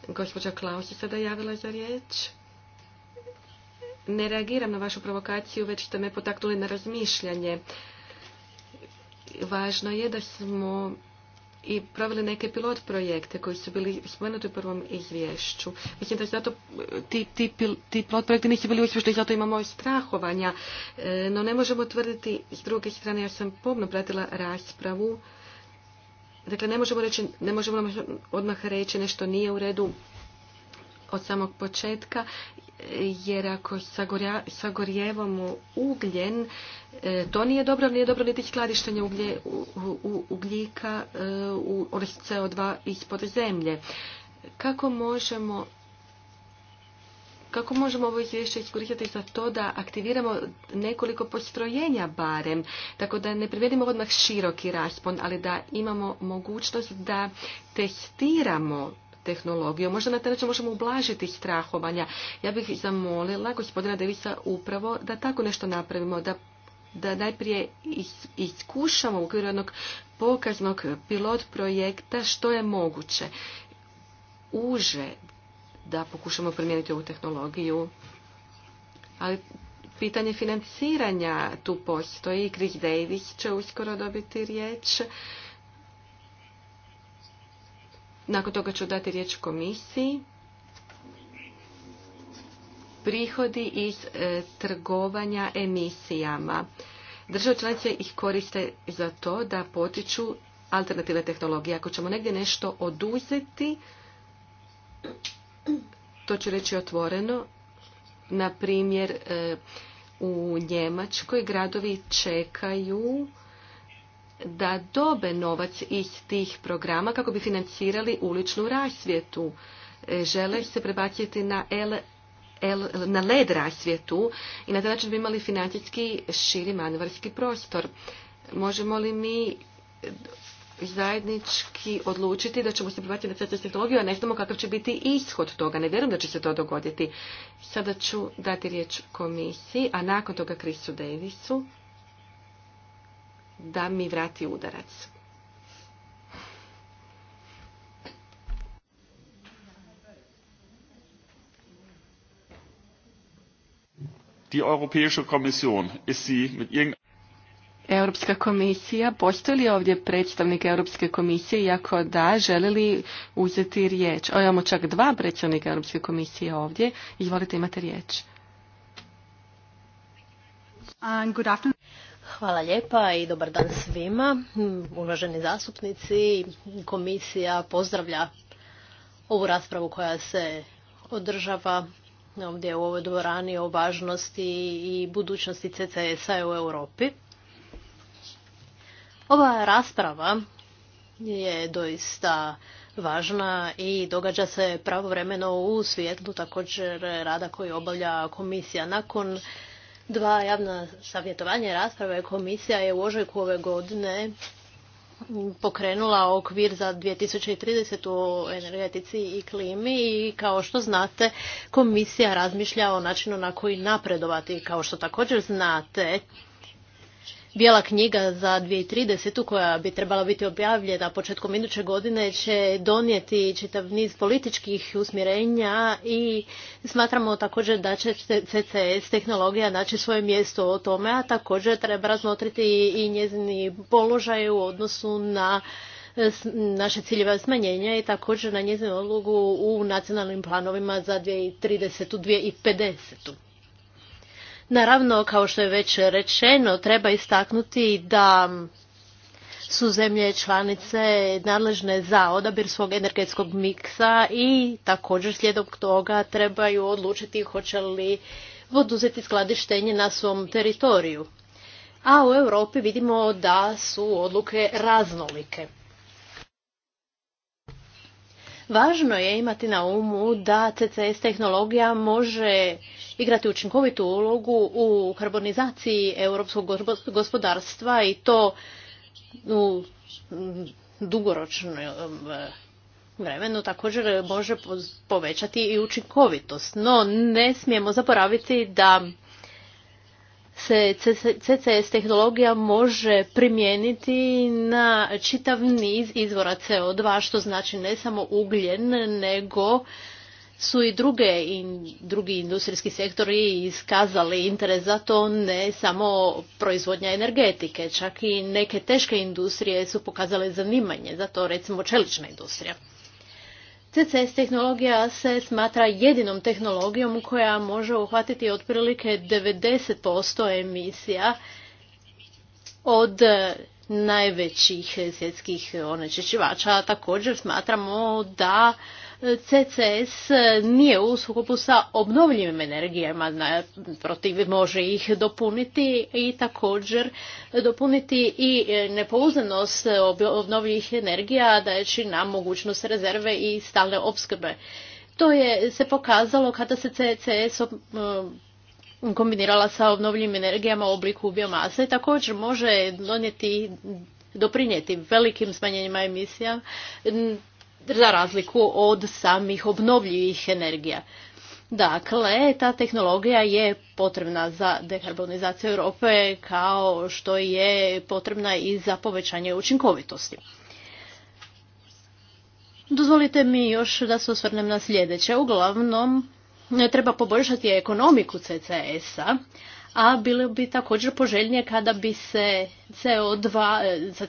Gospođa Klaus je sada javila za riječ ne reagiram na vašu provokaciju, već ste me potaknuli na razmišljanje. Važno je da smo i proveli neke pilot projekte koji su bili spomenuti u prvom izvješću. Mislim da zato ti, ti, ti pilot projekti nisu bili uspješni, zato imamo strahovanja. E, no ne možemo tvrditi, s druge strane, ja sam pomno pratila raspravu. Dakle, ne možemo, reći, ne možemo odmah reći nešto nije u redu od samog početka jer ako sagorjevamo ugljen, e, to nije dobro, nije dobro niti skladištenje ugljika e, u ono CO2 ispod zemlje. Kako možemo kako možemo ovo izvješće iskoristiti za to da aktiviramo nekoliko postrojenja barem, tako da ne privedimo odmah široki raspon, ali da imamo mogućnost da testiramo tehnologijom Možda na taj način možemo ublažiti strahovanja. Ja bih zamolila gospodina Devisa upravo da tako nešto napravimo, da da najprije iskušamo u okviru jednog pokaznog pilot projekta što je moguće. Uže da pokušamo primijeniti ovu tehnologiju. Ali pitanje financiranja tu postoji. Chris Davis će uskoro dobiti riječ. Nakon toga ću dati riječ komisiji. Prihodi iz e, trgovanja emisijama. Države članice ih koriste za to da potiču alternative tehnologije. Ako ćemo negdje nešto oduzeti, to ću reći otvoreno, na primjer e, u Njemačkoj gradovi čekaju da dobe novac iz tih programa kako bi financirali uličnu rasvjetu. E, žele se prebaciti na L na led rasvjetu i na taj način bi imali financijski širi manvarski prostor. Možemo li mi zajednički odlučiti da ćemo se prebaciti na cestu tehnologiju, a ne znamo kakav će biti ishod toga. Ne vjerujem da će se to dogoditi. Sada ću dati riječ komisiji, a nakon toga Krisu Davisu da mi vrati udarac. Die Europäische Kommission ist sie mit Europska komisija, postoji li ovdje predstavnik Europske komisije i da, želi li uzeti riječ? O, imamo čak dva predstavnika Europske komisije ovdje. Izvolite, imate riječ. Good afternoon. Hvala lijepa i dobar dan svima. Uvaženi zastupnici, komisija pozdravlja ovu raspravu koja se održava ovdje u ovoj dvorani o važnosti i budućnosti CCS-a u Europi. Ova rasprava je doista važna i događa se pravovremeno u svijetlu također rada koji obavlja komisija. Nakon dva javna savjetovanja i rasprave komisija je u ožujku ove godine pokrenula okvir za 2030 u energetici i klimi i kao što znate komisija razmišlja o načinu na koji napredovati. Kao što također znate Bijela knjiga za 2030. koja bi trebala biti objavljena početkom iduće godine će donijeti čitav niz političkih usmjerenja i smatramo također da će CCS tehnologija naći svoje mjesto o tome, a također treba razmotriti i njezini položaj u odnosu na naše ciljeve smanjenja i također na njezinu ulogu u nacionalnim planovima za 2030. 2050. Naravno, kao što je već rečeno, treba istaknuti da su zemlje članice nadležne za odabir svog energetskog miksa i također slijedom toga trebaju odlučiti hoće li oduzeti skladištenje na svom teritoriju. A u Europi vidimo da su odluke raznolike. Važno je imati na umu da CCS tehnologija može igrati učinkovitu ulogu u karbonizaciji europskog gospodarstva i to u mm, dugoročnom um, vremenu također može povećati i učinkovitost. No ne smijemo zaboraviti da se CCS tehnologija može primijeniti na čitav niz izvora CO2, što znači ne samo ugljen, nego su i druge i drugi industrijski sektori iskazali interes za to, ne samo proizvodnja energetike, čak i neke teške industrije su pokazale zanimanje za to, recimo čelična industrija. CCS tehnologija se smatra jedinom tehnologijom koja može uhvatiti otprilike 90% emisija od najvećih svjetskih onečišćivača. Također smatramo da CCS nije u sukobu sa obnovljivim energijama, protiv može ih dopuniti i također dopuniti i e, nepouzdanost obnovljivih energija dajeći nam mogućnost rezerve i stalne opskrbe. To je se pokazalo kada se CCS e, kombinirala sa obnovljivim energijama u obliku biomase. Također može donijeti doprinijeti velikim smanjenjima emisija za razliku od samih obnovljivih energija. Dakle, ta tehnologija je potrebna za dekarbonizaciju Europe kao što je potrebna i za povećanje učinkovitosti. Dozvolite mi još da se osvrnem na sljedeće. Uglavnom, treba poboljšati ekonomiku CCS-a, a bilo bi također poželjnije kada bi se CO2,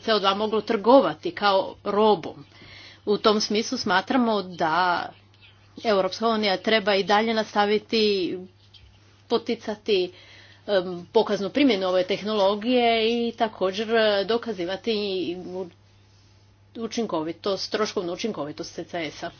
CO2 moglo trgovati kao robom. U tom smislu smatramo da Europska unija treba i dalje nastaviti poticati pokaznu primjenu ove tehnologije i također dokazivati učinkovitost, troškovnu učinkovitost CCS-a.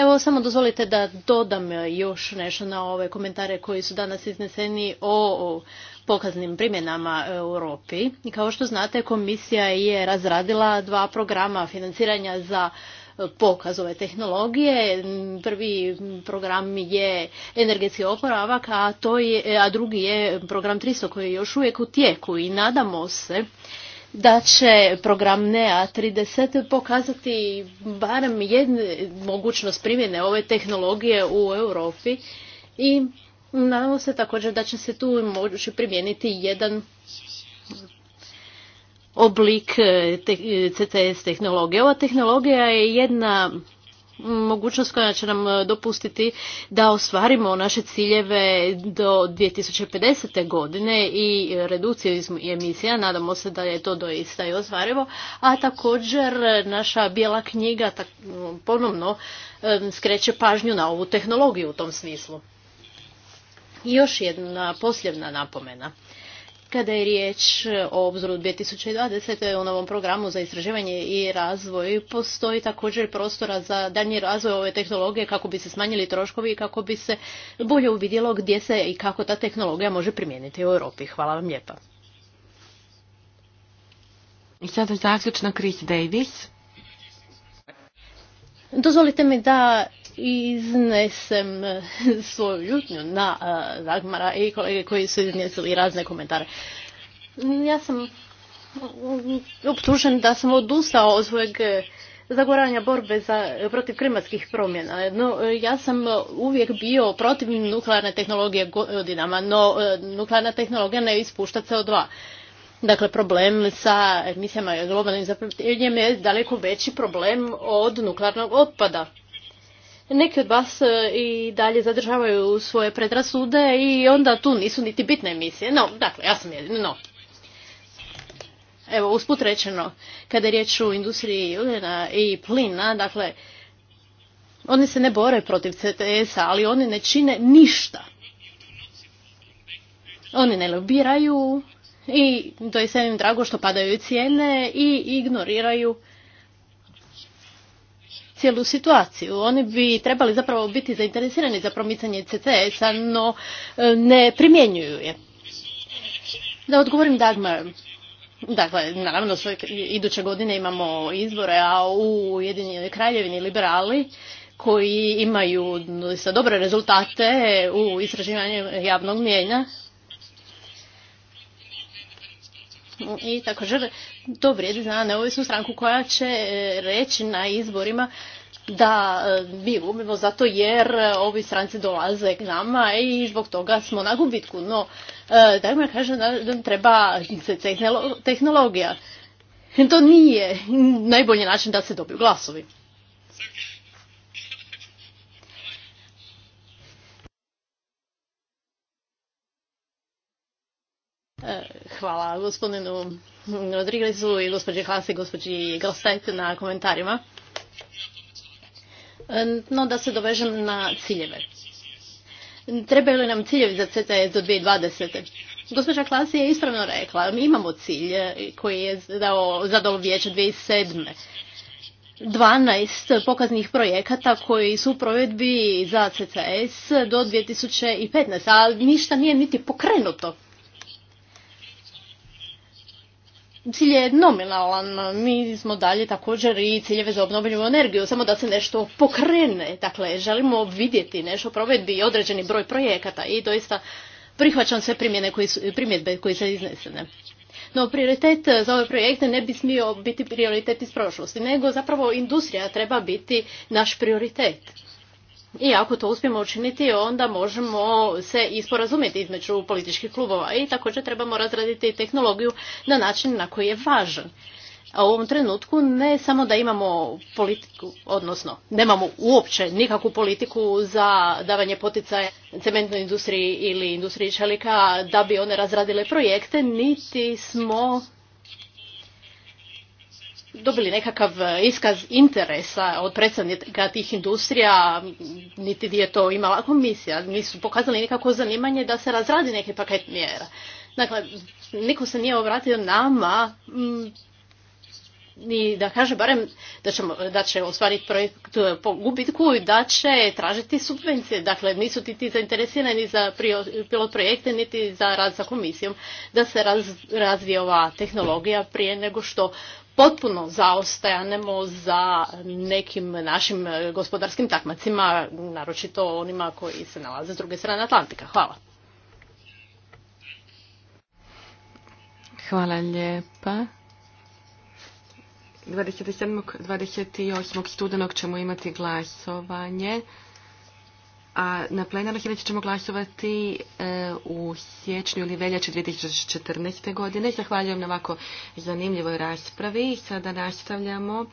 Evo, samo dozvolite da dodam e, još nešto na ove komentare koji su danas izneseni o pokaznim primjenama e, u Europi. kao što znate, komisija je razradila dva programa financiranja za e, pokaz ove tehnologije. Prvi program je energetski oporavak, a, a drugi je program 300 koji je još uvijek u tijeku i nadamo se da će program NEA 30 pokazati barem jednu mogućnost primjene ove tehnologije u Europi i nadamo se također da će se tu moći primijeniti jedan oblik eh, eh, CTS tehnologije. Ova tehnologija je jedna mogućnost koja će nam e, dopustiti da ostvarimo naše ciljeve do 2050. godine i reduciju emisija. Nadamo se da je to doista i ostvarivo. A također naša bijela knjiga ponovno e, skreće pažnju na ovu tehnologiju u tom smislu. I još jedna posljedna napomena. Kada je riječ o obzoru 2020. u novom programu za istraživanje i razvoj, postoji također prostora za daljnji razvoj ove tehnologije kako bi se smanjili troškovi i kako bi se bolje uvidjelo gdje se i kako ta tehnologija može primijeniti u Europi. Hvala vam lijepa. I sada zaključno Chris Davis. Dozvolite mi da iznesem e, svoju ljutnju na Zagmara e, i kolege koji su iznesili razne komentare. Ja sam optužen da sam odustao od svojeg e, zagoranja borbe za, protiv klimatskih promjena. No, ja sam uvijek bio protiv nuklearne tehnologije godinama, no nuklearna tehnologija ne ispušta CO2. Dakle, problem sa emisijama globalnim zapravljenjem je daleko veći problem od nuklearnog otpada neki od vas e, i dalje zadržavaju svoje predrasude i onda tu nisu niti bitne emisije. No, dakle, ja sam jedin, no. Evo, usput rečeno, kada je riječ o industriji i plina, dakle, oni se ne bore protiv CTS-a, ali oni ne čine ništa. Oni ne lobiraju i to sve im drago što padaju cijene i ignoriraju cijelu situaciju. Oni bi trebali zapravo biti zainteresirani za promicanje CCS-a, no e, ne primjenjuju je. Da odgovorim Dagmar. Dakle, naravno, sve iduće godine imamo izbore, a u Ujedinjenoj kraljevini liberali koji imaju sa dobre rezultate u istraživanju javnog mijenja I također to vrijedi za neovisnu stranku koja će e, reći na izborima da e, mi gubimo zato jer e, ovi stranci dolaze k nama i zbog toga smo na gubitku. No, mi kaže da nam treba tehnologija. To nije najbolji način da se dobiju glasovi. E, hvala gospodinu Rodriguezu i gospođi Klasi, gospođi Grostajt na komentarima. E, no da se dovežem na ciljeve. Trebaju li nam ciljevi za CTS do 2020. Gospođa Klasi je ispravno rekla, mi imamo cilj koji je dao zadalo vijeće 2007. 12 pokaznih projekata koji su u provedbi za CCS do 2015. Ali ništa nije niti pokrenuto. cilj je nominalan. Mi smo dalje također i ciljeve za obnovljivu energiju, samo da se nešto pokrene. Dakle, želimo vidjeti nešto provedbi određeni broj projekata i doista prihvaćam sve primjene koji su, primjedbe koje su iznesene. No prioritet za ove projekte ne bi smio biti prioritet iz prošlosti, nego zapravo industrija treba biti naš prioritet. I ako to uspijemo učiniti, onda možemo se isporazumjeti između političkih klubova i također trebamo razraditi tehnologiju na način na koji je važan. A u ovom trenutku ne samo da imamo politiku, odnosno nemamo uopće nikakvu politiku za davanje poticaja cementnoj industriji ili industriji čelika da bi one razradile projekte, niti smo dobili nekakav e, iskaz interesa od predstavnika tih industrija, niti je to imala komisija. Nisu pokazali nekako zanimanje da se razradi neki paket mjera. Dakle, niko se nije obratio nama ni da kaže barem da, ćemo, da će ostvariti projekt e, po gubitku i da će tražiti subvencije. Dakle, nisu ti, ti zainteresirani za pilot projekte niti za rad sa komisijom da se raz, razvije ova tehnologija prije nego što potpuno zaostajanemo za nekim našim e, gospodarskim takmacima, naročito onima koji se nalaze s druge strane Atlantika. Hvala. Hvala lijepa. 27. 28. studenog ćemo imati glasovanje a na plenarnoj ćemo glasovati e, u siječnju ili veljači 2014. godine. Zahvaljujem na ovako zanimljivoj raspravi. Sada nastavljamo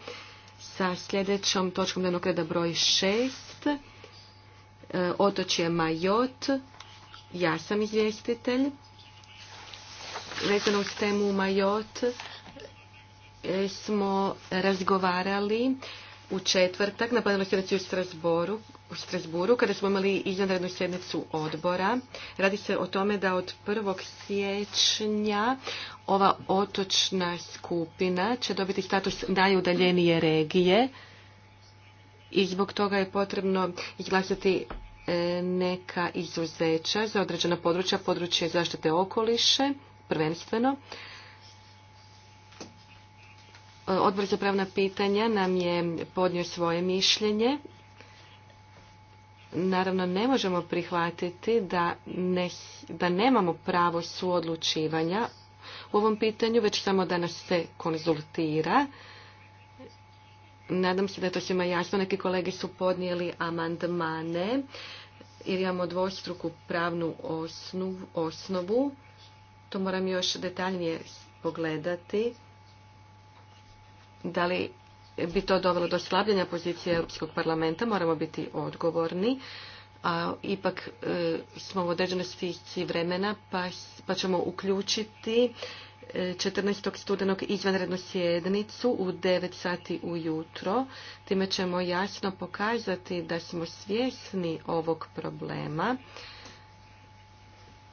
sa sljedećom točkom dnevnog reda broj 6. E, je Majot. Ja sam izvjestitelj. Vezano s temu Majot e, smo razgovarali u četvrtak na plenarnoj sjednici u Strasboru, u Strasburu kada smo imali izvanrednu sjednicu odbora. Radi se o tome da od 1. siječnja ova otočna skupina će dobiti status najudaljenije regije i zbog toga je potrebno izglasati e, neka izuzeća za određena područja, područje zaštite okoliše prvenstveno. Odbor za pravna pitanja nam je podnio svoje mišljenje. Naravno, ne možemo prihvatiti da, ne, da nemamo pravo suodlučivanja u ovom pitanju, već samo da nas se konzultira. Nadam se da je to svima jasno. Neki kolege su podnijeli amandmane jer imamo dvostruku pravnu osnovu. To moram još detaljnije pogledati. Da li bi to dovelo do slabljenja pozicije Europskog parlamenta, moramo biti odgovorni, a ipak e, smo u određenoj sfici vremena, pa, pa ćemo uključiti 14. E, studenog izvanrednu sjednicu u 9 sati ujutro. Time ćemo jasno pokazati da smo svjesni ovog problema.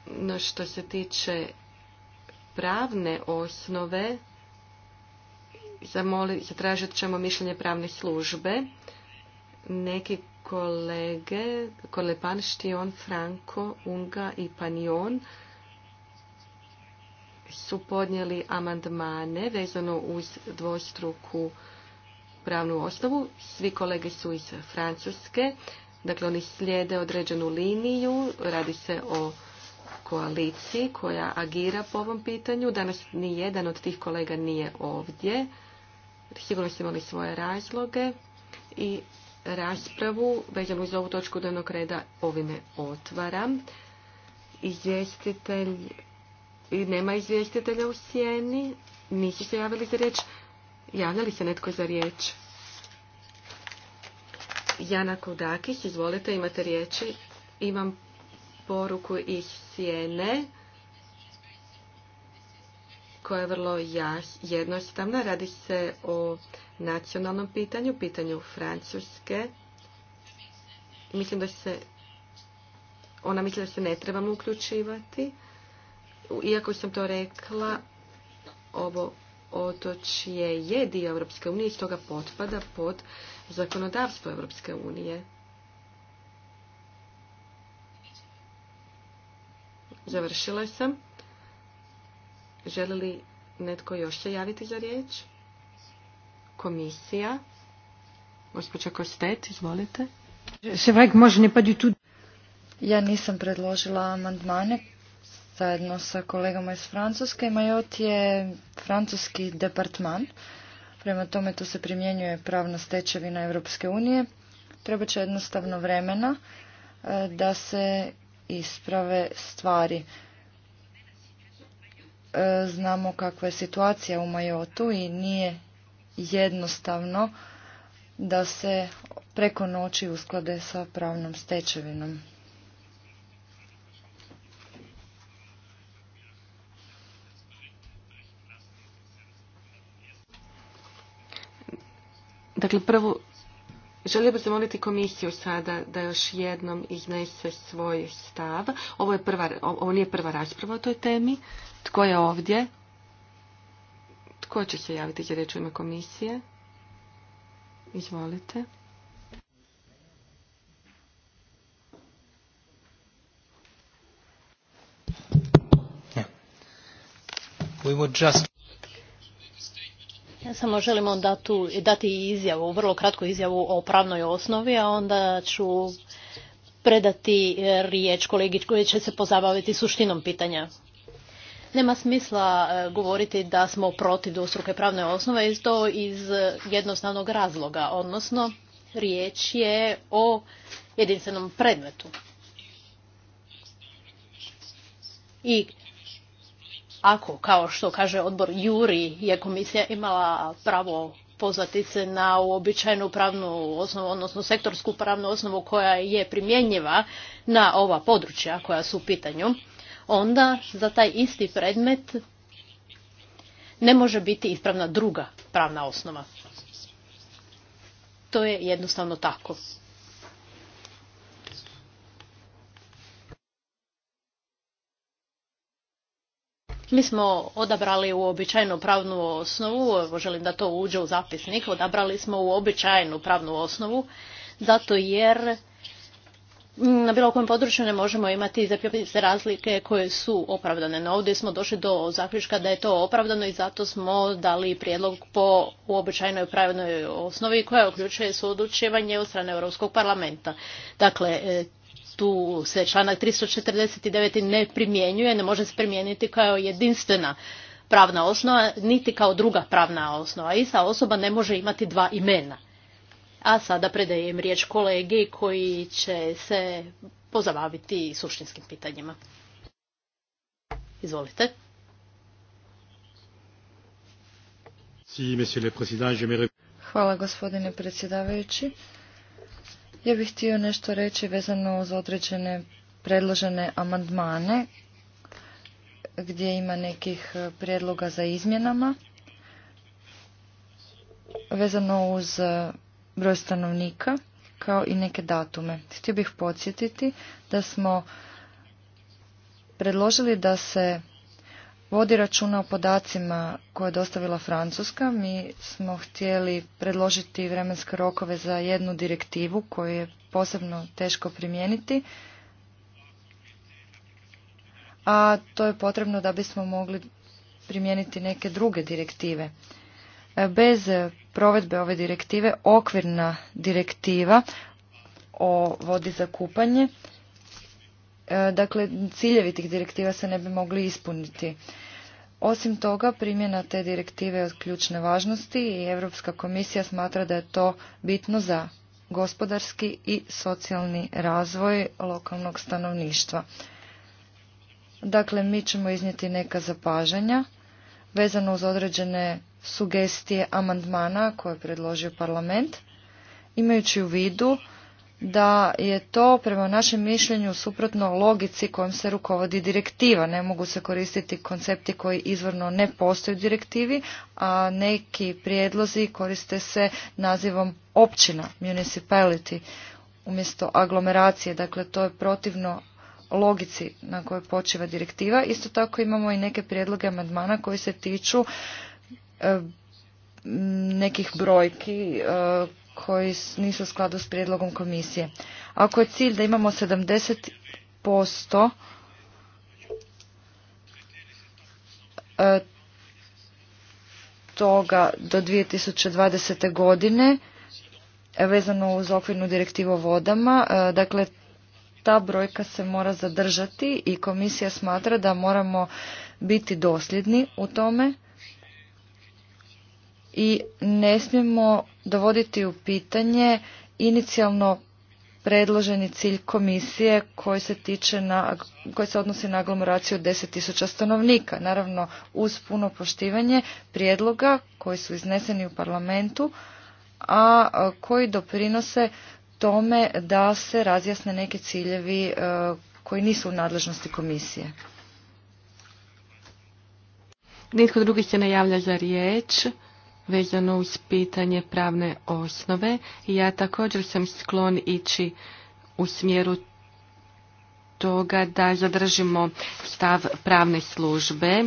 No što se tiče pravne osnove, zamoli, zatražit ćemo mišljenje pravne službe. Neki kolege, Kolepan, Štion, Franko, Unga i Panion, su podnijeli amandmane vezano uz dvostruku pravnu osnovu. Svi kolege su iz Francuske, dakle oni slijede određenu liniju, radi se o koaliciji koja agira po ovom pitanju. Danas nijedan od tih kolega nije ovdje sigurno ste imali svoje razloge i raspravu vezanu za ovu točku dnevnog reda ovime otvaram. Izvjestitelj, nema izvjestitelja u sjeni, nisu se javili za riječ. Javlja li se netko za riječ? Jana Kudakis, izvolite, imate riječi. Imam poruku iz sjene koja je vrlo jednostavna. Radi se o nacionalnom pitanju, pitanju Francuske. Mislim da se, ona misli da se ne trebamo uključivati. Iako sam to rekla, ovo otočje je dio Europske unije i stoga potpada pod zakonodavstvo Europske unije. Završila sam. Želi li netko još se javiti za riječ? Komisija. Gospođa Kostet, izvolite. Ja nisam predložila amandmane zajedno sa kolegama iz Francuske. Majot je francuski departman. Prema tome to se primjenjuje pravna stečevina Europske unije. Treba će jednostavno vremena e, da se isprave stvari. E, znamo kakva je situacija u Majotu i nije jednostavno da se preko noći usklade sa pravnom stečevinom. Dakle, prvo Želio bih zamoliti komisiju sada da još jednom iznese svoj stav. Ovo, je prva, nije prva rasprava o toj temi. Tko je ovdje? Tko će se javiti za reč u ime komisije? Izvolite. We would ja samo želim onda dati izjavu, vrlo kratku izjavu o pravnoj osnovi, a onda ću predati e, riječ kolegi koji će se pozabaviti suštinom pitanja. Nema smisla e, govoriti da smo protiv dvostruke pravne osnove i to iz jednostavnog razloga, odnosno riječ je o jedinstvenom predmetu. I ako, kao što kaže odbor Juri, je komisija imala pravo pozvati se na uobičajenu pravnu osnovu, odnosno sektorsku pravnu osnovu koja je primjenjiva na ova područja koja su u pitanju, onda za taj isti predmet ne može biti ispravna druga pravna osnova. To je jednostavno tako. Mi smo odabrali uobičajenu pravnu osnovu, želim da to uđe u zapisnik, odabrali smo uobičajenu pravnu osnovu, zato jer na bilo kojem području ne možemo imati razlike koje su opravdane. No ovdje smo došli do zaključka da je to opravdano i zato smo dali prijedlog po uobičajenoj pravnoj osnovi koja uključuje suodlučivanje od strane Europskog parlamenta. Dakle, tu se članak 349. ne primjenjuje, ne može se primijeniti kao jedinstvena pravna osnova, niti kao druga pravna osnova. Ista osoba ne može imati dva imena. A sada predajem riječ kolegi koji će se pozabaviti suštinskim pitanjima. Izvolite. Hvala gospodine predsjedavajući. Ja bih htio nešto reći vezano uz određene predložene amandmane gdje ima nekih e, prijedloga za izmjenama vezano uz e, broj stanovnika kao i neke datume. Htio bih podsjetiti da smo predložili da se vodi računa o podacima koje je dostavila Francuska. Mi smo htjeli predložiti vremenske rokove za jednu direktivu koju je posebno teško primijeniti, a to je potrebno da bismo mogli primijeniti neke druge direktive. Bez provedbe ove direktive, okvirna direktiva o vodi za kupanje, e, dakle ciljevi tih direktiva se ne bi mogli ispuniti. Osim toga, primjena te direktive je od ključne važnosti i Europska komisija smatra da je to bitno za gospodarski i socijalni razvoj lokalnog stanovništva. Dakle, mi ćemo iznijeti neka zapažanja vezano uz određene sugestije amandmana koje je predložio parlament, imajući u vidu da je to prema našem mišljenju suprotno logici kojom se rukovodi direktiva. Ne mogu se koristiti koncepti koji izvorno ne postoje u direktivi, a neki prijedlozi koriste se nazivom općina, municipality, umjesto aglomeracije. Dakle, to je protivno logici na kojoj počiva direktiva. Isto tako imamo i neke prijedloge amandmana koji se tiču e, nekih brojki e, koji nisu u skladu s prijedlogom komisije. Ako je cilj da imamo 70% e, toga do 2020. godine e, vezano uz okvirnu direktivu o vodama, e, dakle ta brojka se mora zadržati i komisija smatra da moramo biti dosljedni u tome i ne smijemo dovoditi u pitanje inicijalno predloženi cilj komisije koji se tiče na, koji se odnosi na aglomeraciju 10.000 stanovnika. Naravno, uz puno poštivanje prijedloga koji su izneseni u parlamentu, a koji doprinose tome da se razjasne neki ciljevi e, koji nisu u nadležnosti komisije. Nitko drugi se ne javlja za riječ vezano uz pitanje pravne osnove. Ja također sam sklon ići u smjeru toga da zadržimo stav pravne službe.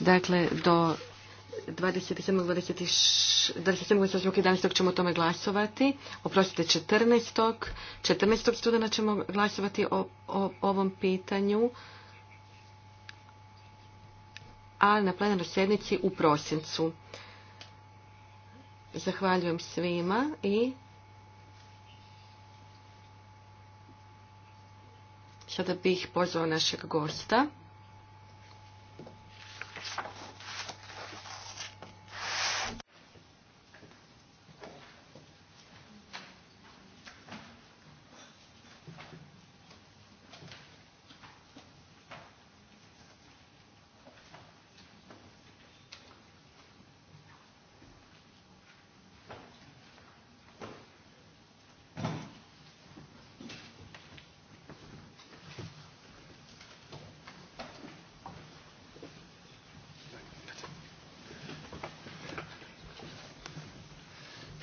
Dakle, do 27.11. ćemo o tome glasovati. Oprostite, 14. 14. studena ćemo glasovati o, o ovom pitanju. A na plenarnoj sjednici u prosincu. Zahvaljujem svima i sada bih pozvao našeg gosta.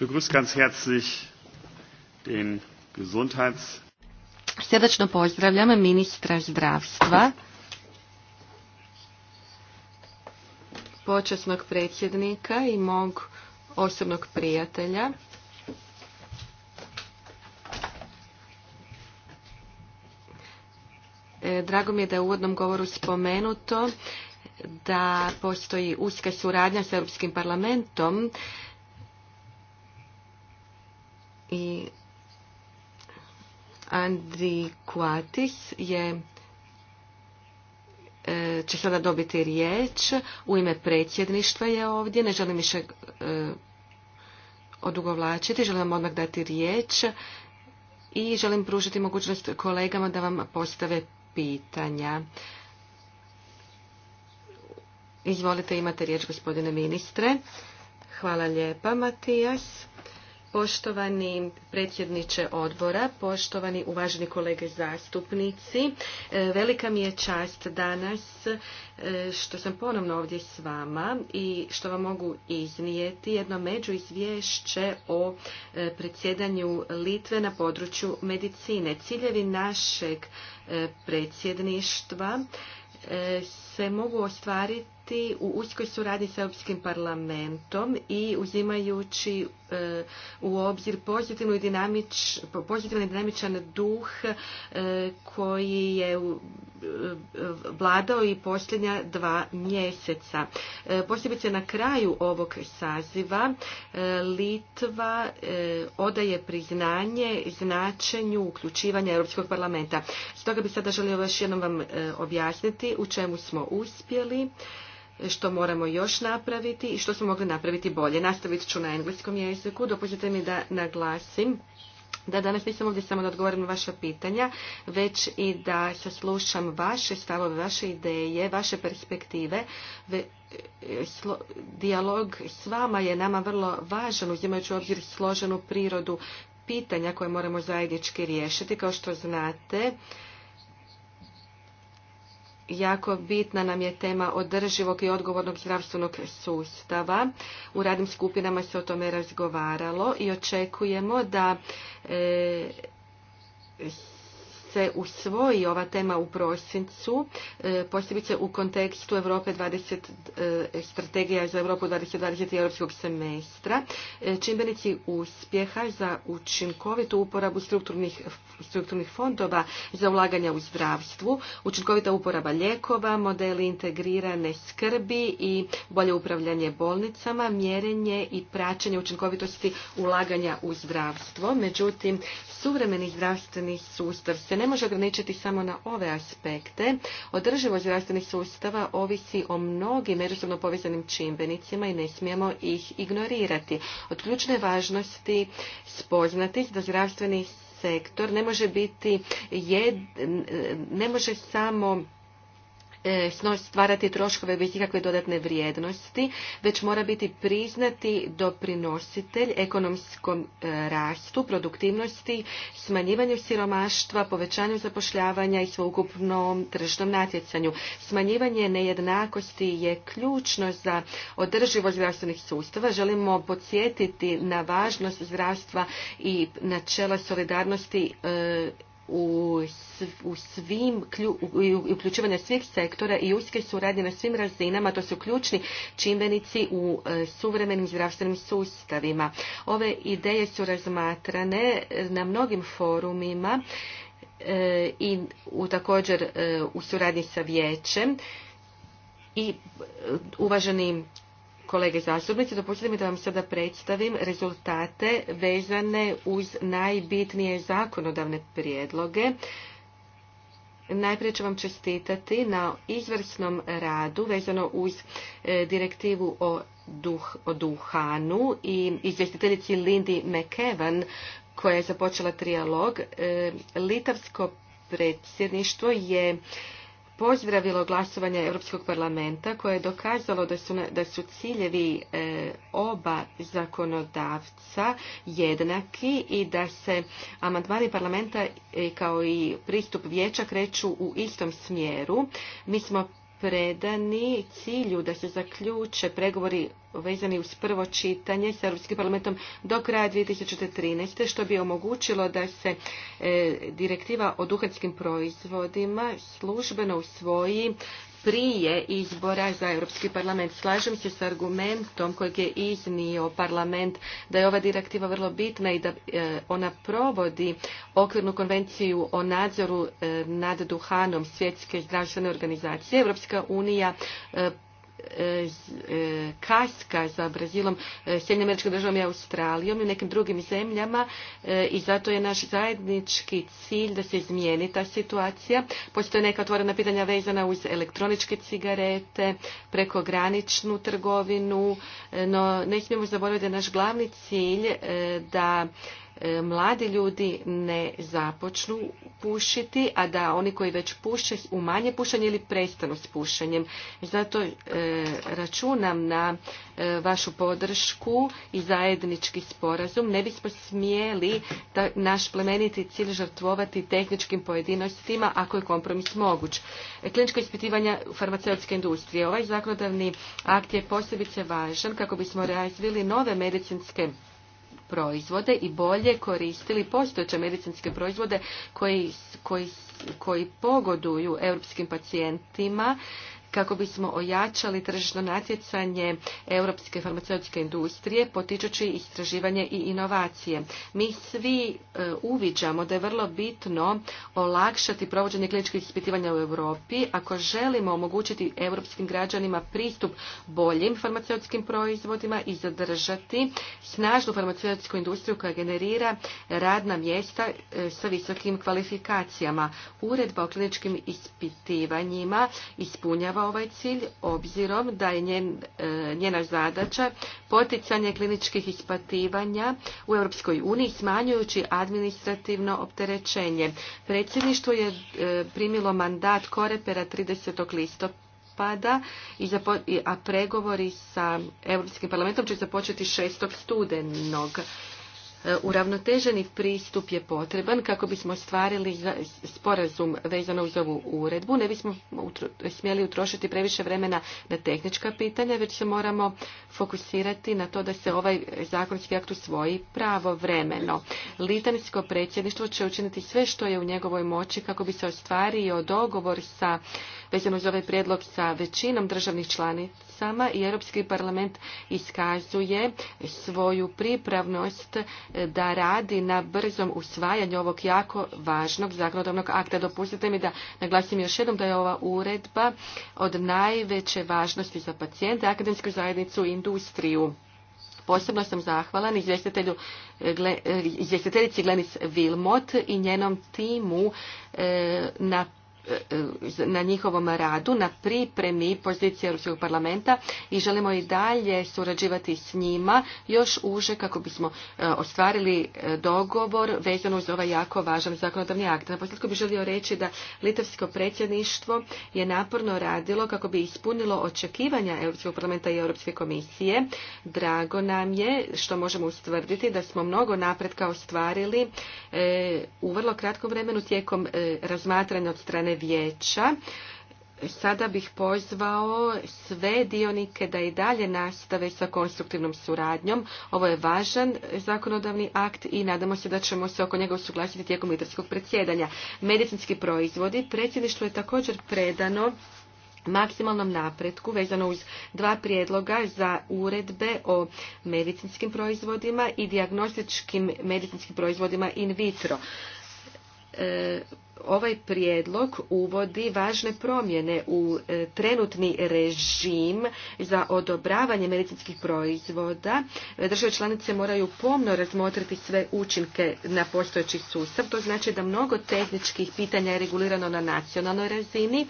begrüße ganz herzlich den Gesundheits Srdačno pozdravljam ministra zdravstva, počasnog predsjednika i mog osobnog prijatelja. E, drago mi je da je u uvodnom govoru spomenuto da postoji uska suradnja s Europskim parlamentom i Andri Kuatis je e, će sada dobiti riječ. U ime predsjedništva je ovdje. Ne želim više e, odugovlačiti. Želim vam odmah dati riječ i želim pružiti mogućnost kolegama da vam postave pitanja. Izvolite, imate riječ gospodine ministre. Hvala lijepa, Matijas. Poštovani predsjedniče odbora, poštovani uvaženi kolege zastupnici, e, velika mi je čast danas e, što sam ponovno ovdje s vama i što vam mogu iznijeti jedno izvješće o e, predsjedanju Litve na području medicine. Ciljevi našeg predsjedništva se mogu ostvariti u uskoj suradnji sa Europskim parlamentom i uzimajući e, u obzir pozitivnu i dinamičan duh e, koji je e, vladao i posljednja dva mjeseca. Posebice na kraju ovog saziva Litva odaje priznanje značenju uključivanja Europskog parlamenta. Stoga bih sada želio još jednom vam objasniti u čemu smo uspjeli što moramo još napraviti i što smo mogli napraviti bolje. Nastavit ću na engleskom jeziku. Dopustite mi da naglasim da danas nisam ovdje samo da odgovorim na vaša pitanja, već i da saslušam vaše stavove, vaše ideje, vaše perspektive. E, dijalog s vama je nama vrlo važan, uzimajući u obzir složenu prirodu pitanja koje moramo zajednički riješiti. Kao što znate, jako bitna nam je tema održivog i odgovornog zdravstvenog sustava. U radnim skupinama se o tome razgovaralo i očekujemo da e, se usvoji ova tema u prosincu, e, posebice u kontekstu Europe 20, e, strategija za Europu 2020 i europskog semestra, e, čimbenici uspjeha za učinkovitu uporabu strukturnih, strukturnih fondova za ulaganja u zdravstvu, učinkovita uporaba lijekova, modeli integrirane skrbi i bolje upravljanje bolnicama, mjerenje i praćenje učinkovitosti ulaganja u zdravstvo. Međutim, suvremeni zdravstveni sustav se ne može ograničiti samo na ove aspekte. Održivost zdravstvenih sustava ovisi o mnogim međusobno povezanim čimbenicima i ne smijemo ih ignorirati. Od ključne važnosti spoznati da zdravstveni sektor ne može biti jed, ne može samo E, stvarati troškove bez ikakve dodatne vrijednosti, već mora biti priznati doprinositelj ekonomskom e, rastu, produktivnosti, smanjivanju siromaštva, povećanju zapošljavanja i sveukupnom tržnom natjecanju. Smanjivanje nejednakosti je ključno za održivost zdravstvenih sustava. Želimo podsjetiti na važnost zdravstva i načela solidarnosti e, u, svim, uključivanje svih sektora i uske suradnje na svim razinama, to su ključni čimbenici u e, suvremenim zdravstvenim sustavima. Ove ideje su razmatrane na mnogim forumima e, i također e, u suradnji sa vijećem i uvaženi kolege zastupnici. Dopustite mi da vam sada predstavim rezultate vezane uz najbitnije zakonodavne prijedloge. Najprije ću vam čestitati na izvrsnom radu vezano uz e, direktivu o, duh, o duhanu i izvjestiteljici Lindy McEvan koja je započela trijalog. E, litavsko predsjedništvo je pozdravilo glasovanje Europskog parlamenta koje je dokazalo da su, da su ciljevi e, oba zakonodavca jednaki i da se amandmani parlamenta e, kao i pristup vijeća kreću u istom smjeru. Mi smo predani cilju da se zaključe pregovori vezani uz prvo čitanje s Europskim parlamentom do kraja 2013. što bi omogućilo da se e, direktiva o duhanskim proizvodima službeno usvoji prije izbora za Europski parlament. Slažem se s argumentom kojeg je iznio parlament da je ova direktiva vrlo bitna i da e, ona provodi okvirnu konvenciju o nadzoru e, nad duhanom svjetske zdravstvene organizacije. Europska unija e, E, e, kaska za Brazilom, e, Sjedinim američkim državom i Australijom i nekim drugim zemljama i zato je naš zajednički cilj da se izmijeni ta situacija. Postoje neka otvorena pitanja vezana uz elektroničke cigarete, prekograničnu trgovinu, no ne smijemo zaboraviti da je naš glavni cilj da E, mladi ljudi ne započnu pušiti, a da oni koji već puše u manje pušanje ili prestanu s pušenjem. Zato e, računam na e, vašu podršku i zajednički sporazum. Ne bismo smjeli da naš plemeniti cilj žrtvovati tehničkim pojedinostima ako je kompromis moguć. Kliničko ispitivanja farmaceutske industrije. Ovaj zakonodavni akt je posebice važan kako bismo razvili nove medicinske proizvode i bolje koristili postojeće medicinske proizvode koji, koji pogoduju europskim pacijentima kako bismo ojačali tržišno natjecanje europske farmaceutske industrije potičući istraživanje i inovacije. Mi svi e, uviđamo da je vrlo bitno olakšati provođenje kliničkih ispitivanja u Europi ako želimo omogućiti europskim građanima pristup boljim farmaceutskim proizvodima i zadržati snažnu farmaceutsku industriju koja generira radna mjesta e, sa visokim kvalifikacijama. Uredba o kliničkim ispitivanjima ispunjava ovaj cilj obzirom da je e, njena zadaća poticanje kliničkih ispativanja u Europskoj uniji smanjujući administrativno opterećenje. Predsjedništvo je e, primilo mandat Korepera 30. listopada, a pregovori sa Europskim parlamentom će započeti 6. studenog. E, uravnoteženi pristup je potreban kako bismo ostvarili sporazum vezano uz ovu uredbu. Ne bismo smjeli utrošiti previše vremena na tehnička pitanja, već se moramo fokusirati na to da se ovaj zakonski akt usvoji pravovremeno. Litansko predsjedništvo će učiniti sve što je u njegovoj moći kako bi se ostvario dogovor sa vezano uz ovaj prijedlog sa većinom državnih članicama i Europski parlament iskazuje svoju pripravnost da radi na brzom usvajanju ovog jako važnog zakonodavnog akta. Dopustite mi da naglasim još jednom da je ova uredba od najveće važnosti za pacijente, akademsku zajednicu i industriju. Posebno sam zahvalan e, e, izvjestiteljici Glenis Wilmot i njenom timu e, na E, na njihovom radu, na pripremi pozicije Europskog parlamenta i želimo i dalje surađivati s njima još uže kako bismo e, ostvarili e, dogovor vezano uz ovaj jako važan zakonodavni akt. Na posljedku bih želio reći da Litavsko predsjedništvo je naporno radilo kako bi ispunilo očekivanja Europskog parlamenta i Europske komisije. Drago nam je što možemo ustvrditi da smo mnogo napretka ostvarili u vrlo kratkom vremenu tijekom razmatranja od strane strane vijeća. Sada bih pozvao sve dionike da i dalje nastave sa konstruktivnom suradnjom. Ovo je važan zakonodavni akt i nadamo se da ćemo se oko njega usuglasiti tijekom litarskog predsjedanja. Medicinski proizvodi. Predsjedništvo je također predano maksimalnom napretku vezano uz dva prijedloga za uredbe o medicinskim proizvodima i diagnostičkim medicinskim proizvodima in vitro. E, ovaj prijedlog uvodi važne promjene u e, trenutni režim za odobravanje medicinskih proizvoda. E, Države članice moraju pomno razmotriti sve učinke na postojeći sustav. To znači da mnogo tehničkih pitanja je regulirano na nacionalnoj razini,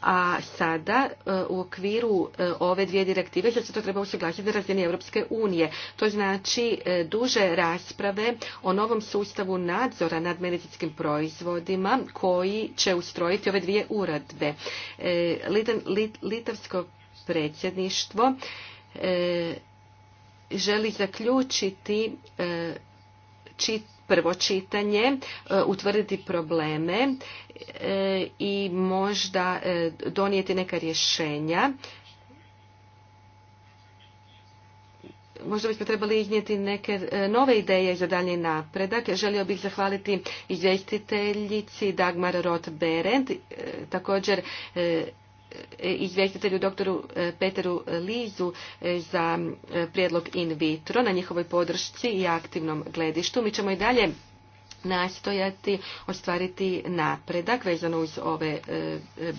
a sada e, u okviru e, ove dvije direktive se znači to treba usuglasiti na razini Europske unije. To znači e, duže rasprave o novom sustavu nadzora nad medicinskim proizvodima koji će ustrojiti ove dvije uredbe. Litavsko predsjedništvo želi zaključiti čitavu prvo čitanje, e, utvrditi probleme e, i možda e, donijeti neka rješenja. možda bismo trebali iznijeti neke nove ideje za dalje napredak. Želio bih zahvaliti izvjestiteljici Dagmar Roth-Berend, također E, izvjestitelju doktoru e, Peteru Lizu e, za prijedlog in vitro na njihovoj podršci i aktivnom gledištu. Mi ćemo i dalje nastojati ostvariti napredak vezano uz ove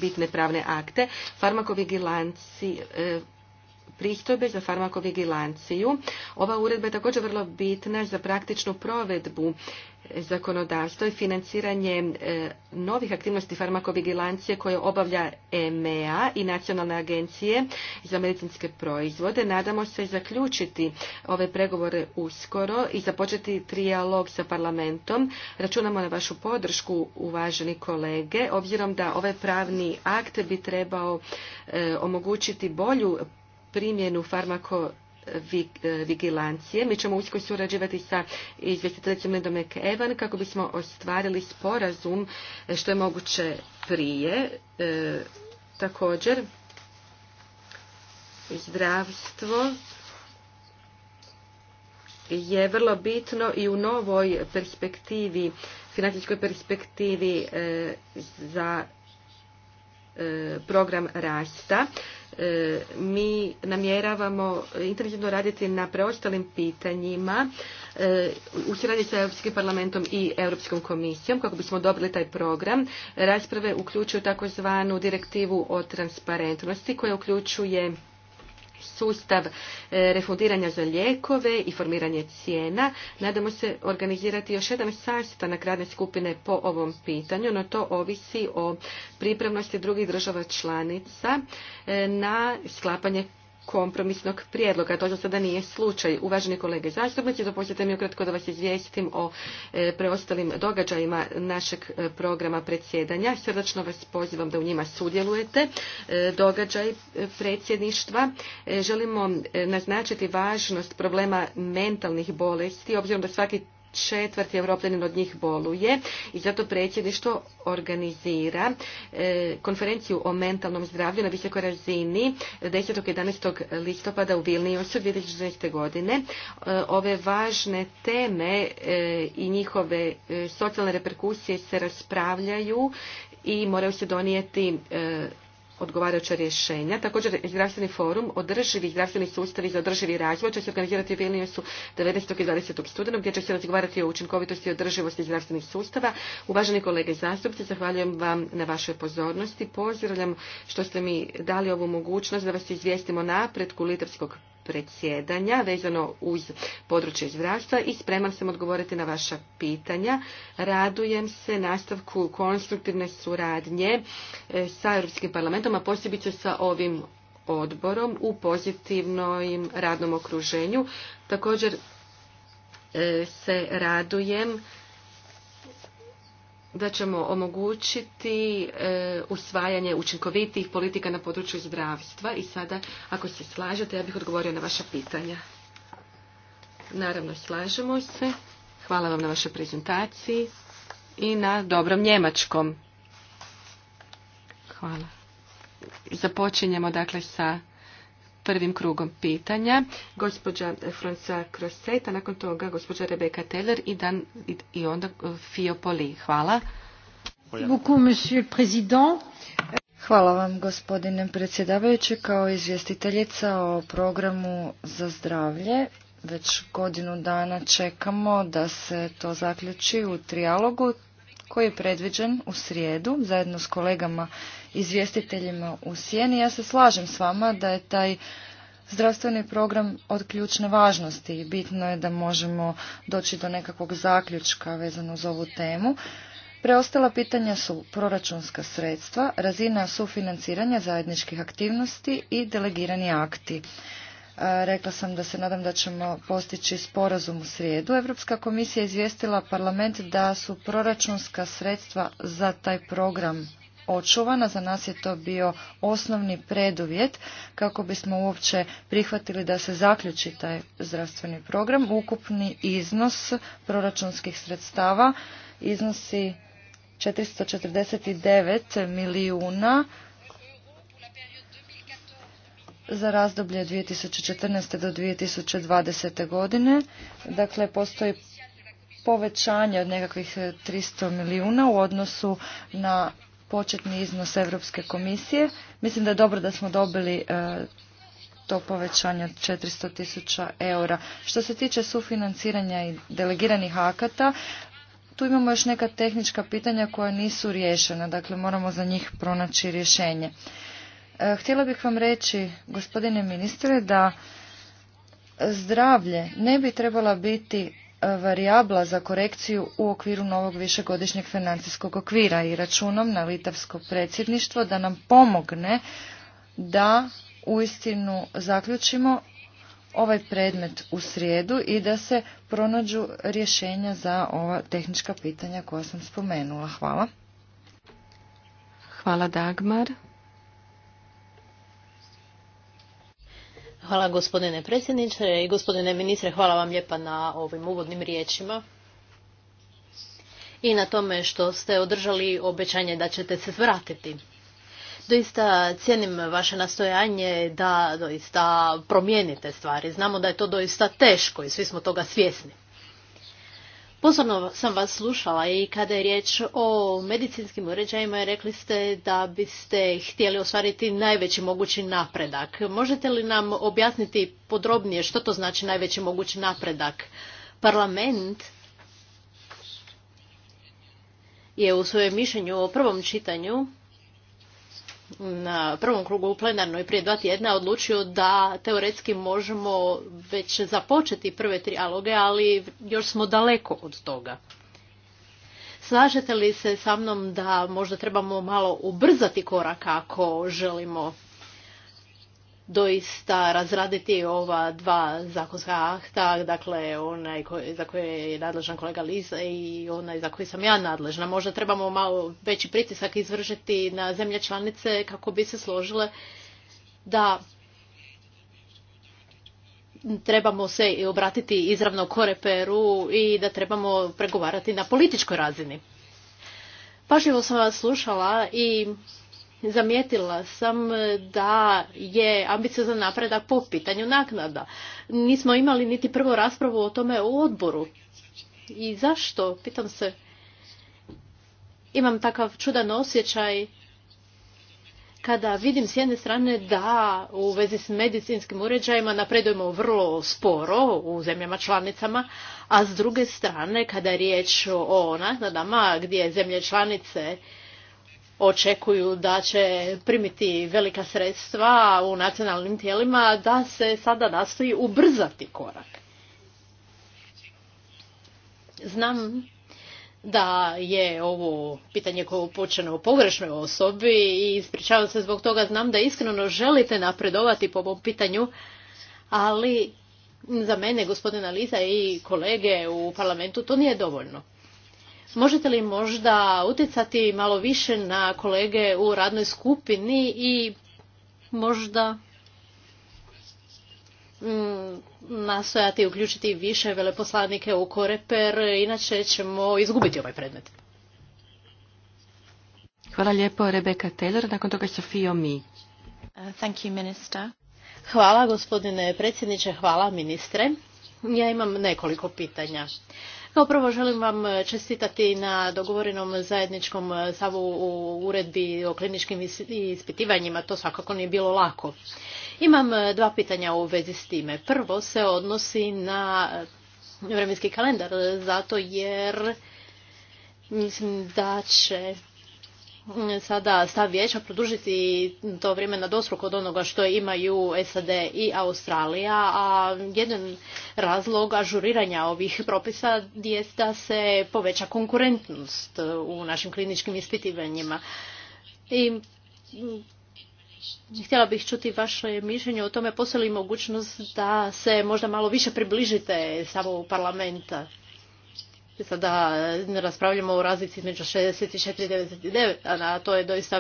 bitne pravne akte. Farmakovigilanci pristojbe za farmakovigilanciju. Ova uredba je također vrlo bitna za praktičnu provedbu zakonodavstva i financiranje e, novih aktivnosti farmakovigilancije koje obavlja EMEA i Nacionalne agencije za medicinske proizvode. Nadamo se zaključiti ove pregovore uskoro i započeti trijalog sa parlamentom. Računamo na vašu podršku, uvaženi kolege, obzirom da ovaj pravni akt bi trebao e, omogućiti bolju primjenu farmako vigilancije. Mi ćemo usko surađivati sa izvjestiteljicom Lindom Evan kako bismo ostvarili sporazum što je moguće prije. E, također, zdravstvo je vrlo bitno i u novoj perspektivi, financijskoj perspektivi e, za e, program rasta. E, mi namjeravamo intenzivno raditi na preostalim pitanjima e, u suradnji sa Europskim parlamentom i Europskom komisijom kako bismo dobili taj program. Rasprave uključuju takozvanu direktivu o transparentnosti koja uključuje sustav e, refundiranja za lijekove i formiranje cijena. Nadamo se organizirati još jedan sastanak radne skupine po ovom pitanju, no to ovisi o pripremnosti drugih država članica e, na sklapanje kompromisnog prijedloga. To sada nije slučaj. Uvaženi kolege zastupnici, dopustite mi ukratko da vas izvijestim o e, preostalim događajima našeg e, programa predsjedanja. Srdačno vas pozivam da u njima sudjelujete. E, događaj predsjedništva. Želimo naznačiti važnost problema mentalnih bolesti, obzirom da svaki četvrti evropljanin od njih boluje i zato predsjedništvo organizira e, konferenciju o mentalnom zdravlju na visokoj razini 10. i 11. listopada u Vilniusu 2016. godine. E, ove važne teme e, i njihove socijalne reperkusije se raspravljaju i moraju se donijeti odgovarajuća rješenja. Također, zdravstveni forum održivih zdravstvenih sustavi za održivi razvoj će se organizirati u Vilniusu 19. i 20. studenog gdje će se razgovarati o učinkovitosti i održivosti zdravstvenih sustava. Uvaženi kolege zastupci, zahvaljujem vam na vašoj pozornosti. Pozdravljam što ste mi dali ovu mogućnost da vas izvijestimo napretku litavskog predsjedanja vezano uz područje zdravstva i spreman sam odgovoriti na vaša pitanja. Radujem se nastavku konstruktivne suradnje e, sa Europskim parlamentom, a posebice sa ovim odborom u pozitivnom radnom okruženju. Također e, se radujem da ćemo omogućiti e, usvajanje učinkovitih politika na području zdravstva i sada ako se slažete ja bih odgovorio na vaša pitanja. Naravno slažemo se. Hvala vam na vašoj prezentaciji i na dobrom njemačkom. Hvala. Započinjemo dakle sa prvim krugom pitanja. Gospođa Franca Croseta, nakon toga gospođa Rebeka Teller i, dan, i onda e, Fio Poli. Hvala. Hvala vam gospodine predsjedavajući kao izvjestiteljica o programu za zdravlje. Već godinu dana čekamo da se to zaključi u trijalogu koji je predviđen u srijedu zajedno s kolegama izvjestiteljima u Sijeni. Ja se slažem s vama da je taj zdravstveni program od ključne važnosti i bitno je da možemo doći do nekakvog zaključka vezano uz ovu temu. Preostala pitanja su proračunska sredstva, razina sufinanciranja zajedničkih aktivnosti i delegirani akti. Rekla sam da se nadam da ćemo postići sporazum u srijedu. Europska komisija izvijestila parlament da su proračunska sredstva za taj program očuvana. Za nas je to bio osnovni preduvjet kako bismo uopće prihvatili da se zaključi taj zdravstveni program. Ukupni iznos proračunskih sredstava iznosi 449 milijuna za razdoblje 2014. do 2020. godine. Dakle, postoji povećanje od nekakvih 300 milijuna u odnosu na početni iznos Europske komisije. Mislim da je dobro da smo dobili e, to povećanje od 400 tisuća eura. Što se tiče sufinanciranja i delegiranih akata, tu imamo još neka tehnička pitanja koja nisu riješena, dakle moramo za njih pronaći rješenje. E, htjela bih vam reći, gospodine ministre, da zdravlje ne bi trebala biti e, varijabla za korekciju u okviru novog višegodišnjeg financijskog okvira i računom na litavsko predsjedništvo da nam pomogne da uistinu zaključimo ovaj predmet u srijedu i da se pronađu rješenja za ova tehnička pitanja koja sam spomenula. Hvala. Hvala Dagmar. Hvala gospodine predsjedniče i gospodine ministre, hvala vam lijepa na ovim uvodnim riječima i na tome što ste održali obećanje da ćete se vratiti. Doista cijenim vaše nastojanje da doista promijenite stvari. Znamo da je to doista teško i svi smo toga svjesni. Pozorno sam vas slušala i kada je riječ o medicinskim uređajima rekli ste da biste htjeli ostvariti najveći mogući napredak. Možete li nam objasniti podrobnije što to znači najveći mogući napredak? Parlament je u svojem mišljenju o prvom čitanju na prvom krugu u plenarnoj prije dva tjedna odlučio da teoretski možemo već započeti prve trialoge, ali još smo daleko od toga. Slažete li se sa mnom da možda trebamo malo ubrzati korak ako želimo doista razraditi ova dva zakonska akta, dakle onaj za koje je nadležan kolega Liza i onaj za koji sam ja nadležna. Možda trebamo malo veći pritisak izvršiti na zemlje članice kako bi se složile da trebamo se obratiti izravno koreperu i da trebamo pregovarati na političkoj razini. Pažljivo sam vas slušala i zamijetila sam da je ambiciozan napredak po pitanju naknada. Nismo imali niti prvo raspravu o tome u odboru. I zašto? Pitam se. Imam takav čudan osjećaj kada vidim s jedne strane da u vezi s medicinskim uređajima napredujemo vrlo sporo u zemljama članicama, a s druge strane kada je riječ o naknadama gdje zemlje članice očekuju da će primiti velika sredstva u nacionalnim tijelima, da se sada nastoji ubrzati korak. Znam da je ovo pitanje koje je u pogrešnoj osobi i ispričavam se zbog toga, znam da iskreno želite napredovati po ovom pitanju, ali za mene, gospodina Liza i kolege u parlamentu, to nije dovoljno. Možete li možda utjecati malo više na kolege u radnoj skupini i možda mm, nastojati uključiti više veleposlanike u Koreper, inače ćemo izgubiti ovaj predmet. Hvala lijepo Rebeka Taylor, nakon toga Sofio Mi. Uh, thank you, minister. Hvala gospodine predsjedniče, hvala ministre. Ja imam nekoliko pitanja. Kao prvo želim vam čestitati na dogovorenom zajedničkom stavu u uredbi o kliničkim ispitivanjima. To svakako nije bilo lako. Imam dva pitanja u vezi s time. Prvo se odnosi na vremenski kalendar, zato jer mislim da će sada stav vijeća produžiti to vrijeme na dosruk od onoga što imaju SAD i Australija, a jedan razlog ažuriranja ovih propisa je da se poveća konkurentnost u našim kliničkim ispitivanjima. I mm, Htjela bih čuti vaše mišljenje o tome postoji li mogućnost da se možda malo više približite samo parlamenta Sada eh, raspravljamo o razlici između 64 i 99, a to je doista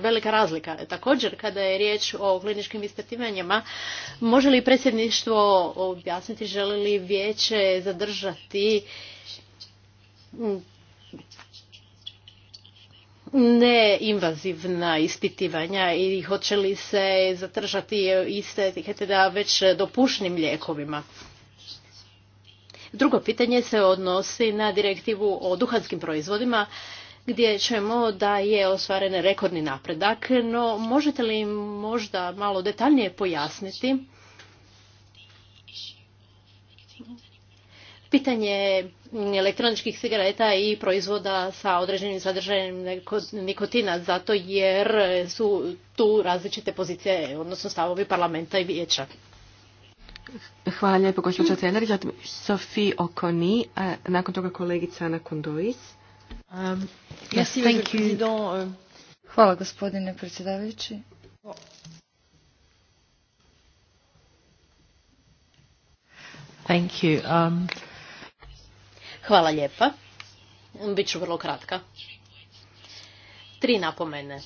velika razlika. Također, kada je riječ o kliničkim ispitivanjima, može li predsjedništvo objasniti želi li vijeće zadržati mm, neinvazivna ispitivanja i hoće li se zadržati iste etikete da već dopušnim lijekovima? Drugo pitanje se odnosi na direktivu o duhanskim proizvodima gdje ćemo da je ostvaren rekordni napredak, no možete li možda malo detaljnije pojasniti pitanje elektroničkih cigareta i proizvoda sa određenim sadržajem nikotina, zato jer su tu različite pozicije, odnosno stavovi parlamenta i vijeća. Hvala lijepo, gospođa Celer. Sophie Sofi Okoni, a nakon toga kolegica Ana Kondois. Um, thank you. Um, Hvala gospodine predsjedavajući. Thank you. Um... Hvala lijepa. Biću vrlo kratka. Tri napomene.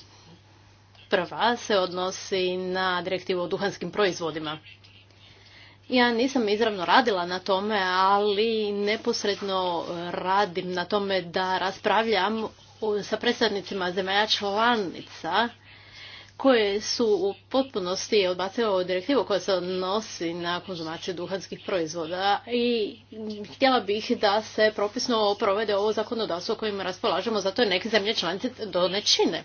Prva se odnosi na direktivu o duhanskim proizvodima. Ja nisam izravno radila na tome, ali neposredno e, radim na tome da raspravljam sa predstavnicima zemalja članica koje su u potpunosti odbacile direktivu koja se odnosi na konzumaciju duhanskih proizvoda i htjela bih da se propisno provede ovo zakonodavstvo kojim raspolažemo, zato je neke zemlje članice to ne čine.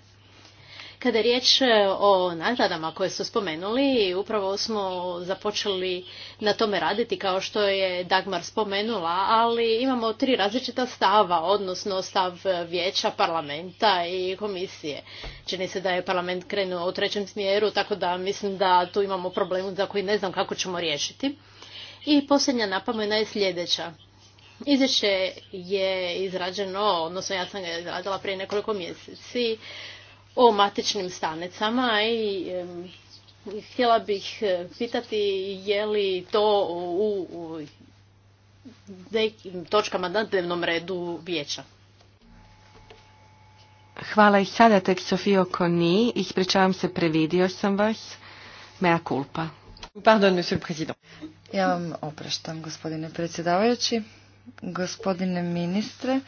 Kada je riječ e, o nagradama koje su spomenuli, upravo smo započeli na tome raditi kao što je Dagmar spomenula, ali imamo tri različita stava, odnosno stav vijeća, parlamenta i komisije. Čini se da je parlament krenuo u trećem smjeru, tako da mislim da tu imamo problem za koji ne znam kako ćemo riješiti. I posljednja napomena je sljedeća. Izvješće je izrađeno, odnosno ja sam ga izradila prije nekoliko mjeseci o matičnim stanicama i htjela bih e, pitati je li to u nekim točkama na dnevnom redu vijeća. Hvala i sada tek Sofio Koni. Ispričavam se, previdio sam vas. Mea culpa. Pardon, monsieur le président. Ja vam opraštam, gospodine predsjedavajući. Gospodine ministre,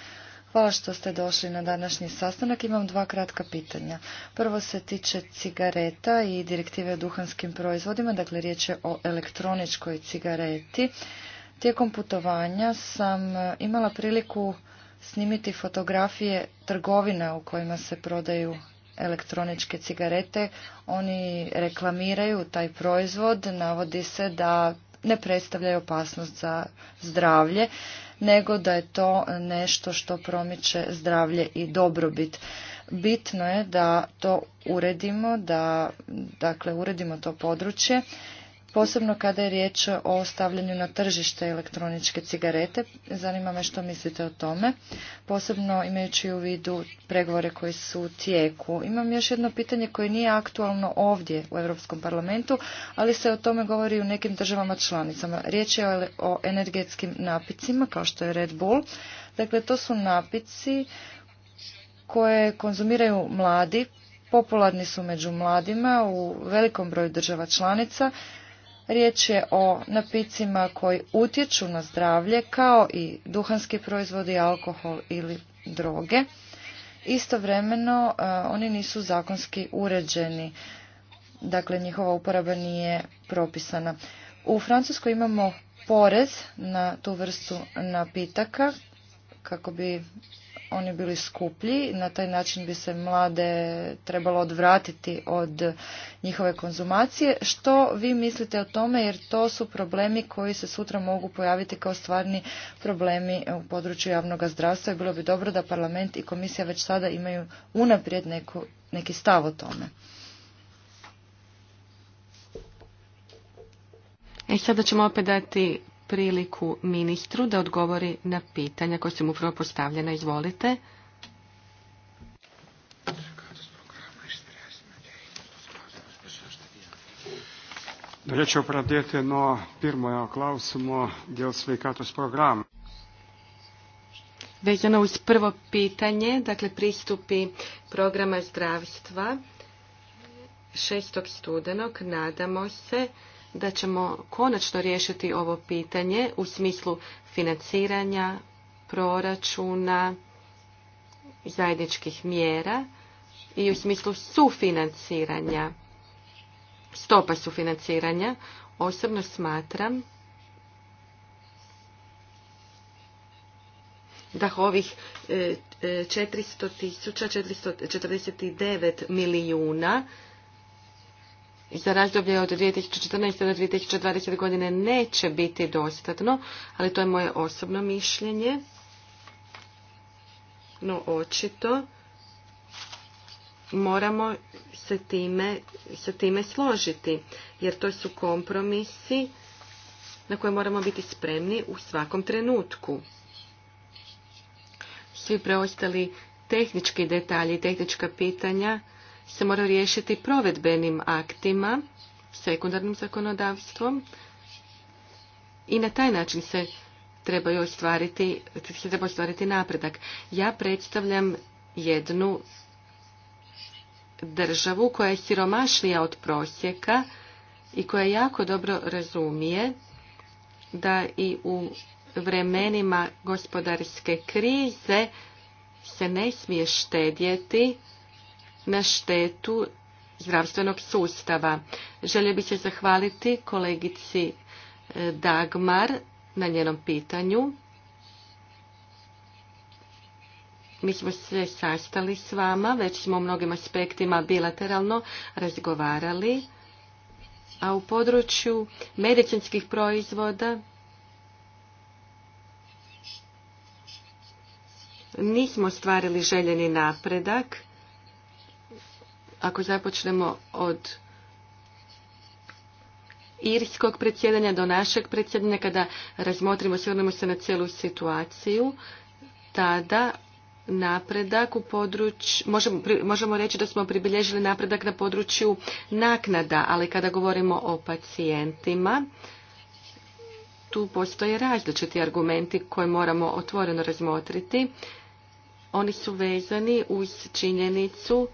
Hvala što ste došli na današnji sastanak. Imam dva kratka pitanja. Prvo se tiče cigareta i direktive o duhanskim proizvodima, dakle riječ je o elektroničkoj cigareti. Tijekom putovanja sam e, imala priliku snimiti fotografije trgovina u kojima se prodaju elektroničke cigarete. Oni reklamiraju taj proizvod, navodi se da ne predstavljaju opasnost za zdravlje nego da je to nešto što promiče zdravlje i dobrobit. Bitno je da to uredimo, da dakle uredimo to područje posebno kada je riječ o stavljanju na tržište elektroničke cigarete. Zanima me što mislite o tome, posebno imajući u vidu pregovore koji su u tijeku. Imam još jedno pitanje koje nije aktualno ovdje u Europskom parlamentu, ali se o tome govori u nekim državama članicama. Riječ je o energetskim napicima, kao što je Red Bull. Dakle, to su napici koje konzumiraju mladi, popularni su među mladima u velikom broju država članica Riječ je o napicima koji utječu na zdravlje kao i duhanski proizvodi, alkohol ili droge. Istovremeno e, oni nisu zakonski uređeni, dakle njihova uporaba nije propisana. U Francuskoj imamo porez na tu vrstu napitaka kako bi oni bili skuplji. Na taj način bi se mlade trebalo odvratiti od njihove konzumacije. Što vi mislite o tome jer to su problemi koji se sutra mogu pojaviti kao stvarni problemi u području javnog zdravstva i bilo bi dobro da parlament i komisija već sada imaju unaprijed neku, neki stav o tome. E sada ćemo opet dati priliku ministru da odgovori na pitanja koja su mu prvo postavljena. Izvolite. Norėčiau pradėti nuo smo klausimo dėl sveikatos program Vezano uz prvo pitanje, dakle pristupi programa zdravstva 6. studenog, nadamo se da ćemo konačno riješiti ovo pitanje u smislu financiranja, proračuna, zajedničkih mjera i u smislu sufinanciranja, stopa sufinanciranja. Osobno smatram da ovih 400 e, e, tisuća, 449 milijuna za razdoblje od 2014. do 2020. godine neće biti dostatno, ali to je moje osobno mišljenje. No, očito moramo se time, se time složiti, jer to su kompromisi na koje moramo biti spremni u svakom trenutku. Svi preostali tehnički detalji, tehnička pitanja se mora riješiti provedbenim aktima, sekundarnim zakonodavstvom i na taj način se treba ostvariti, se treba ostvariti napredak. Ja predstavljam jednu državu koja je siromašnija od prosjeka i koja jako dobro razumije da i u vremenima gospodarske krize se ne smije štedjeti na štetu zdravstvenog sustava. Želio bih se zahvaliti kolegici e, Dagmar na njenom pitanju. Mi smo se sastali s vama, već smo o mnogim aspektima bilateralno razgovarali, a u području medicinskih proizvoda nismo ostvarili željeni napredak ako započnemo od irskog predsjedanja do našeg predsjedanja, kada razmotrimo, svrnemo se na cijelu situaciju, tada napredak u području, možemo, možemo reći da smo pribilježili napredak na području naknada, ali kada govorimo o pacijentima, tu postoje različiti argumenti koje moramo otvoreno razmotriti. Oni su vezani uz činjenicu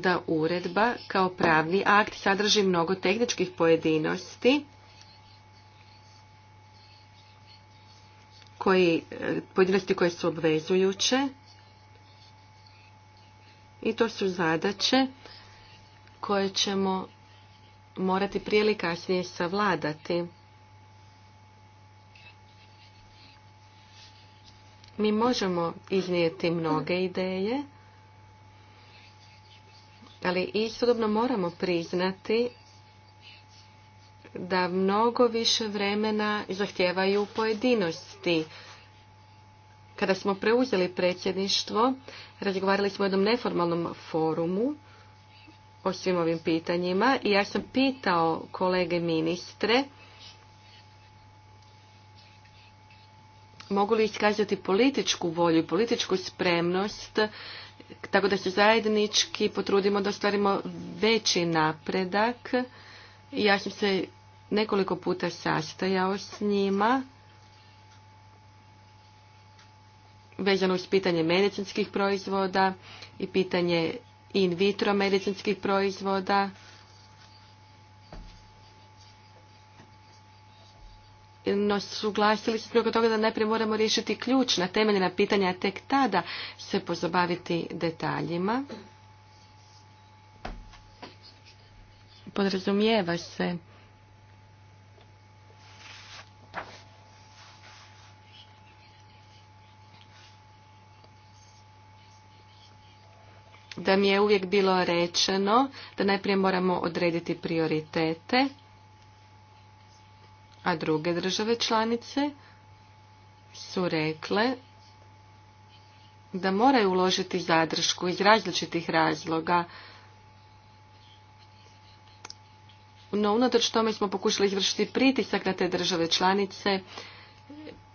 da uredba kao pravni akt sadrži mnogo tehničkih pojedinosti koji, e, pojedinosti koje su obvezujuće i to su zadaće koje ćemo morati prije ili kasnije savladati. Mi možemo iznijeti mnoge ideje, ali istodobno moramo priznati da mnogo više vremena zahtijevaju pojedinosti. Kada smo preuzeli predsjedništvo, razgovarali smo o jednom neformalnom forumu o svim ovim pitanjima i ja sam pitao kolege ministre mogu li iskazati političku volju i političku spremnost tako da se zajednički potrudimo da ostvarimo veći napredak. Ja sam se nekoliko puta sastajao s njima vezano uz pitanje medicinskih proizvoda i pitanje in vitro medicinskih proizvoda. no suglasili se toga da najprije moramo riješiti ključna temeljna pitanja, a tek tada se pozabaviti detaljima. Podrazumijeva se da mi je uvijek bilo rečeno da najprije moramo odrediti prioritete a druge države članice su rekle da moraju uložiti zadršku iz različitih razloga. No, unatoč tome smo pokušali izvršiti pritisak na te države članice.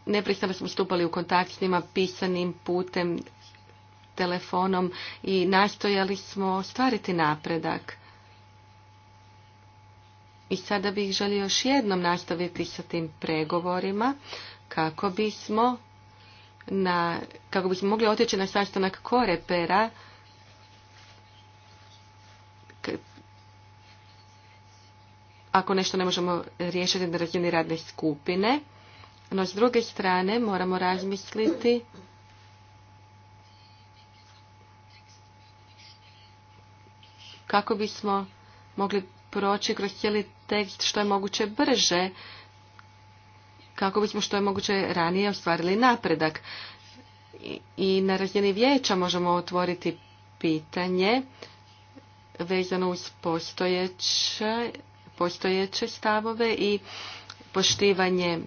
Neprestano smo stupali u kontakt s njima pisanim putem, telefonom i nastojali smo ostvariti napredak. I sada bih želio još jednom nastaviti sa tim pregovorima kako bismo na, kako bismo mogli otići na sastanak korepera ako nešto ne možemo riješiti na razini radne skupine. No, s druge strane, moramo razmisliti kako bismo mogli proći kroz cijeli tekst što je moguće brže kako bismo što je moguće ranije ostvarili napredak. I na razini vijeća možemo otvoriti pitanje vezano uz postojeće, postojeće stavove i poštivanje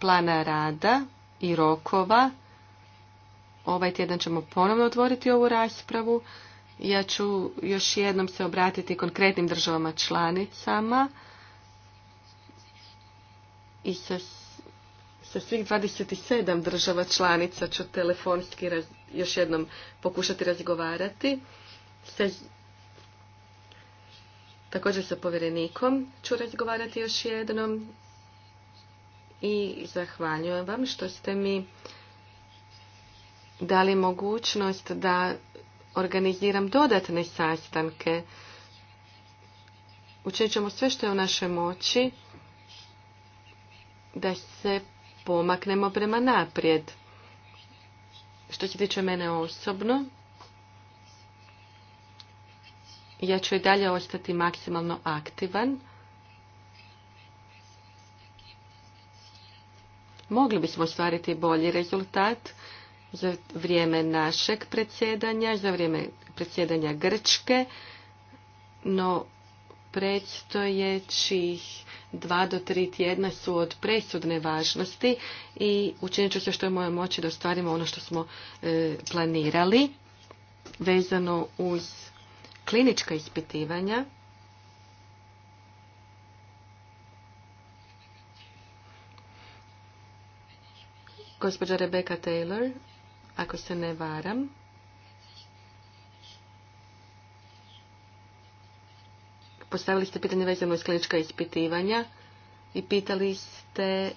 plana rada i rokova. Ovaj tjedan ćemo ponovno otvoriti ovu raspravu. Ja ću još jednom se obratiti konkretnim državama članicama i sa, sa svih 27 država članica ću telefonski još jednom pokušati razgovarati. Sa, također sa povjerenikom ću razgovarati još jednom i zahvaljujem vam što ste mi dali mogućnost da organiziram dodatne sastanke. Učinit ćemo sve što je u našoj moći da se pomaknemo prema naprijed. Što se tiče mene osobno, ja ću i dalje ostati maksimalno aktivan. Mogli bismo ostvariti bolji rezultat za vrijeme našeg predsjedanja, za vrijeme predsjedanja Grčke, no predstojećih dva do tri tjedna su od presudne važnosti i učinit ću se što je moje moći da ostvarimo ono što smo e, planirali vezano uz klinička ispitivanja. Gospođa Rebecca Taylor ako se ne varam. Postavili ste pitanje vezano iz klinička ispitivanja i pitali ste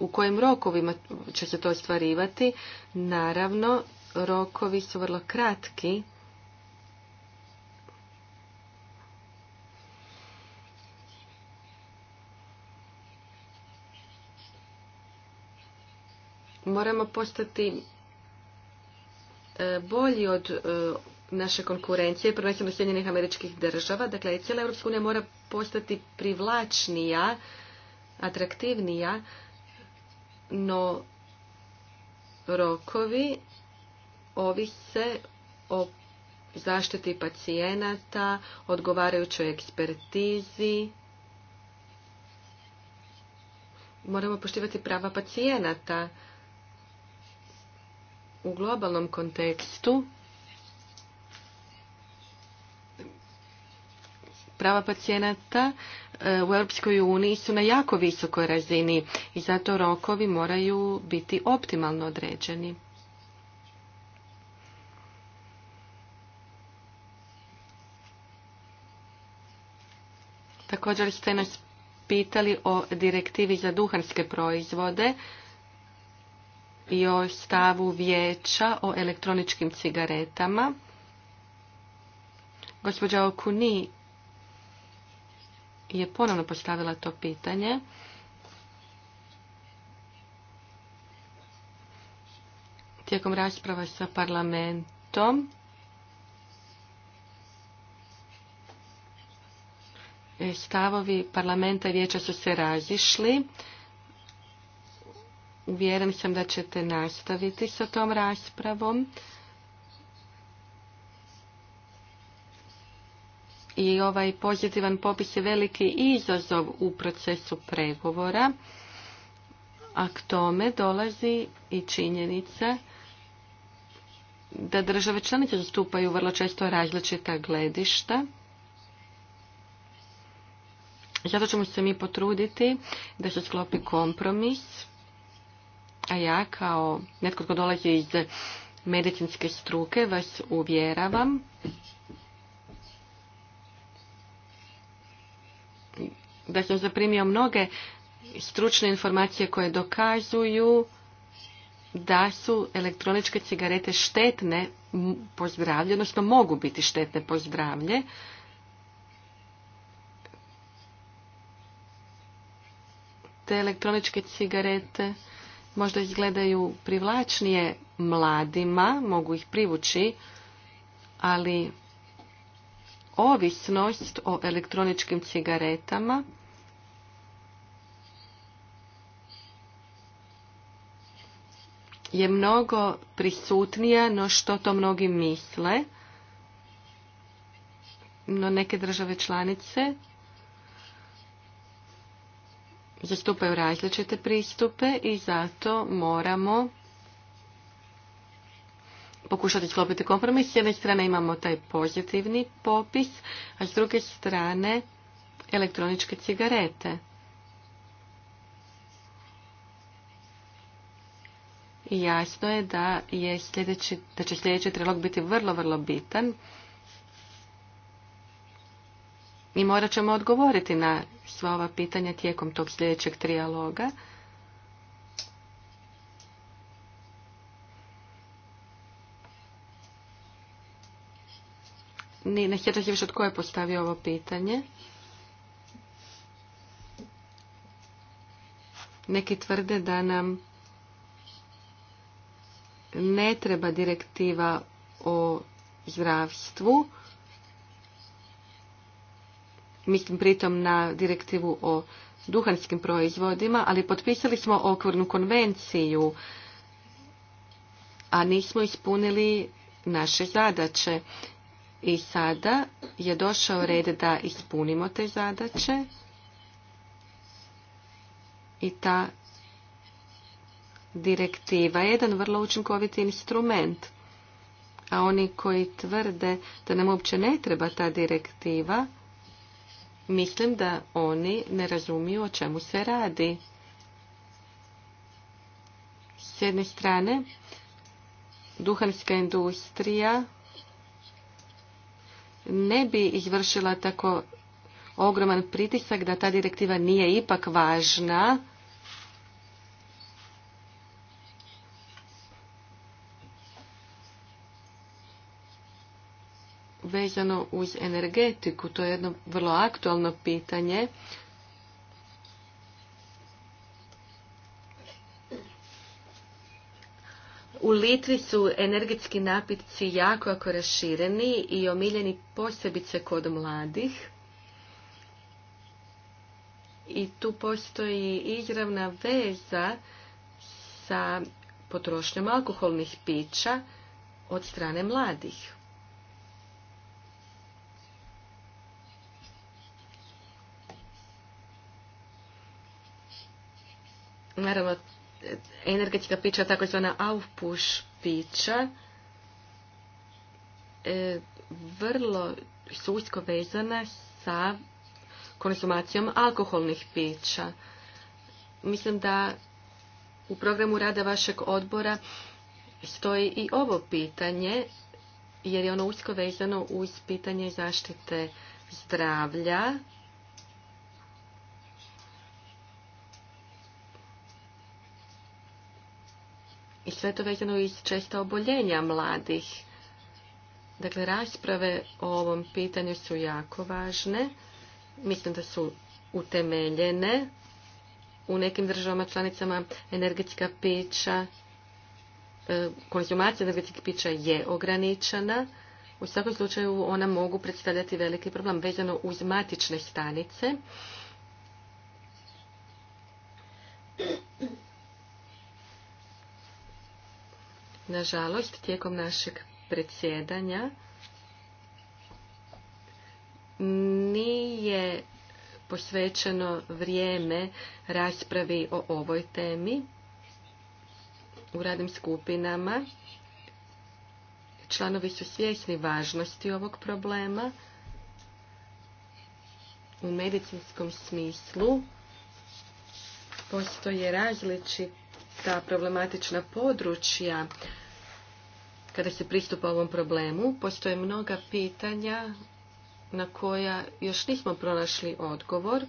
u kojim rokovima će se to ostvarivati. Naravno, rokovi su vrlo kratki. moramo postati e, bolji od e, naše konkurencije, prvenstveno Sjedinjenih američkih država. Dakle, cijela Europska unija mora postati privlačnija, atraktivnija, no rokovi ovise o zaštiti pacijenata, odgovarajućoj ekspertizi. Moramo poštivati prava pacijenata u globalnom kontekstu prava pacijenata e, u Europskoj uniji su na jako visokoj razini i zato rokovi moraju biti optimalno određeni. Također ste nas pitali o direktivi za duhanske proizvode i o stavu vijeća o elektroničkim cigaretama. Gospođa Okuni je ponovno postavila to pitanje. Tijekom rasprava sa parlamentom stavovi parlamenta i vijeća su se razišli. Vjerujem sam da ćete nastaviti sa tom raspravom. I ovaj pozitivan popis je veliki izazov u procesu pregovora, a k tome dolazi i činjenica da države članice zastupaju vrlo često različita gledišta. Zato ćemo se mi potruditi da se sklopi kompromis a ja kao netko tko dolazi iz medicinske struke vas uvjeravam da sam zaprimio mnoge stručne informacije koje dokazuju da su elektroničke cigarete štetne po zdravlje, odnosno mogu biti štetne po zdravlje. Te elektroničke cigarete možda izgledaju privlačnije mladima, mogu ih privući, ali ovisnost o elektroničkim cigaretama je mnogo prisutnija no što to mnogi misle. No neke države članice zastupaju različite pristupe i zato moramo pokušati sklopiti kompromis. S jedne strane imamo taj pozitivni popis, a s druge strane elektroničke cigarete. I jasno je da, je da će sljedeći trilog biti vrlo, vrlo bitan. Mi morat ćemo odgovoriti na sva ova pitanja tijekom tog sljedećeg trijaloga. ne više od koje postavio ovo pitanje. Neki tvrde da nam ne treba direktiva o zdravstvu, mislim pritom na direktivu o duhanskim proizvodima, ali potpisali smo okvirnu konvenciju, a nismo ispunili naše zadaće. I sada je došao red da ispunimo te zadaće i ta direktiva je jedan vrlo učinkoviti instrument. A oni koji tvrde da nam uopće ne treba ta direktiva, Mislim da oni ne razumiju o čemu se radi. S jedne strane, duhanska industrija ne bi izvršila tako ogroman pritisak da ta direktiva nije ipak važna vezano uz energetiku. To je jedno vrlo aktualno pitanje. U Litvi su energetski napitci jako, jako rašireni i omiljeni posebice kod mladih. I tu postoji izravna veza sa potrošnjom alkoholnih pića od strane mladih. naravno energetika pića, takozvana aufpuš pića, e, vrlo su usko vezana sa konzumacijom alkoholnih pića. Mislim da u programu rada vašeg odbora stoji i ovo pitanje, jer je ono usko vezano uz pitanje zaštite zdravlja sve to vezano iz česta oboljenja mladih. Dakle, rasprave o ovom pitanju su jako važne. Mislim da su utemeljene. U nekim državama članicama energetska pića, e, konzumacija energetskih pića je ograničena. U svakom slučaju ona mogu predstavljati veliki problem vezano uz matične stanice. Nažalost, tijekom našeg predsjedanja nije posvećeno vrijeme raspravi o ovoj temi u radnim skupinama. Članovi su svjesni važnosti ovog problema u medicinskom smislu postoje različiti ta problematična područja kada se pristupa ovom problemu. Postoje mnoga pitanja na koja još nismo pronašli odgovor.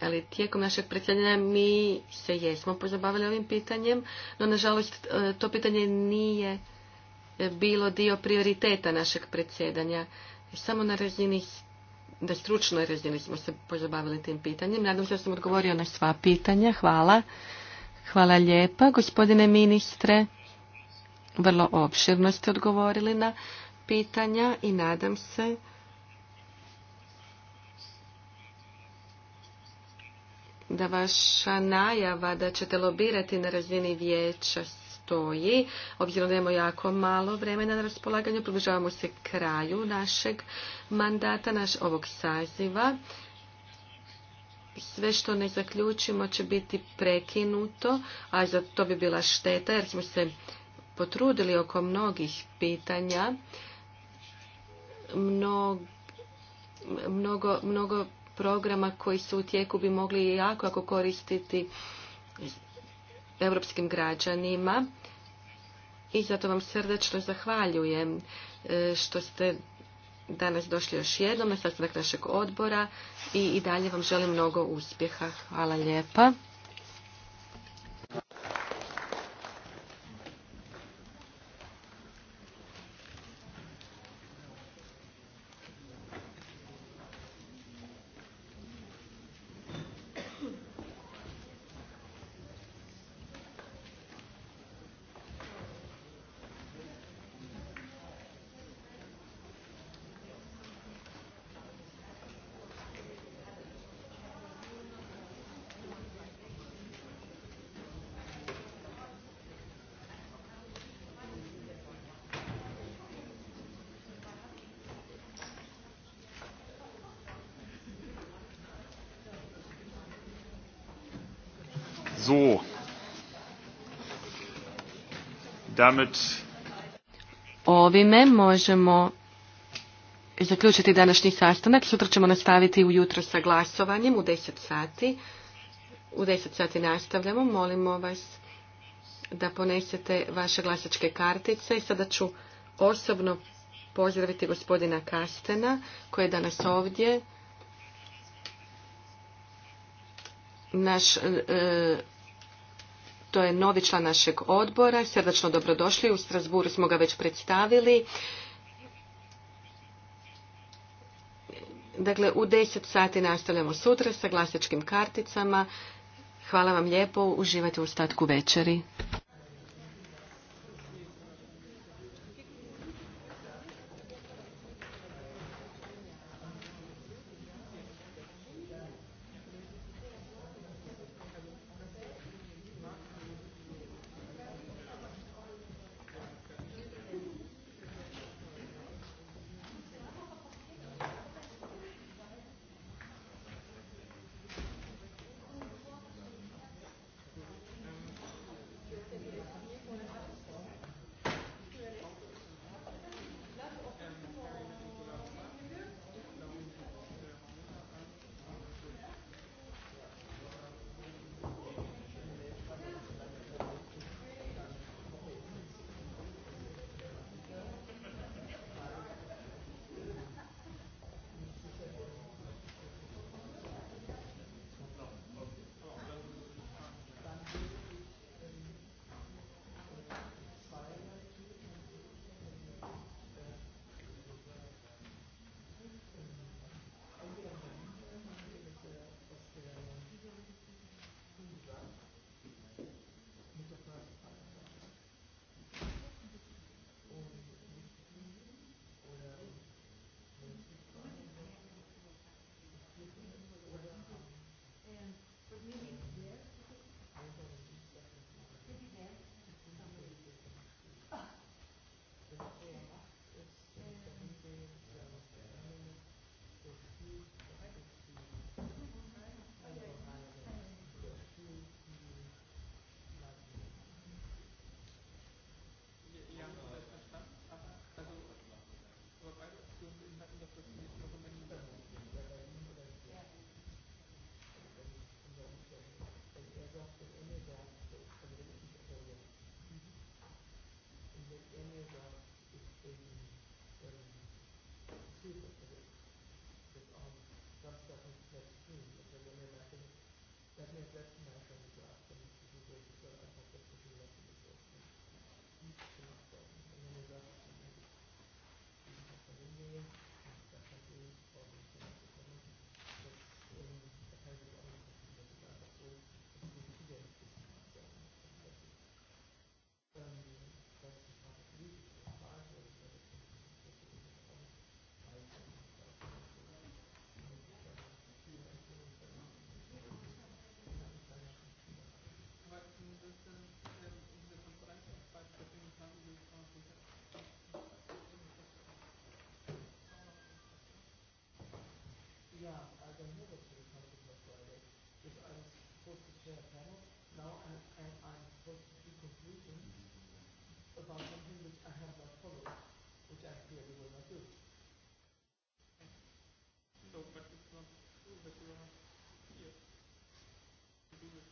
Ali tijekom našeg predsjedanja mi se jesmo pozabavili ovim pitanjem, no nažalost e, to pitanje nije bilo dio prioriteta našeg predsjedanja. Samo na razini na stručnoj razini smo se pozabavili tim pitanjem. Nadam se da sam odgovorio na sva pitanja. Hvala. Hvala lijepa, gospodine ministre. Vrlo opširno ste odgovorili na pitanja i nadam se da vaša najava da ćete lobirati na razini vijeća stoji. Obzirom da imamo jako malo vremena na raspolaganju, približavamo se kraju našeg mandata, naš ovog saziva. Sve što ne zaključimo će biti prekinuto, a za to bi bila šteta jer smo se potrudili oko mnogih pitanja. mnogo, mnogo programa koji su u tijeku bi mogli jako ako koristiti europskim građanima i zato vam srdečno zahvaljujem e, što ste danas došli još jednom na sastanak našeg odbora i, i dalje vam želim mnogo uspjeha. Hvala lijepa. damit Ovime možemo zaključiti današnji sastanak. Sutra ćemo nastaviti ujutro sa glasovanjem u 10 sati. U 10 sati nastavljamo. Molimo vas da ponesete vaše glasačke kartice i sada ću osobno pozdraviti gospodina Kastena koji je danas ovdje. Naš e, to je novi član našeg odbora. Srdačno dobrodošli. U Strasburu smo ga već predstavili. Dakle, u 10 sati nastavljamo sutra sa glasačkim karticama. Hvala vam lijepo. Uživajte u ostatku večeri. e about something which I have not followed, which I clearly will not do. but it's not true that you are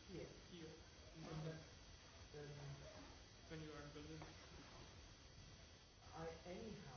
here here. when you are I anyhow